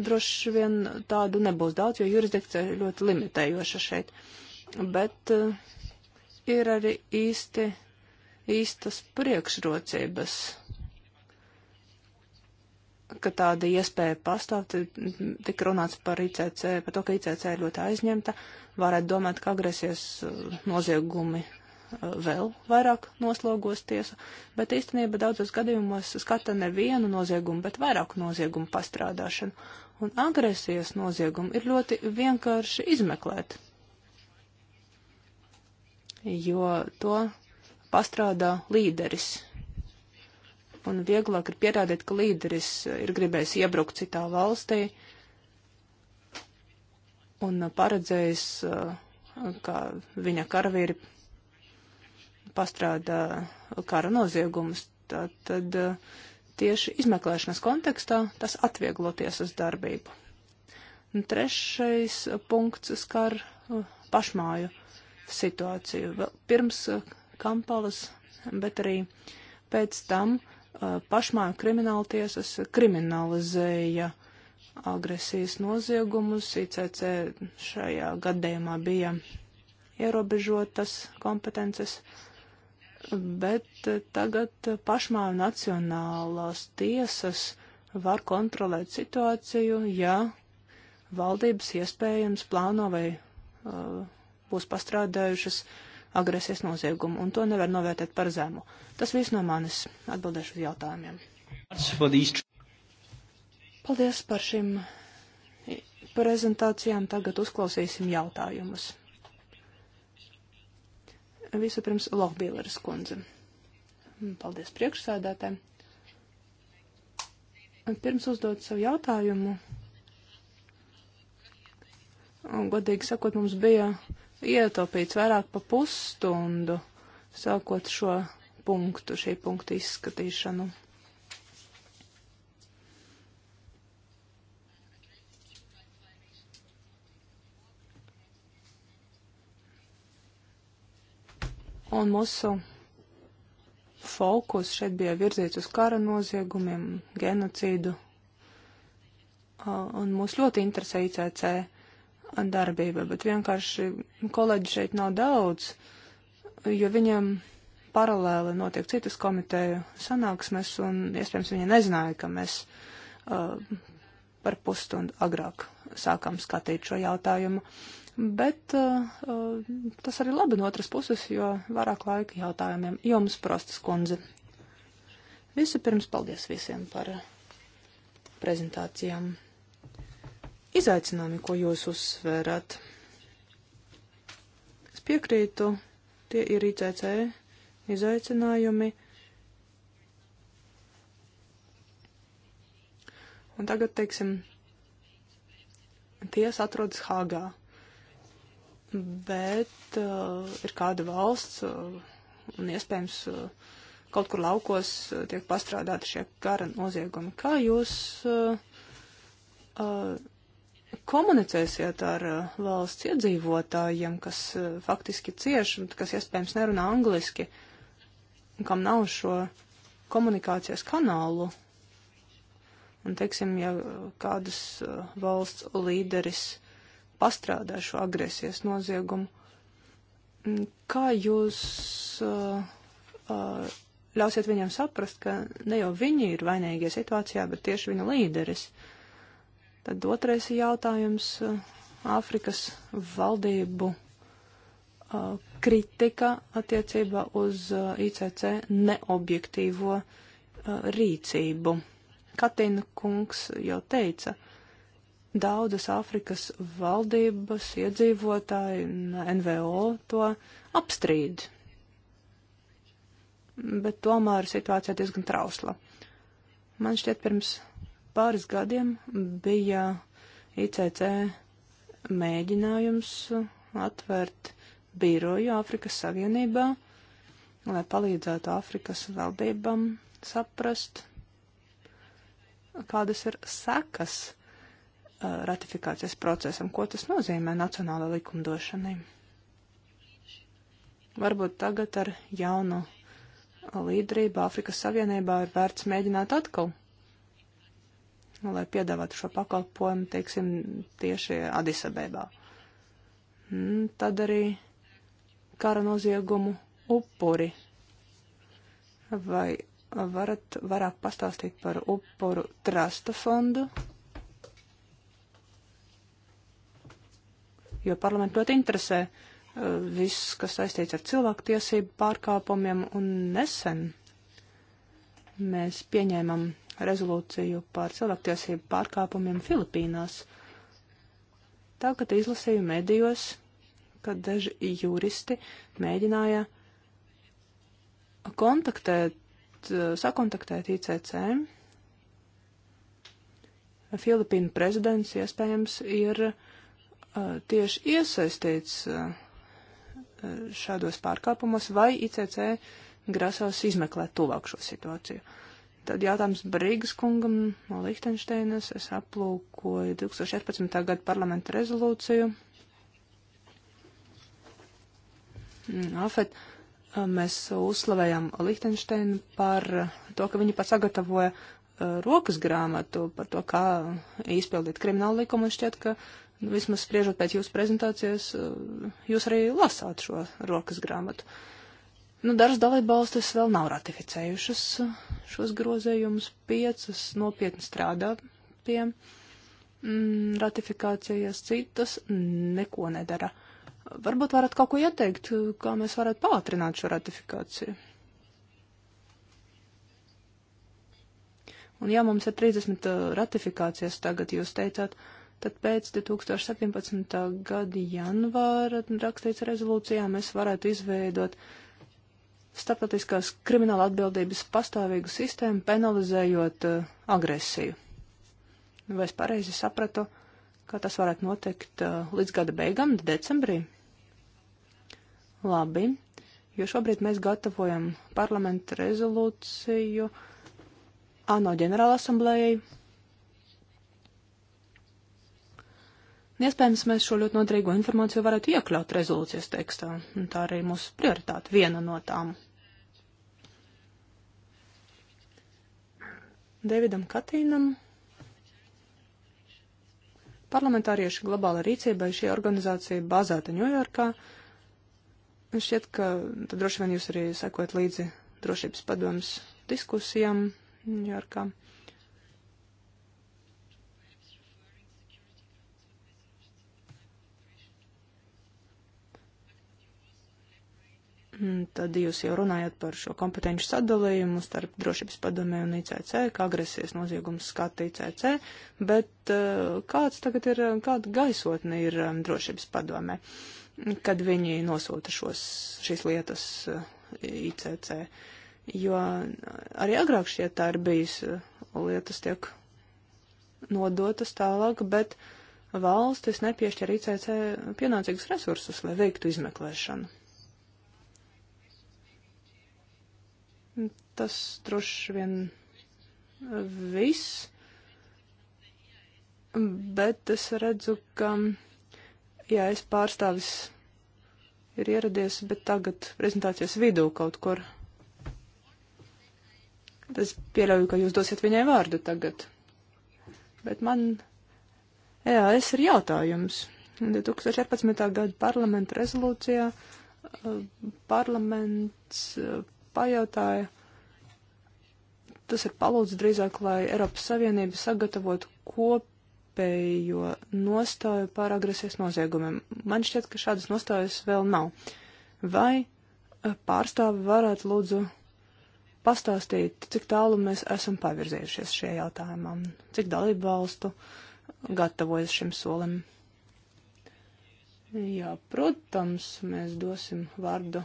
Droši vien tādu nebūs daudz, jo jurisdikcija ir ļoti limitējoša šeit. Bet eh, ir arī īsti, īstas priekšrocības, ka tāda iespēja pastāv, tik runāts par ICC, par to, ka ICC ir ļoti aizņemta, varētu domāt, ka agresies eh, noziegumi vēl vairāk noslogos tiesa, bet īstenība daudzos gadījumos skata nevienu noziegumu, bet vairāku noziegumu pastrādāšanu. Un agresijas noziegumu ir ļoti vienkārši izmeklēt, jo to pastrādā līderis. Un vieglāk ir pierādīt, ka līderis ir gribējis iebrukt citā valstī un paredzējis, uh, ka viņa karavīri pastrādā kara noziegumus. Tad eh, tieši izmeklēšanas kontekstā tas atvieglo tiesas darbību. Un trešais eh, punkts skar eh, pašmāju situāciju. Vēl pirms Kampalas, bet arī pēc tam pašmāju krimināla tiesas kriminalizēja agresijas noziegumus. ICC šajā gadījumā bija ierobežotas kompetences. Uh, bet tagad pašmā nacionālās tiesas var kontrolēt situāciju, ja valdības iespējams plāno vai uh, būs pastrādējušas agresijas noziegumu, un to nevar novērtēt par zemu. Tas viss no manis atbildēšu uz jautājumiem. Paldies par šīm prezentācijām. Tagad uzklausīsim jautājumus. Vispirms Lohbīleres kundze. Paldies priekšsēdētājiem. Pirms uzdot savu jautājumu, godīgi sakot, mums bija ietaupīts vairāk pa pusstundu, sākot šo punktu, šī punktu izskatīšanu. un mūsu fokus šeit bija virzīts uz kara noziegumiem, genocīdu, un mūs ļoti interesē ICC darbība, bet vienkārši kolēģi šeit nav daudz, jo viņiem paralēli notiek citas komiteju sanāksmes, un iespējams viņi nezināja, ka mēs uh, par pusstundu agrāk sākām skatīt šo jautājumu. Uh, Bet uh, tas arī labi no otras puses, jo vairāk laika jautājumiem jums, Prostas kundze. Visu pirms paldies visiem par eh, prezentācijām. Izaicinājumi, ko jūs uzsverat. Es piekrītu, tie ir ICC izaicinājumi. Un tagad, teiksim, tiesa atrodas Hāgā bet uh, ir kāda valsts uh, un iespējams uh, kaut kur laukos uh, tiek pastrādāti šie kara noziegumi. Kā jūs uh, uh, komunicēsiet ar uh, valsts iedzīvotājiem, kas uh, faktiski cieš un kas iespējams nerunā angliski un kam nav šo komunikācijas kanālu? Un, teiksim, ja kādas uh, valsts līderis pastrādā šo agresijas noziegumu. Mm, kā jūs uh, uh, ļausiet viņam saprast, ka ne jau viņi ir vainīgie situācijā, bet tieši viņa līderis? Tad otrais jautājums uh, Āfrikas valdību uh, kritika attiecībā uz uh, ICC neobjektīvo rīcību. Katina kungs jau teica, uh, Daudzas Āfrikas valdības, iedzīvotāji, NVO to apstrīd. Bet tomēr situācija diezgan trausla. Man šķiet, pirms pāris gadiem bija ICC mēģinājums atvērt biroju Āfrikas Savienībā, lai palīdzētu Āfrikas valdībām saprast, kādas ir sekas Uh, ratifikācijas procesam. Ko tas nozīmē nacionāla likumdošanai? Varbūt tagad ar jaunu līderību Āfrikas Savienībā ir vērts mēģināt atkal, lai piedāvātu šo pakalpojumu, teiksim, tieši Adisabēbā. Mm, tad arī kara noziegumu upuri. Vai varat vairāk pastāstīt par upuru trasta fondu? jo parlamentu ļoti interesē uh, viss, kas saistīts ar cilvēku tiesību pārkāpumiem, un nesen mēs pieņēmam rezolūciju par cilvēktiesību pārkāpumiem Filipīnās. Tagad izlasīju medijos, kad daži juristi mēģināja kontaktēt, uh, sakontaktēt ICC. Filipīnu prezidents iespējams ir uh, tieši iesaistīts šādos pārkāpumos, vai ICC grasās izmeklēt tuvāk šo situāciju. Tad jautājums Brīgas kungam no Lihtenšteinas. Es aplūkoju 2014. gada parlamenta rezolūciju. Mm, Afet, mēs uzslavējām Lihtenšteinu par to, ka viņi pat sagatavoja rokas grāmatu par to, kā izpildīt kriminālu likumu. Šķiet, ka uh, Vismaz spriežot pēc jūsu prezentācijas, eh, jūs arī lasāt šo rokas grāmatu. Nu, dažas dalībvalstis vēl nav ratificējušas eh, šos grozējumus, piecas nopietni strādā pie mm, ratifikācijas, citas neko nedara. Varbūt varat kaut ko ieteikt, kā mēs varētu pātrināt šo ratifikāciju. Un jā, mums ir 30 eh, ratifikācijas tagad, jūs teicāt. Uh, tad pēc 2017. gada janvāra rakstīts rezolūcijā mēs varētu izveidot starptautiskās krimināla atbildības pastāvīgu sistēmu, penalizējot uh, agresiju. Vai es pareizi sapratu, ka tas varētu notikt uh, līdz gada beigām, decembrī? Labi, jo šobrīd mēs gatavojam parlamentu rezolūciju ANO ģenerāla asamblējai Iespējams, mēs šo ļoti noderīgo informāciju varētu iekļaut rezolūcijas tekstā. Tā arī mūsu prioritāte, viena no tām. Davidam Katīnam. Parlamentārieši globāla rīcībai šī organizācija bazēta Ņujorkā. Šķiet, ka tad droši vien jūs arī sekojat līdzi drošības padomas diskusijām Ņujorkā. Uh, Mm, tad jūs jau runājat par šo kompetenci sadalījumu starp drošības padomē un ICC, kā agresijas noziegums skata ICC, bet eh, kāds tagad ir, kāda gaisotne ir mm, drošības padomē, kad viņi nosūta šos, šīs lietas eh, ICC? Jo mm, arī agrāk šie tā ir bijis, eh, lietas tiek nodotas tālāk, bet valstis nepiešķir ICC pienācīgus resursus, lai veiktu izmeklēšanu. Tas droši vien viss, bet es redzu, ka, jā, es pārstāvis ir ieradies, bet tagad prezentācijas vidū kaut kur. Es pieļauju, ka jūs dosiet viņai vārdu tagad. Bet man, jā, es ir jautājums. 2014. gada parlamenta rezolūcijā eh, parlaments eh, pajautāja. Tas ir palūdz drīzāk, lai Eiropas Savienība sagatavotu kopējo nostāju par agresijas noziegumiem. Man šķiet, ka šādas nostājas vēl nav. Vai eh, pārstāvi varētu lūdzu pastāstīt, cik tālu mēs esam pavirzījušies šajā jautājumā, cik dalību valstu gatavojas šim solim. Jā, protams, mēs dosim vārdu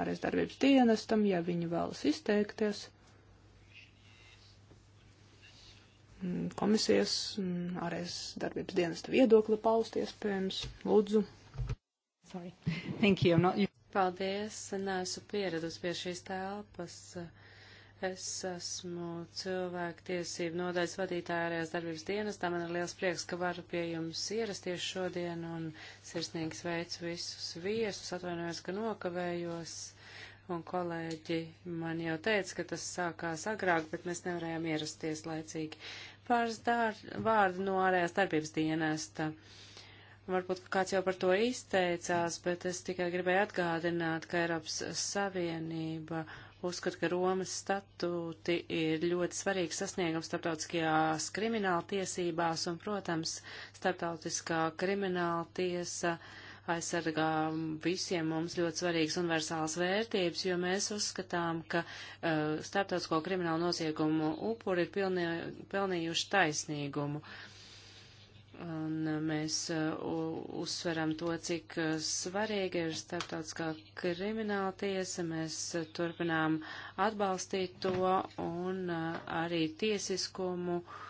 ārējas darbības dienestam, ja viņi vēlas izteikties. Mm, komisijas mm, ārējas darbības dienesta viedokli paust iespējams. Lūdzu. Sorry. Thank you. I'm not... Paldies. Neesmu pieradusi pie šīs telpas. Uh, Es esmu cilvēktiesību nodaļas vadītāja ārējās darbības dienas, tā man ir liels prieks, ka varu pie jums ierasties šodien un sirsnīgi sveicu visus viesus, atvainojos, ka nokavējos, un kolēģi man jau teica, ka tas sākās agrāk, bet mēs nevarējām ierasties laicīgi. Pāris dār, vārdi no ārējās darbības dienesta. Varbūt kāds jau par to izteicās, bet es tikai gribēju atgādināt, ka Eiropas Savienība uzskata, ka Romas statūti ir ļoti svarīgs sasniegums starptautiskajās krimināla tiesībās, un, protams, starptautiskā krimināla tiesa aizsargā visiem mums ļoti svarīgas universālas vērtības, jo mēs uzskatām, ka uh, starptautisko kriminālu noziegumu upuri ir pilnī, pelnījuši taisnīgumu. Uh, Un mēs uh, uzsveram to, cik uh, svarīga ir starptautiskā krimināla tiesa. Mēs uh, turpinām atbalstīt to un arī tiesiskumu uh,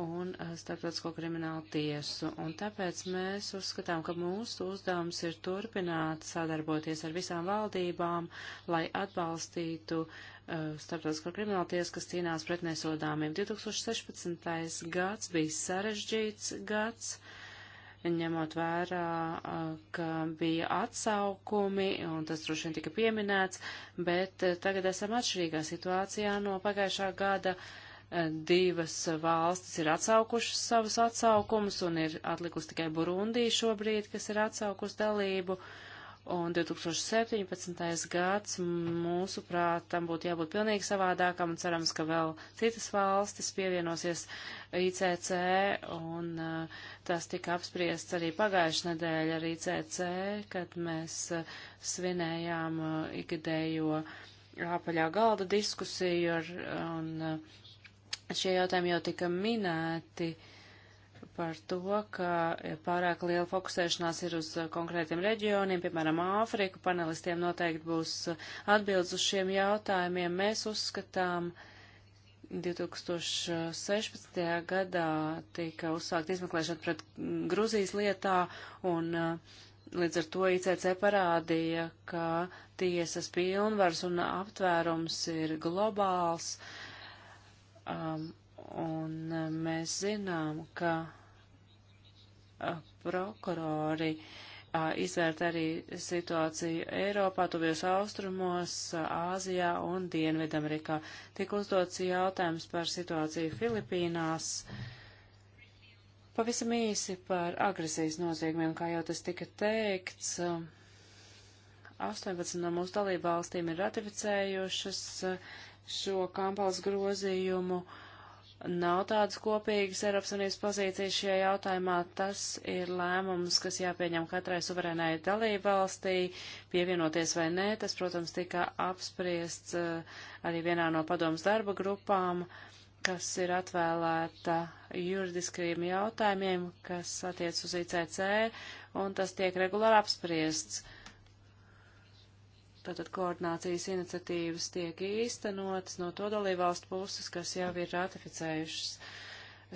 un eh, starptautisko kriminālu tiesu. Un tāpēc mēs uzskatām, ka mūsu uzdevums ir turpināt sadarboties ar visām valdībām, lai atbalstītu uh, starptautisko kriminālu tiesu, kas cīnās pret nesodāmiem. 2016. gads bija sarežģīts gads ņemot vērā, eh, ka bija atsaukumi, un tas droši vien tika pieminēts, bet tagad esam atšķirīgā situācijā no pagājušā gada uh, divas valstis ir atsaukušas savus atsaukumus un ir atlikusi tikai Burundī šobrīd, kas ir atsaukus dalību. Un 2017. gads mūsu prāt tam būtu jābūt pilnīgi savādākam un cerams, ka vēl citas valstis pievienosies ICC un uh, tas tika apspriests arī pagājušajā nedēļā ar ICC, kad mēs uh, svinējām uh, ikgadējo apaļā galda diskusiju ar, un uh, Šie jautājumi jau tika minēti par to, ka pārāk liela fokusēšanās ir uz konkrētiem reģioniem, piemēram, Āfriku. Panelistiem noteikti būs atbildes uz šiem jautājumiem. Mēs uzskatām, 2016. gadā tika uzsākt izmeklēšana pret Gruzijas lietā un uh, līdz ar to ICC parādīja, ka tiesas pilnvars un aptvērums ir globāls. Uh, Um, un uh, mēs zinām, ka uh, prokurori uh, izvērt arī situāciju Eiropā, tuvjos austrumos, uh, Āzijā un Dienvidamerikā. Tik uzdots jautājums par situāciju Filipīnās. Pavisam īsi par agresijas noziegumiem, kā jau tas tika teikts. 18 no mūsu dalībvalstīm ir ratificējušas uh, šo kampalas grozījumu. Nav tādas kopīgas Eiropas Unības pozīcijas šajā jautājumā. Tas ir lēmums, kas jāpieņem katrai suverēnai dalībvalstī, pievienoties vai nē. Tas, protams, tika apspriests eh, arī vienā no padomas darba grupām kas ir atvēlēta juridiskiem jautājumiem, kas attiec uz ICC, un tas tiek regulāri apspriests. Uh, Tātad koordinācijas iniciatīvas tiek īstenotas no to dalībvalstu puses, kas jau ir ratificējušas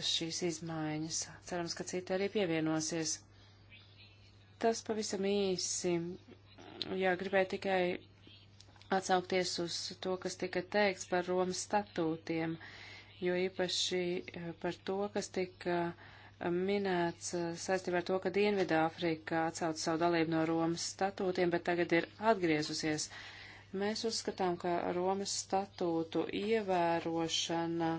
šīs izmaiņas. Cerams, ka citi arī pievienosies. Tas pavisam īsi. Jā, gribēju tikai atsaukties uz to, kas tika teikts par Romas statūtiem, jo īpaši eh, par to, kas tika uh, minēts eh, saistībā ar to, ka Dienvidāfrika atsauc savu dalību no Romas statūtiem, bet tagad ir atgriezusies. Mēs uzskatām, ka Romas statūtu ievērošana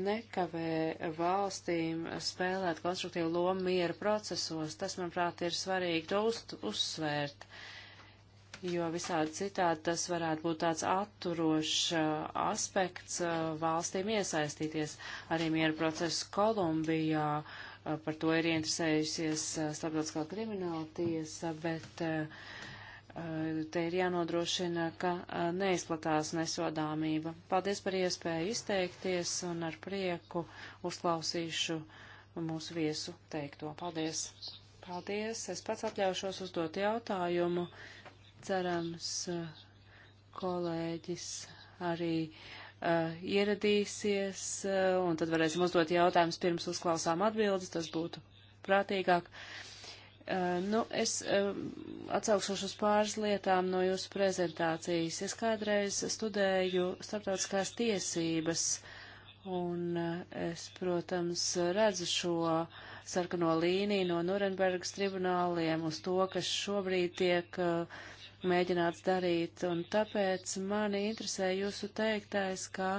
nekavē valstīm spēlēt konstruktīvu lomu miera procesos. Tas, manuprāt, ir svarīgi to uz, uzsvērt. Uh, jo visādi citādi tas varētu būt tāds atturošs aspekts valstīm iesaistīties. Arī miera process Kolumbijā par to ir interesējusies starptautiskā krimināla tiesa, bet te ir jānodrošina, ka neizplatās nesodāmība. Paldies par iespēju izteikties un ar prieku uzklausīšu mūsu viesu teikto. Paldies! Paldies! Es pats atļaušos uzdot jautājumu. Uh, Cerams, eh, kolēģis arī uh, ieradīsies, uh, un tad varēsim uzdot jautājumus pirms uzklausām atbildes, tas būtu prātīgāk. Uh, nu, es uh, atsaukšos uz pāris lietām no jūsu prezentācijas. Es kādreiz studēju starptautiskās tiesības, un uh, es, protams, redzu šo uh, sarkano līniju no Nurembergas tribunāliem uz to, kas šobrīd tiek uh, mēģināts darīt, un tāpēc mani interesē jūsu teiktais, ka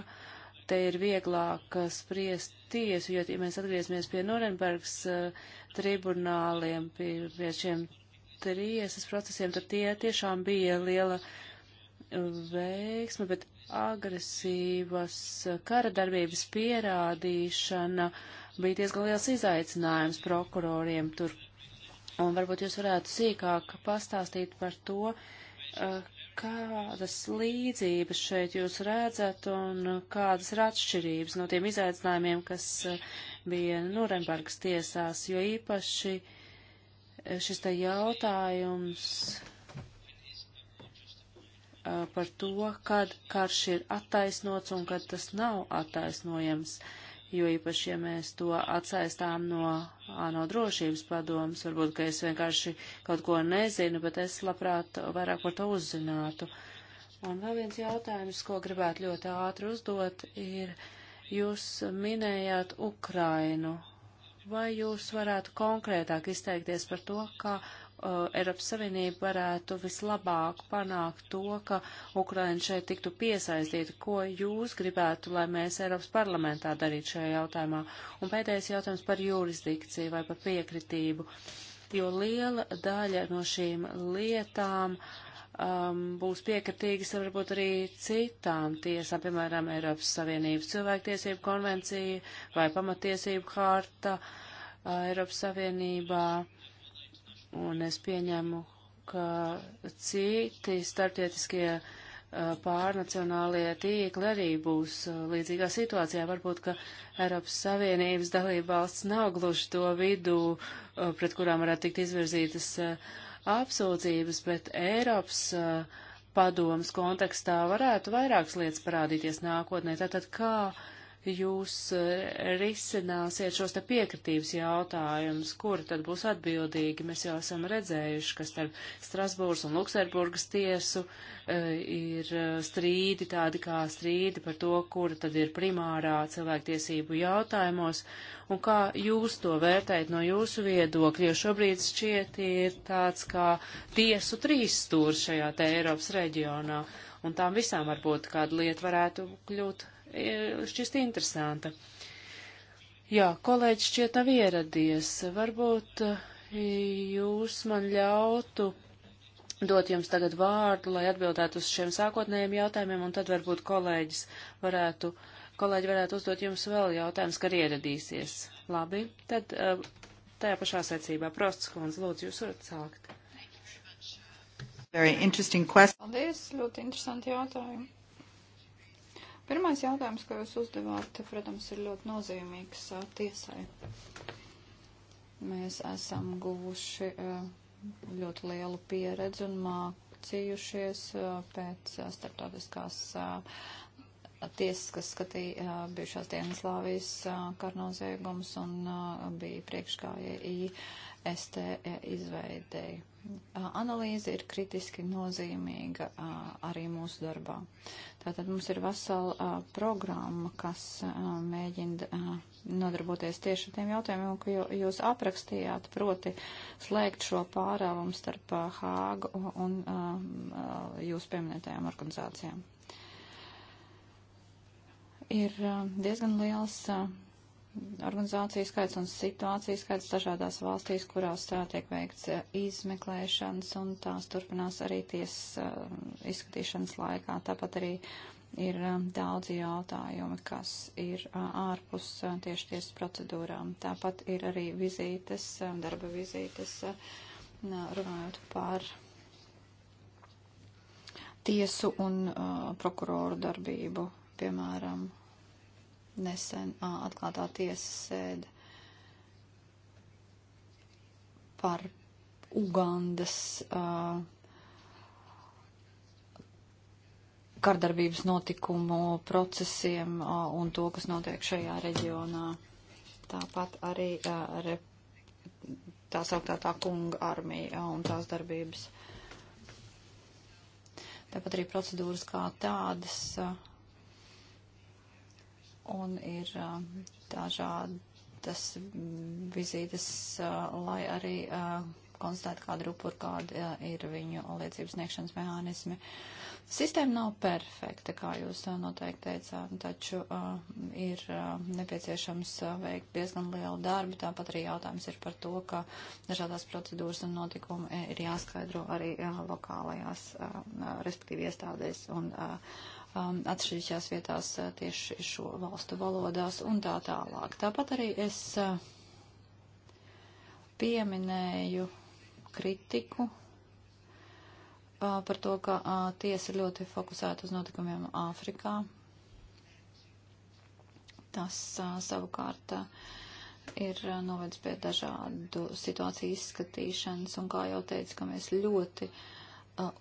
te ir vieglāk uh, spriest tiesu, jo, ja mēs atgriezīsimies pie Norenbergs uh, tribunāliem, pie, pie šiem tiesas procesiem, tad tie tiešām bija liela uh, veiksme, bet agresīvas uh, kara darbības pierādīšana bija diezgan liels izaicinājums prokuroriem. Tur Un varbūt jūs varētu sīkāk pastāstīt par to, eh, kādas līdzības šeit jūs redzat un kādas ir atšķirības no tiem izaicinājumiem, kas eh, bija Nurembergas tiesās, jo īpaši eh, šis te jautājums par to, kad karš ir attaisnots un kad tas nav attaisnojams. Uh, jo īpaši, ja mēs to atsaistām no ANO drošības padomas, varbūt, ka es vienkārši kaut ko nezinu, bet es labprāt vairāk par to uzzinātu. Un vēl viens jautājums, ko gribētu ļoti ātri uzdot, ir, jūs minējāt Ukrainu. Vai jūs varētu konkrētāk izteikties par to, kā Uh, Eiropas Savienība varētu vislabāk panākt to, ka Ukraina šeit tiktu piesaistīta. Ko jūs gribētu, lai mēs Eiropas parlamentā darītu šajā jautājumā? Un pēdējais jautājums par jurisdikciju vai par piekritību, jo liela daļa no šīm lietām um, būs piekritīgas varbūt arī citām tiesām, piemēram, Eiropas Savienības cilvēktiesību konvencija vai pamatiesību harta uh, Eiropas Savienībā. Uh, Un es pieņemu, ka citi starptietiskie pārnacionālie tīkli arī būs līdzīgā situācijā. Varbūt, ka Eiropas Savienības dalība valsts nav gluži to vidu, pret kurām varētu tikt izvirzītas apsūdzības, bet Eiropas padomas kontekstā varētu vairākas lietas parādīties nākotnē. Tātad kā uh, jūs eh, risināsiet šos te piekritības jautājumus, kuri tad būs atbildīgi. Mēs jau esam redzējuši, ka starp Strasbūras un Luksemburgas tiesu eh, ir eh, strīdi tādi kā strīdi par to, kura tad ir primārā cilvēktiesību jautājumos un kā jūs to vērtējat no jūsu viedokļa, jo šobrīd šķiet ir tāds kā tiesu trīs stūrs šajā te Eiropas reģionā un tām visām varbūt kāda lieta varētu kļūt šķist interesanta. Jā, kolēģis šķiet nav ieradies. Varbūt eh, jūs man ļautu dot jums tagad vārdu, lai atbildētu uz šiem sākotnējiem jautājumiem, un tad varbūt kolēģis varētu, kolēģi varētu uzdot jums vēl jautājumus, kad ieradīsies. Labi, tad eh, tajā pašā secībā. Prosts, kundze, lūdzu, jūs varat sākt. Very interesting question. Paldies, ļoti interesanti jautājumi. Pirmais jautājums, ko jūs uzdevāt, protams, ir ļoti nozīmīgs a, tiesai. Mēs esam guvuši a, ļoti lielu pieredzi un mācījušies a, pēc starptautiskās tiesas, kas skatīja bijušās Dienaslāvijas karnoziegumus un bija priekšgājēji ST e izveidēji analīze ir kritiski nozīmīga arī mūsu darbā. Tātad mums ir vesela programma, kas mēģina nodarboties tieši ar tiem jautājumiem, ko jūs aprakstījāt, proti slēgt šo pārāvumu starp Hāgu un jūs pieminētajām organizācijām. Ir diezgan liels organizāciju skaits un situāciju skaits dažādās valstīs, kurās tiek veikts izmeklēšanas un tās turpinās arī tiesas izskatīšanas laikā. Tāpat arī ir daudzi jautājumi, kas ir ārpus tieši tiesas procedūrām. Tāpat ir arī vizītes, darba vizītes, runājot par tiesu un prokuroru darbību, piemēram, nesen atklātā tiesas sēde par Ugandas uh, kardarbības notikumu procesiem uh, un to, kas notiek šajā reģionā. Tāpat arī uh, re, tā sauktā tā kunga armija un tās darbības. Tāpat arī procedūras kā tādas. Uh, un ir uh, dažādas vizītes, uh, lai arī uh, konstatētu, kāda ir upur, kāda ir viņu liecības sniegšanas mehānismi. Sistēma nav perfekta, kā jūs noteikti teicāt, taču uh, ir uh, nepieciešams uh, veikt diezgan lielu darbu. Tāpat arī jautājums ir par to, ka dažādās procedūras un notikumi ir jāskaidro arī uh, lokālajās, uh, respektīvi iestādēs un uh, um, atšķirīgās vietās uh, tieši šo valstu valodās un tā tālāk. Tāpat arī es uh, pieminēju kritiku uh, par to, ka uh, tiesa ir ļoti fokusēta uz notikumiem Āfrikā. Tas uh, savukārt uh, ir uh, novedis pie dažādu situāciju izskatīšanas, un kā jau teicu, ka mēs ļoti uh,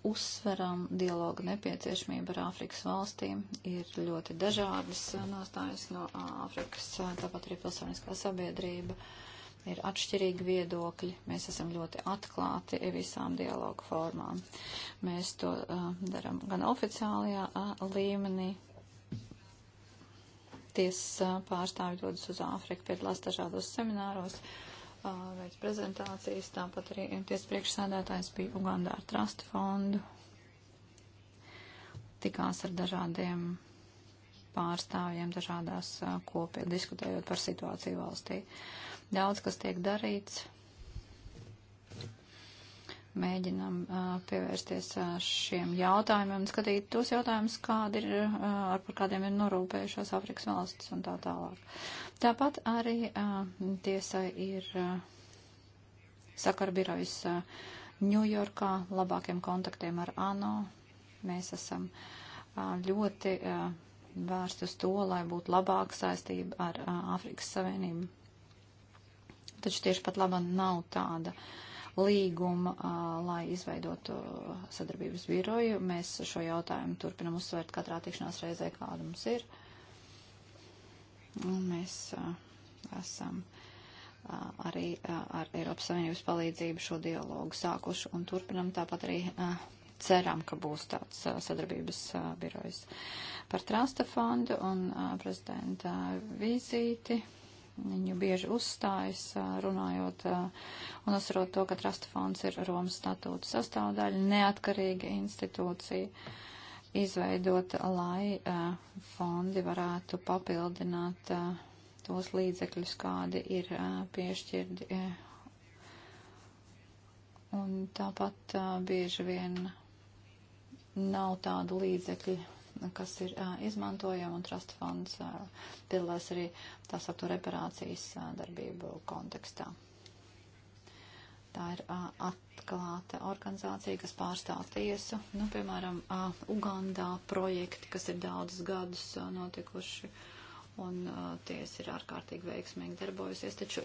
uzsveram dialogu nepieciešamību ar Āfrikas valstīm. Ir ļoti dažādas nostājas no Āfrikas, tāpat arī pilsoniskā sabiedrība. Ir atšķirīgi viedokļi, mēs esam ļoti atklāti visām dialogu formām. Mēs to uh, darām gan oficiālajā uh, līmenī. Tiesas uh, pārstāvi dodas uz Āfriku, piedalās dažādos semināros. Uh, veids prezentācijas, tāpat arī ties priekšsēdētājs bija Ugandā ar Trust fondu, tikās ar dažādiem pārstāvjiem dažādās kopie, diskutējot par situāciju valstī. Daudz, kas tiek darīts, mēģinam pievērsties šiem jautājumiem un skatīt tos jautājumus, kādi ir, ar par kādiem ir norūpējušās Afrikas valstis un tā tālāk. Tāpat arī tiesai ir sakara birojas Ņujorkā labākiem kontaktiem ar ANO. Mēs esam ļoti vērsti uz to, lai būtu labāka saistība ar Āfrikas Savienību. Taču tieši pat laba nav tāda. Uh, līguma, lai izveidotu sadarbības biroju. Mēs šo jautājumu turpinam uzsvērt katrā tikšanās reizē, kāda mums ir. Un mēs esam arī ar Eiropas Savienības palīdzību šo dialogu sākuši un turpinam tāpat arī ceram, ka būs tāds sadarbības birojs par trasta fondu un prezidenta vizīti. Viņu bieži uzstājas, runājot un uzsverot to, ka Trust fonds ir Romas statūta sastāvdaļa, neatkarīga institūcija izveidot, lai fondi varētu papildināt tos līdzekļus, kādi ir piešķirti. Un tāpat bieži vien nav tādu līdzekļu kas ir izmantojama, un Trust Funds piedalās arī tā saktu reparācijas darbību kontekstā. Tā ir atklāta organizācija, kas pārstāv tiesu. Nu, piemēram, Ugandā projekti, kas ir daudzus gadus notikuši, un tiesa ir ārkārtīgi veiksmīgi darbojusies, taču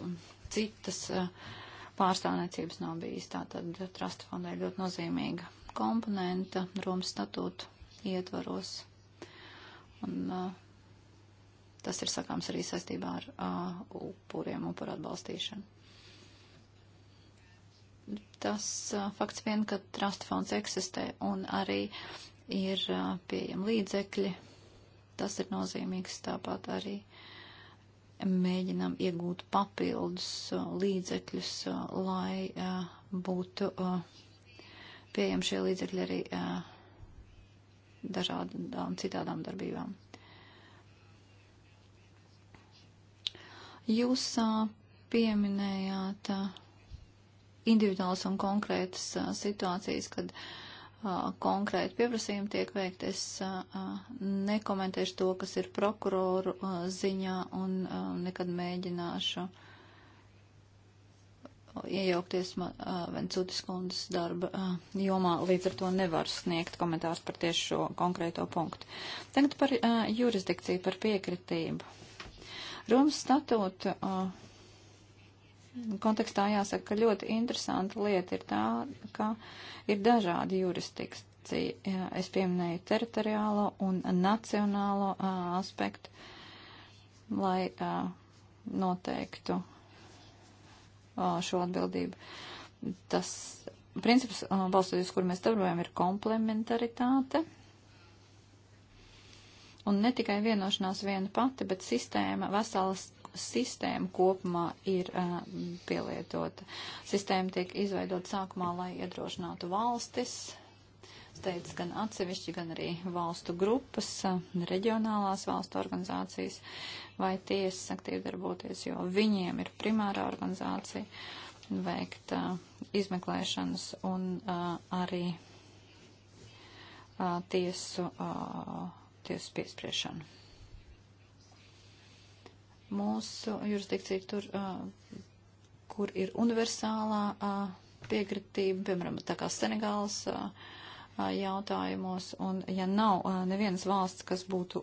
citas pārstāvniecības nav bijis. Tātad Trust Fondai ļoti nozīmīga komponenta Romas statūtu ietvaros. Un uh, tas ir sakāms arī saistībā ar uh, upuriem, upuru atbalstīšanu. Tas uh, fakts vien, ka trust fonds eksistē un arī ir uh, pieejami līdzekļi, tas ir nozīmīgs tāpat arī mēģinam iegūt papildus uh, līdzekļus, uh, lai uh, būtu pieejami šie līdzekļi arī dažādām um, citādām darbībām. Jūs pieminējāt individuāls un konkrētas situācijas, kad konkrēti pieprasījumi tiek veikt. Es nekomentēšu to, kas ir prokuroru ziņā un nekad mēģināšu uh, iejaukties Vencūtas kundas darba jomā, līdz ar to nevar sniegt komentārs par tieši šo konkrēto punktu. Tagad par jurisdikciju, par piekritību. Romas statūta kontekstā jāsaka, ka ļoti interesanta lieta ir tā, ka ir dažādi jurisdikcija. Es pieminēju teritoriālo un nacionālo aspektu, lai noteiktu šo atbildību. Tas princips, balstoties, kur mēs darbojam, ir komplementaritāte. Un ne tikai vienošanās viena pati, bet sistēma, veselas sistēma kopumā ir uh, pielietota. Sistēma tiek izveidota sākumā, lai iedrošinātu valstis, teica gan atsevišķi, gan arī valstu grupas, eh, reģionālās valstu organizācijas vai tiesas aktīvi darboties, jo viņiem ir primārā organizācija veikt uh, izmeklēšanas un uh, arī uh, tiesu, tiesu piespriešanu. Mūsu jurisdikcija ir tur, kur ir universālā piekritība, piemēram, tā kā Senegāls uh, jautājumos, un ja nav nevienas valsts, kas būtu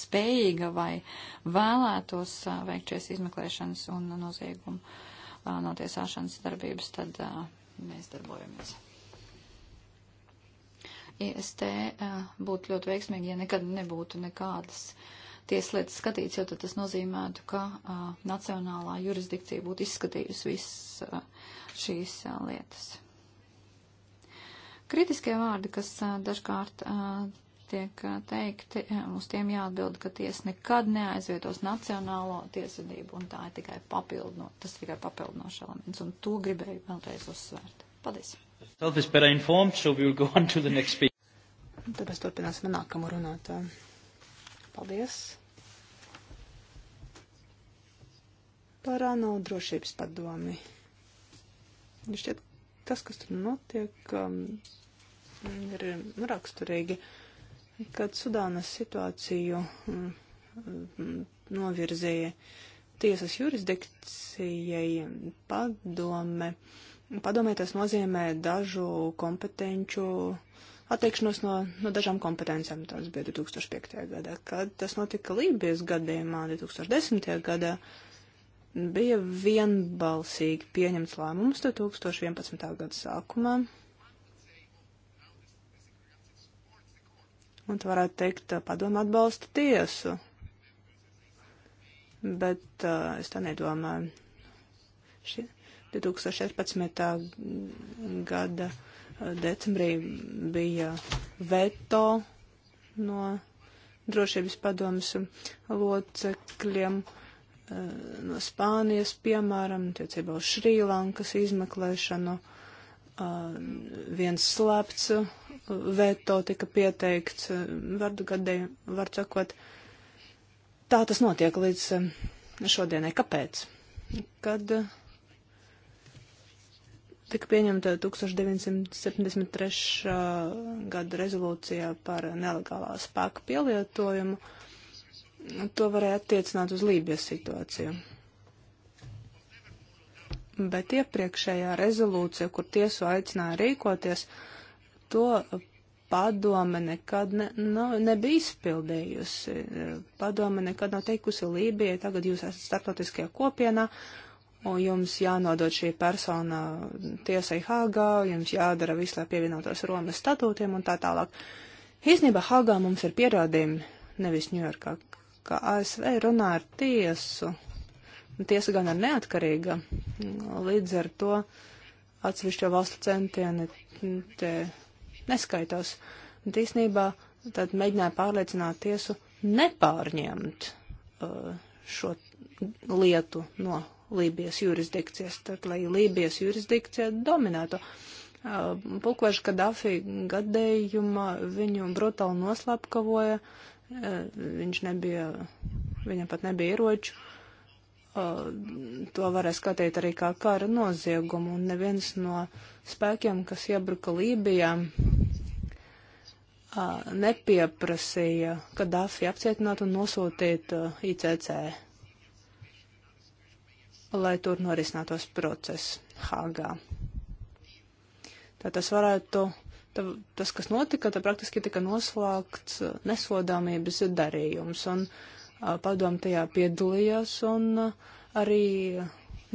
spējīga vai vēlētos veikt šīs izmeklēšanas un noziegumu notiesāšanas darbības, tad mēs darbojamies. IST būtu ļoti veiksmīgi, ja nekad nebūtu nekādas tieslietas skatīts, jo tad tas nozīmētu, ka a, nacionālā jurisdikcija būtu izskatījusi visas šīs a, lietas. Kritiskie vārdi, kas dažkārt tiek teikti, uz tiem jāatbild, ka tiesa nekad neaizvietos nacionālo tiesvedību, un tā ir tikai papildino, tas ir tikai papildinošs elements, un to gribēju vēlreiz uzsvērt. Paldies! Tad mēs turpināsim nākamu runātāju. Paldies! Par ANO drošības padomi. Šķiet, tas, kas tur notiek, um, ir nu, raksturīgi, kad Sudānas situāciju mm, mm, novirzīja tiesas jurisdikcijai padome. Padomē tas nozīmē dažu kompetenču atteikšanos no, no dažām kompetencijām. Tas bija 2005. gadā, kad tas notika Lībijas gadījumā, 2010. gadā bija vienbalsīgi pieņemts lēmums 2011. gada sākumā. Un tu varētu teikt, padomu atbalsta tiesu. Bet uh, es tā nedomāju. Šie 2014. gada decembrī bija veto no drošības padomas locekļiem no Spānijas, piemēram, tiecībā uz Šrīlankas izmeklēšanu. Uh, viens slēpts veto tika pieteikts, vardu gadēju, var sakot, tā tas notiek līdz šodienai. Kāpēc? Kad tika pieņemta 1973. gada rezolūcija par nelegālā spēka pielietojumu, to varēja attiecināt uz Lībijas situāciju bet iepriekšējā rezolūcija, kur tiesu aicināja rīkoties, to padome nekad ne, nav, nu, nebija izpildījusi. Padome nekad nav teikusi Lībijai, tagad jūs esat startautiskajā kopienā, un jums jānodod šī persona tiesai Hāgā, jums jādara visu, lai pievienotos Romas statūtiem un tā tālāk. Īsnībā Hāgā mums ir pierādījumi, nevis Ņujorkā, ka ASV runā ar tiesu Tiesa gan ir neatkarīga, līdz ar to atsevišķo valstu centieni te neskaitās. Tīsnībā tad mēģināja pārliecināt tiesu nepārņemt uh, šo lietu no Lībijas jurisdikcijas, tad lai Lībijas jurisdikcija dominētu. Uh, Pukveža Kadafi gadījumā viņu brutāli noslapkavoja, uh, viņš nebija, viņam pat nebija ieroču, to varēja skatīt arī kā kara noziegumu, un neviens no spēkiem, kas iebruka Lībijā, nepieprasīja Kadāfi apcietināt un nosūtīt ICC, lai tur norisinātos process Hāgā. Tā tas varētu, tā, tas, kas notika, tā praktiski tika noslēgts nesodāmības darījums. Un, uh, padomu tajā piedalījās un arī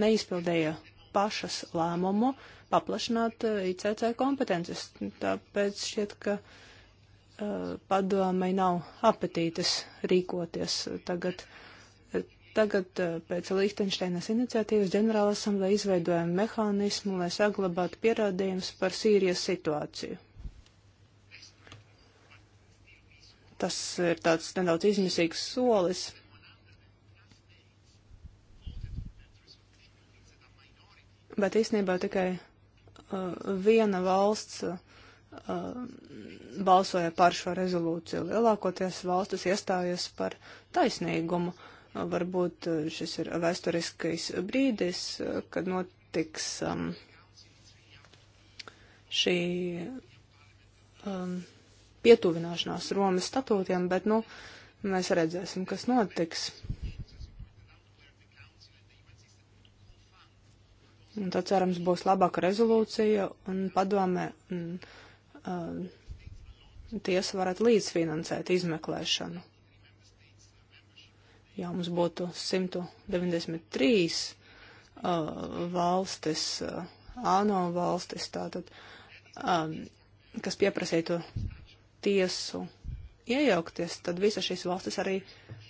neizpildīja pašas lēmumu paplašināt ICC kompetences. Tāpēc šķiet, ka padomai nav apetītes rīkoties tagad. Tagad pēc Lihtenšteinas iniciatīvas ģenerāla asamblē izveidojam mehānismu, lai saglabātu pierādījumus par Sīrijas situāciju. Tas ir tāds nedaudz izmisīgs solis. Bet īstenībā tikai uh, viena valsts uh, balsoja par šo rezolūciju. Lielākoties valstis iestājas par taisnīgumu. Varbūt uh, šis ir vēsturiskais brīdis, uh, kad notiks um, šī um, pietuvināšanās Romas statūtiem, bet, nu, mēs redzēsim, kas notiks. Un tad cerams būs labāka rezolūcija un padomē un, uh, tiesa varētu līdzfinansēt izmeklēšanu. Ja mums būtu 193 uh, valstis, uh, ANO valstis, tātad, um, kas pieprasītu tiesu iejaukties, tad visas šīs valstis arī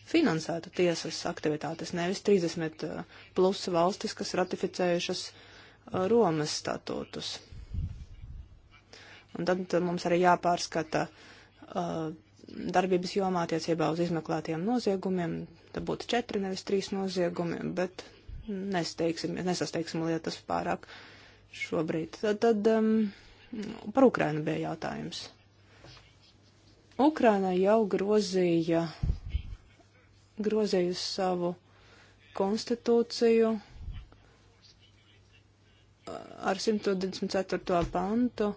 finansētu tiesas aktivitātes, nevis 30 eh, plus valstis, kas ratificējušas eh, Romas statūtus. Un tad mums arī jāpārskata uh, darbības jomā attiecībā uz izmeklētiem noziegumiem. Tad būtu četri, nevis trīs noziegumi, bet nesasteigsim lietas pārāk šobrīd. Tad, tad um, par Ukrainu bija jautājums. Ukraina jau grozīja, grozījusi savu konstitūciju ar 124. pantu,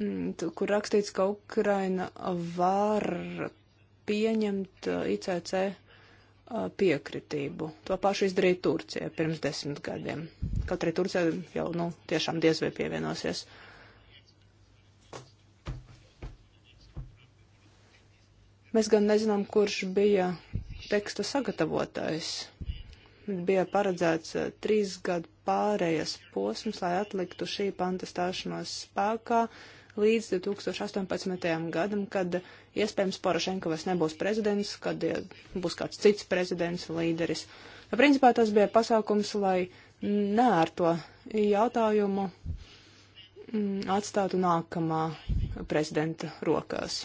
mm, kur rakstīts, ka Ukraina var pieņemt uh, ICC uh, piekritību. To pašu izdarīja Turcija pirms desmit gadiem. Kaut arī Turcija jau, nu, tiešām diez vai pievienosies. Uh, Mēs gan nezinām, kurš bija teksta sagatavotājs. Bija paredzēts eh, trīs gadu pārējas posms, lai atliktu šī panta stāšanos spēkā līdz 2018. gadam, kad eh, iespējams Porošenko vairs nebūs prezidents, kad ja, eh, būs kāds cits prezidents līderis. Ja, principā tas bija pasākums, lai nē ar to jautājumu mm, atstātu nākamā prezidenta rokās.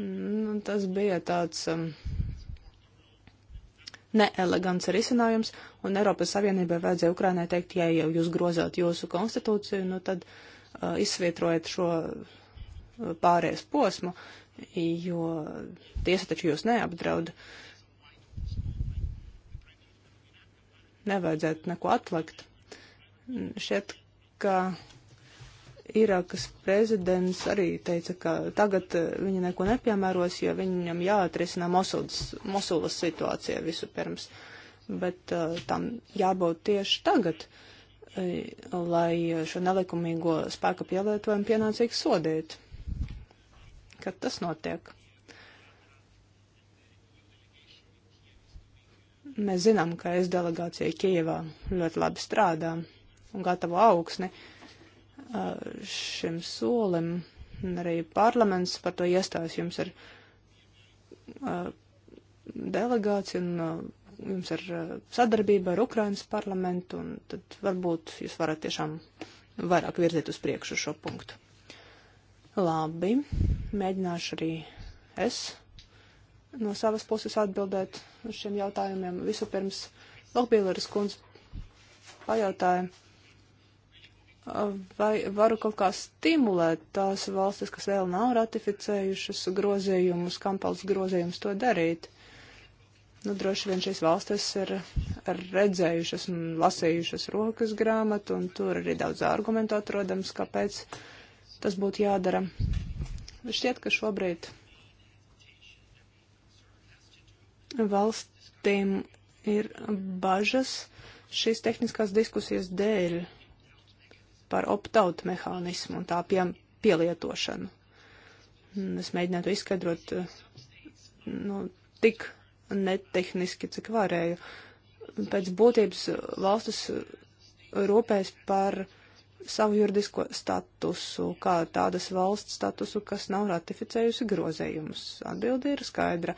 Nu, tas bija tāds um, neelegants risinājums, un Eiropas Savienībai vajadzēja Ukrainai teikt, ja jau jūs grozāt jūsu konstitūciju, nu tad uh, izsvietrojat šo uh, pārējais posmu, jo tiesa taču jūs neapdraud. Nevajadzētu neko atlikt. Šķiet, ka Irākas prezidents arī teica, ka tagad eh, viņi neko nepiemēros, jo viņam jāatrisina Mosulas, Mosulas situācija visu pirms. Bet uh, tam jābūt tieši tagad, eh, lai šo nelikumīgo spēka pielietojumu pienācīgi sodīt. Kad tas notiek? Mēs zinām, ka es delegācija Kievā ļoti labi strādā un gatavo augsni. Uh, šim solim, un arī parlaments par to iestājas. Jums ir delegācija un jums ir sadarbība ar Ukrainas parlamentu, un tad varbūt jūs varat tiešām vairāk virzīt uz priekšu šo punktu. Labi, mēģināšu arī es no savas puses atbildēt uz šiem jautājumiem. Visu pirms Lokbīleris kundze pajautāja vai varu kaut kā stimulēt tās valstis, kas vēl nav ratificējušas grozījumus, kampalas grozījumus to darīt. Nu, droši vien šīs valstis ir, ir redzējušas un lasējušas rokas grāmatu, un tur arī daudz argumentu atrodams, kāpēc tas būtu jādara. Šķiet, ka šobrīd valstīm ir bažas šīs tehniskās diskusijas dēļ par opt-out mehānismu un tā pie, pielietošanu. Es mēģināju to izskaidrot eh, nu, tik netehniski, cik varēju. Pēc būtības valstis rūpēs par savu juridisko statusu, kā tādas valsts statusu, kas nav ratificējusi grozējumus. Atbildi ir skaidra.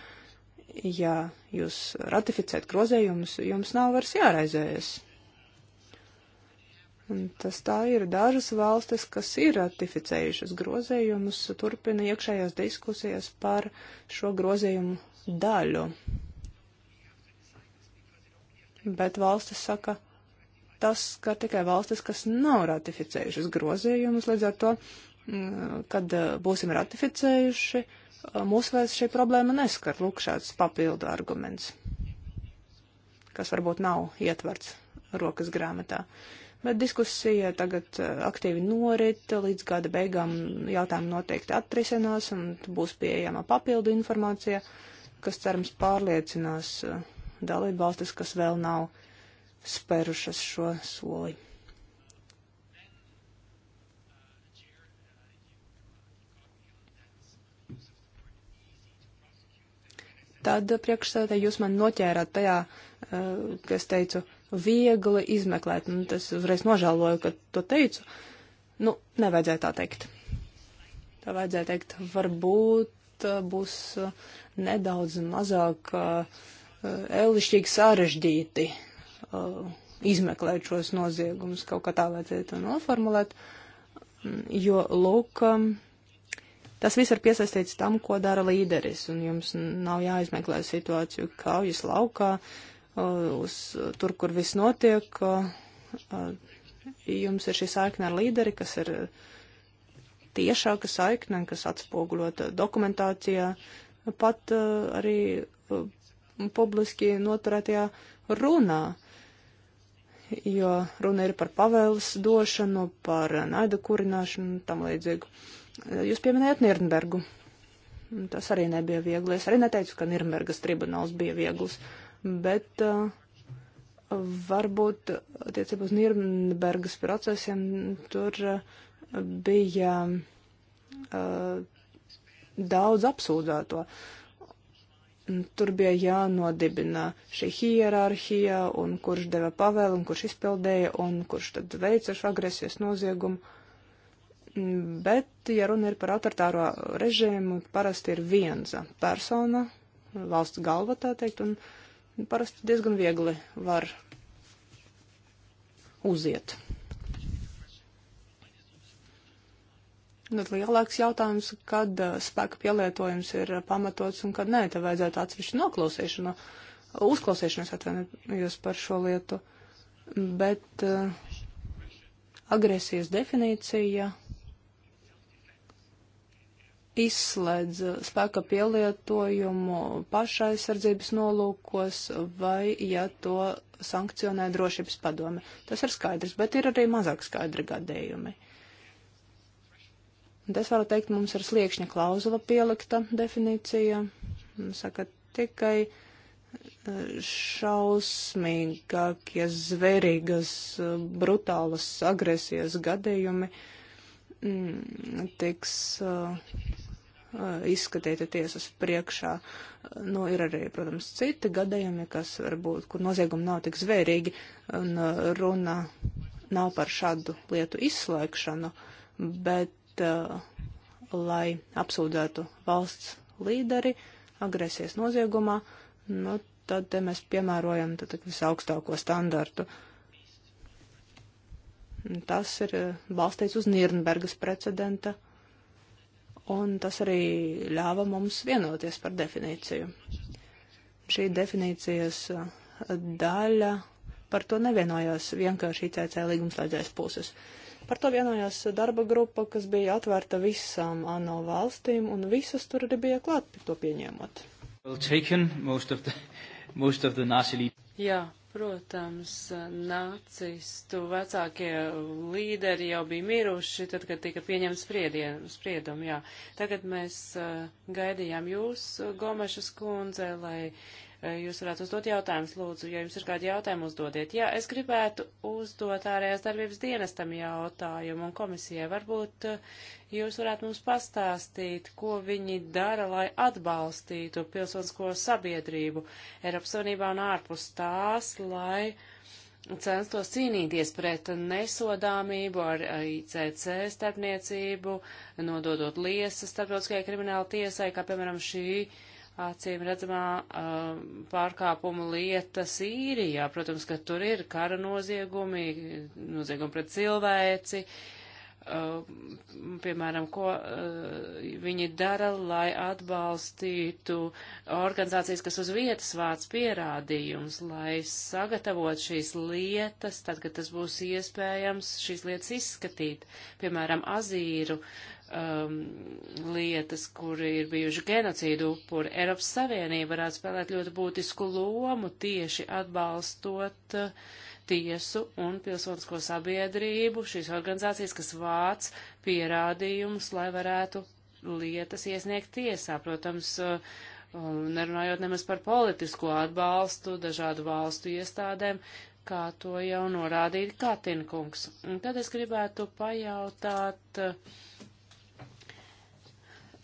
Ja jūs ratificēt grozējumus, jums nav vairs jāraizējas Un tas tā ir. Dažas valstis, kas ir ratificējušas grozējumus, turpina iekšējās diskusijas par šo grozējumu daļu. Bet valstis saka, tas skar tikai valstis, kas nav ratificējušas grozējumus. Līdz ar to, mm, kad eh, būsim ratificējuši, eh, mūs vairs šī problēma neskar. Lūk, šāds papildu arguments, kas varbūt nav ietverts rokas grāmatā. Uh, Bet diskusija tagad eh, aktīvi norit, līdz gada beigām jautājumi noteikti atrisinās un būs pieejama papildu informācija, kas cerams pārliecinās eh, dalību valstis, kas vēl nav spērušas šo soli. Tad eh, priekšsēdē jūs man noķērāt tajā, ka es teicu, uh, viegli izmeklēt. Nu, tas uzreiz nožēloju, ka to teicu. Nu, nevajadzēja tā teikt. Tā vajadzēja teikt, varbūt uh, būs uh, nedaudz mazāk uh, elišķīgi sarežģīti izmeklēt šos noziegumus, kaut kā tā vajadzēja to noformulēt, mm, jo, lūk, um, tas viss ir piesaistīts tam, ko dara līderis, un jums nav jāizmeklē situāciju kaujas laukā, uh, uz tur, kur viss notiek. Eh, jums ir šī saikne ar līderi, kas ir tiešāka saikne, kas atspoguļota dokumentācijā, pat eh, arī eh, publiski noturētajā runā jo runa ir par pavēles došanu, par naida kurināšanu un tam līdzīgu. Jūs pieminējat Nirnbergu. Tas arī nebija viegli. Es arī neteicu, ka Nirnbergas tribunāls bija viegls. Uh, bet uh, varbūt attiecībā uz Nirnbergas procesiem tur uh, bija uh, daudz apsūdzēto. Tur bija jānodibina šī hierarhija, un kurš deva pavēlu, un kurš izpildēja, un kurš tad veica šo agresijas noziegumu. Bet, ja runa ir par autoritāro režīmu, parasti ir viena persona, valsts galva tā teikt, un uh, Nu, parasti diezgan viegli var uziet. Un tad lielāks jautājums, kad uh, spēka pielietojums ir pamatots un kad nē, te vajadzētu atsevišķu noklausīšanu, uzklausīšanos atvainojos par šo lietu. Bet uh, agresijas definīcija izslēdz uh, spēka pielietojumu pašaizsardzības nolūkos vai ja to sankcionē drošības padome. Tas ir skaidrs, bet ir arī mazāk skaidri gadījumi. Un es varu teikt, mums ir sliekšņa klauzula pielikta definīcija. Saka, tikai uh, šausmīgākie, zverīgas, uh, brutālas agresijas gadījumi mm, tiks uh, izskatīti tiesas priekšā. Nu, ir arī, protams, citi gadījumi, kas varbūt, kur noziegumi nav tik zvērīgi, un uh, runa nav par šādu lietu izslēgšanu, bet, uh, lai apsūdzētu valsts līderi agresijas noziegumā, nu, tad te mēs piemērojam tad, visaugstāko standartu. Tas ir uh, balstīts uz Nīrnbergas precedenta un tas arī ļāva mums vienoties par definīciju. Šī definīcijas eh, daļa par to nevienojās vienkārši ICC līgumslēdzējas puses. Par to vienojās darba grupa, kas bija atvērta visām ANO valstīm, un visas tur arī bija klāt to pieņēmot. Well taken, most of the, most of the nasily... Jā, Protams, nacistu vecākie līderi jau bija miruši, tad, kad tika pieņemts spriedumu, jā. Tagad mēs eh, gaidījām jūs, Gomešas kundze, lai Eh, jūs varētu uzdot jautājumus, lūdzu, ja jums ir kādi jautājumi, uzdodiet. Jā, es gribētu uzdot ārējās darbības dienestam jautājumu un komisijai. Varbūt eh, jūs varētu mums pastāstīt, ko viņi dara, lai atbalstītu pilsonisko sabiedrību Eiropas Savienībā un ārpus tās, lai censtos cīnīties pret nesodāmību ar eh, ICC starpniecību, nododot liesas starptautiskajai krimināla tiesai, kā piemēram šī uh, acīm redzamā um, pārkāpuma lieta Sīrijā. Protams, ka tur ir kara noziegumi, noziegumi pret cilvēci, um, piemēram, ko uh, viņi dara, lai atbalstītu organizācijas, kas uz vietas vāc pierādījums, lai sagatavot šīs lietas, tad, kad tas būs iespējams, šīs lietas izskatīt, piemēram, azīru. Uh, um, lietas, kuri ir bijuši genocīdu upuri. Eiropas Savienība varētu spēlēt ļoti būtisku lomu tieši atbalstot uh, tiesu un pilsonisko sabiedrību, šīs organizācijas, kas vāc pierādījumus, lai varētu lietas iesniegt tiesā. Protams, uh, nerunājot nemaz par politisko atbalstu dažādu valstu iestādēm, kā to jau norādīja Katinkungs. Un tad es gribētu pajautāt, uh,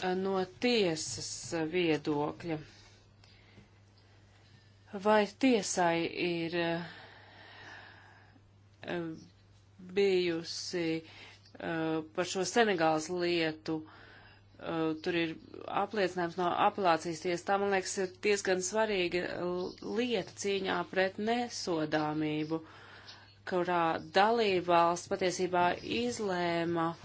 Eh, no tiesas viedokļa. Vai tiesai ir eh, bijusi eh, par šo Senegāls lietu tur ir apliecinājums no apelācijas tiesas. Tā, man liekas, ir diezgan svarīga lieta cīņā pret nesodāmību, kurā dalībvalsts patiesībā izlēma uh,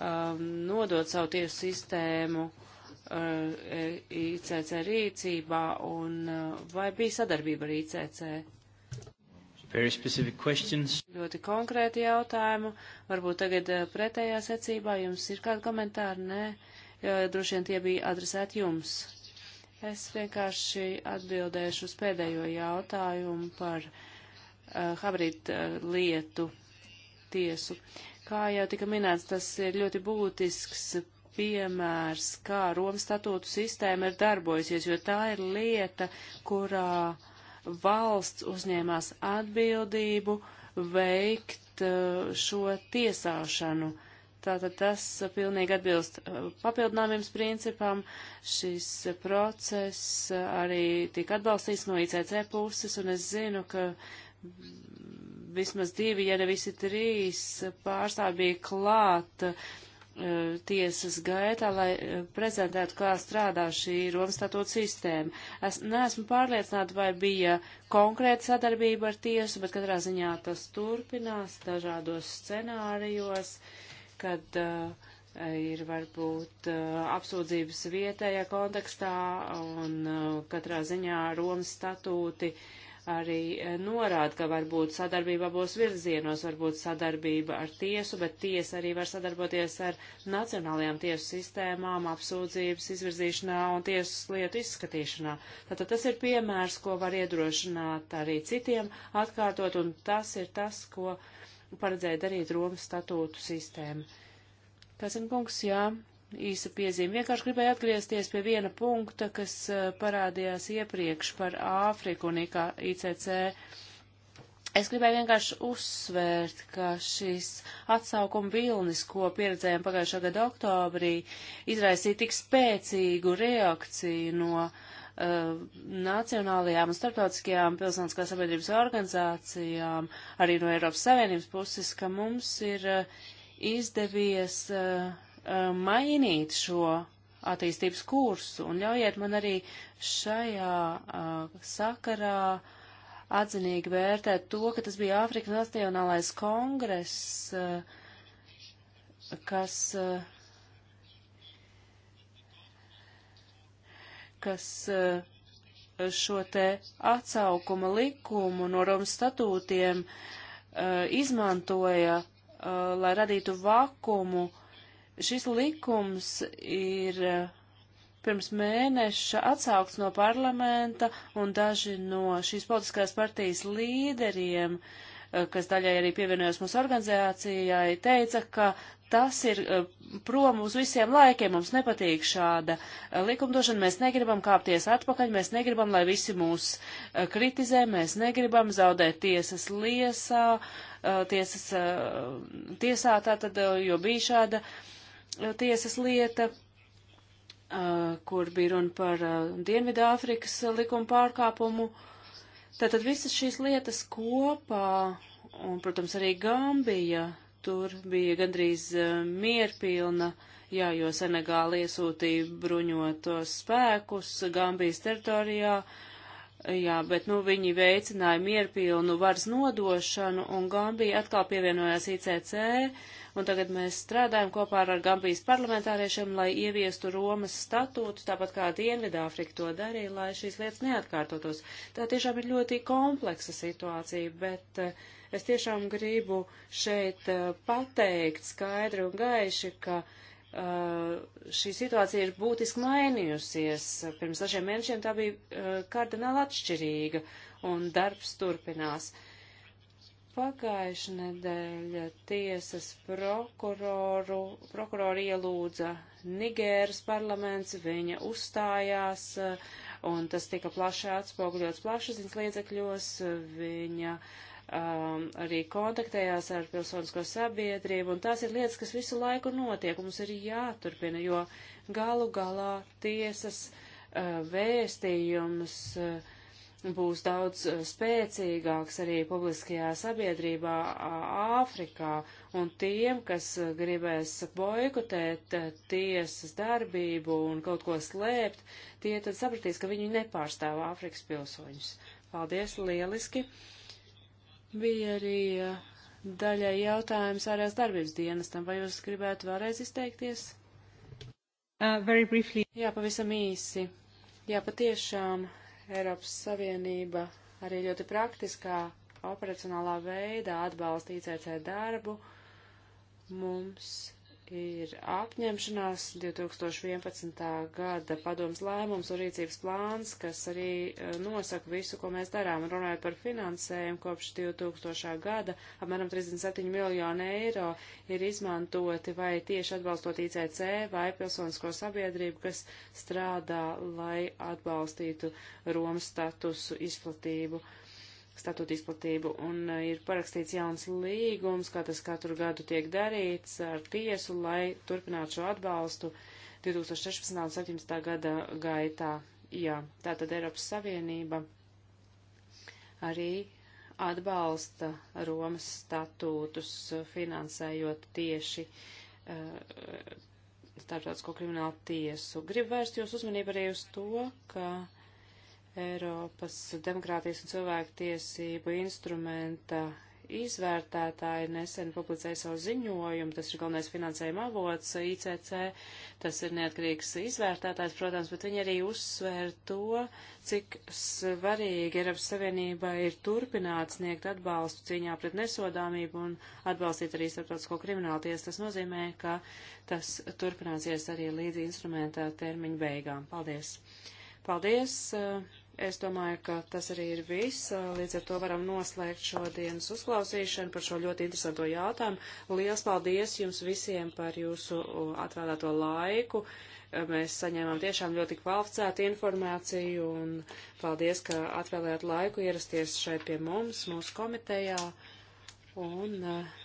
um, nodot savu tiesu sistēmu uh, ICC rīcībā un uh, vai bija sadarbība ar ICC? Ļoti konkrēti jautājumi. Varbūt tagad uh, pretējā secībā jums ir kādi komentāri? Nē, droši vien tie bija adresēti jums. Es vienkārši atbildēšu uz pēdējo jautājumu par uh, Havrit uh, lietu tiesu. Kā jau tika minēts, tas ir ļoti būtisks piemērs, kā Romas statūtu sistēma ir darbojusies, jo tā ir lieta, kurā valsts uzņēmās atbildību veikt eh, šo tiesāšanu. Tātad tas pilnīgi atbilst eh, papildinājumiem principam. Šis process eh, arī tika atbalstīts no ICC puses, un es zinu, ka vismaz divi, ja ne visi trīs pārstāvji bija klāt uh, tiesas gaitā, lai uh, prezentētu, kā strādā šī Romas statūta sistēma. Es neesmu pārliecināta, vai bija konkrēta sadarbība ar tiesu, bet katrā ziņā tas turpinās dažādos scenārijos, kad uh, ir varbūt apsūdzības vietējā kontekstā un katrā ziņā Romas statūti uh, arī eh, norāda, ka varbūt sadarbība būs virzienos, varbūt sadarbība ar tiesu, bet tiesa arī var sadarboties ar nacionālajām tiesu sistēmām, apsūdzības izvirzīšanā un tiesas lietu izskatīšanā. Tātad tas ir piemērs, ko var iedrošināt arī citiem atkārtot, un tas ir tas, ko paredzēja darīt Romas statūtu sistēma. Kasinkungs, jā īsa piezīme. Vienkārši gribēju atgriezties pie viena punkta, kas parādījās iepriekš par Āfriku un ICC. Es gribēju vienkārši uzsvērt, ka šis atsaukuma vilnis, ko pieredzējām pagājušā gada oktobrī, izraisīja tik spēcīgu reakciju no uh, nacionālajām un starptautiskajām pilsoniskās sabiedrības organizācijām, arī no Eiropas Savienības puses, ka mums ir izdevies uh, Um, mainīt šo attīstības kursu un ļaujiet man arī šajā uh, sakarā atzinīgi vērtēt to, ka tas bija Āfrikas Nacionālais kongress, uh, kas, uh, kas uh, šo te atsaukuma likumu no Romas statūtiem uh, izmantoja, uh, lai radītu vakumu uh, Šis likums ir eh, pirms mēneša atsauks no parlamenta un daži no šīs politiskās partijas līderiem, eh, kas daļai arī pievienojas mūsu organizācijai, teica, ka tas ir eh, prom uz visiem laikiem, mums nepatīk šāda likumdošana, mēs negribam kāpties atpakaļ, mēs negribam, lai visi mūs kritizē, mēs negribam zaudēt tiesas liesā, tiesas, tiesā tātad, jo bija šāda uh, tiesas lieta, kur bija runa par Dienvidāfrikas likuma pārkāpumu. Tātad visas šīs lietas kopā, un, protams, arī Gambija, tur bija gandrīz mierpilna, jā, jo Senegāla iesūtīja bruņotos spēkus Gambijas teritorijā, jā, bet, nu, viņi veicināja mierpilnu varas nodošanu, un Gambija atkal pievienojās ICC, un tagad mēs strādājam kopā ar Gambijas parlamentāriešiem, lai ieviestu Romas statūtu, tāpat kā Dienvidāfrika to darīja, lai šīs lietas neatkārtotos. Tā tiešām ir ļoti kompleksa situācija, bet eh, es tiešām gribu šeit eh, pateikt skaidri un gaiši, ka. Uh, šī situācija ir būtiski mainījusies. Pirms dažiem mēnešiem tā bija uh, kardināli atšķirīga, un darbs turpinās. Uh, Pagājuši nedēļa tiesas prokuroru, prokuroru ielūdza Nigēras parlaments, viņa uzstājās, un tas tika plaši atspoguļots plašsaziņas līdzekļos, viņa uh, um, arī kontaktējās ar pilsonisko sabiedrību, un tās ir lietas, kas visu laiku notiek, mums ir jāturpina, jo galu galā tiesas uh, vēstījums uh, būs daudz eh, spēcīgāks arī publiskajā sabiedrībā Āfrikā, un tiem, kas eh, gribēs boikotēt eh, tiesas darbību un kaut ko slēpt, tie tad sapratīs, ka viņi nepārstāv Āfrikas pilsoņus. Paldies, lieliski! Bija arī daļai jautājums ārējās darbības dienestam, vai jūs gribētu vēlreiz izteikties? Uh, Jā, pavisam īsi. Jā, patiešām Eiropas Savienība arī ļoti praktiskā operacionālā veidā atbalsta ICC darbu. Mums ir apņemšanās 2011. gada padoms lēmums un rīcības plāns, kas arī e, nosaka visu, ko mēs darām. Runājot par finansējumu, kopš 2000. gada apmēram 37 miljonu eiro ir izmantoti vai tieši atbalstot ICC vai pilsonisko sabiedrību, kas strādā, lai atbalstītu Romas statusu izplatību. Uh, statūtu izplatību, un e, ir parakstīts jauns līgums, kā tas katru gadu tiek darīts ar tiesu, lai turpinātu šo atbalstu 2016. un 2017. gada gaitā. Jā, tā tad Eiropas Savienība arī atbalsta Romas statūtus, e, finansējot tieši uh, starptautisko kriminālu tiesu. Gribu vērst jūs uzmanību arī uz to, ka uh, Eiropas demokrātijas un cilvēktiesību instrumenta izvērtētāji nesen publicēja savu ziņojumu, tas ir galvenais finansējuma avots ICC, tas ir neatkarīgs izvērtētājs, protams, bet viņi arī uzsver to, cik svarīgi Eiropas Savienībai ir turpināt sniegt atbalstu cīņā pret nesodāmību un atbalstīt arī starptautisko kriminālu tiesu. Tas nozīmē, ka tas turpināsies arī līdz instrumentā termiņa beigām. Paldies! Paldies! Uh, Es domāju, ka tas arī ir viss. Līdz ar to varam noslēgt šodienas uzklausīšanu par šo ļoti interesanto jautājumu. Lielas paldies jums visiem par jūsu atvēlēto laiku. Mēs saņēmām tiešām ļoti kvalificētu informāciju un paldies, ka atvēlējāt laiku ierasties šeit pie mums, mūsu komitejā. Un eh,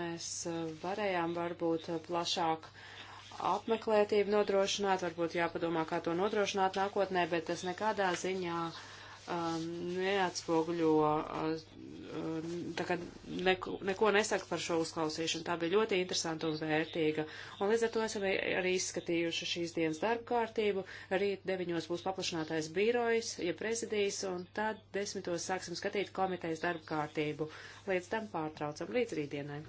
mēs eh, varējām varbūt eh, plašāk apmeklētību nodrošināt, varbūt jāpadomā, kā to nodrošināt nākotnē, bet tas nekādā ziņā um, neatspoguļo, uh, tā kā neko, neko nesaka par šo uzklausīšanu. Tā bija ļoti interesanta un vērtīga. Un līdz ar to esam arī izskatījuši šīs dienas darba kārtību. Rīt deviņos būs paplašinātais birojs, ja prezidijas, un tad desmitos sāksim skatīt komitejas darba kārtību. Līdz tam pārtraucam līdz rītdienai.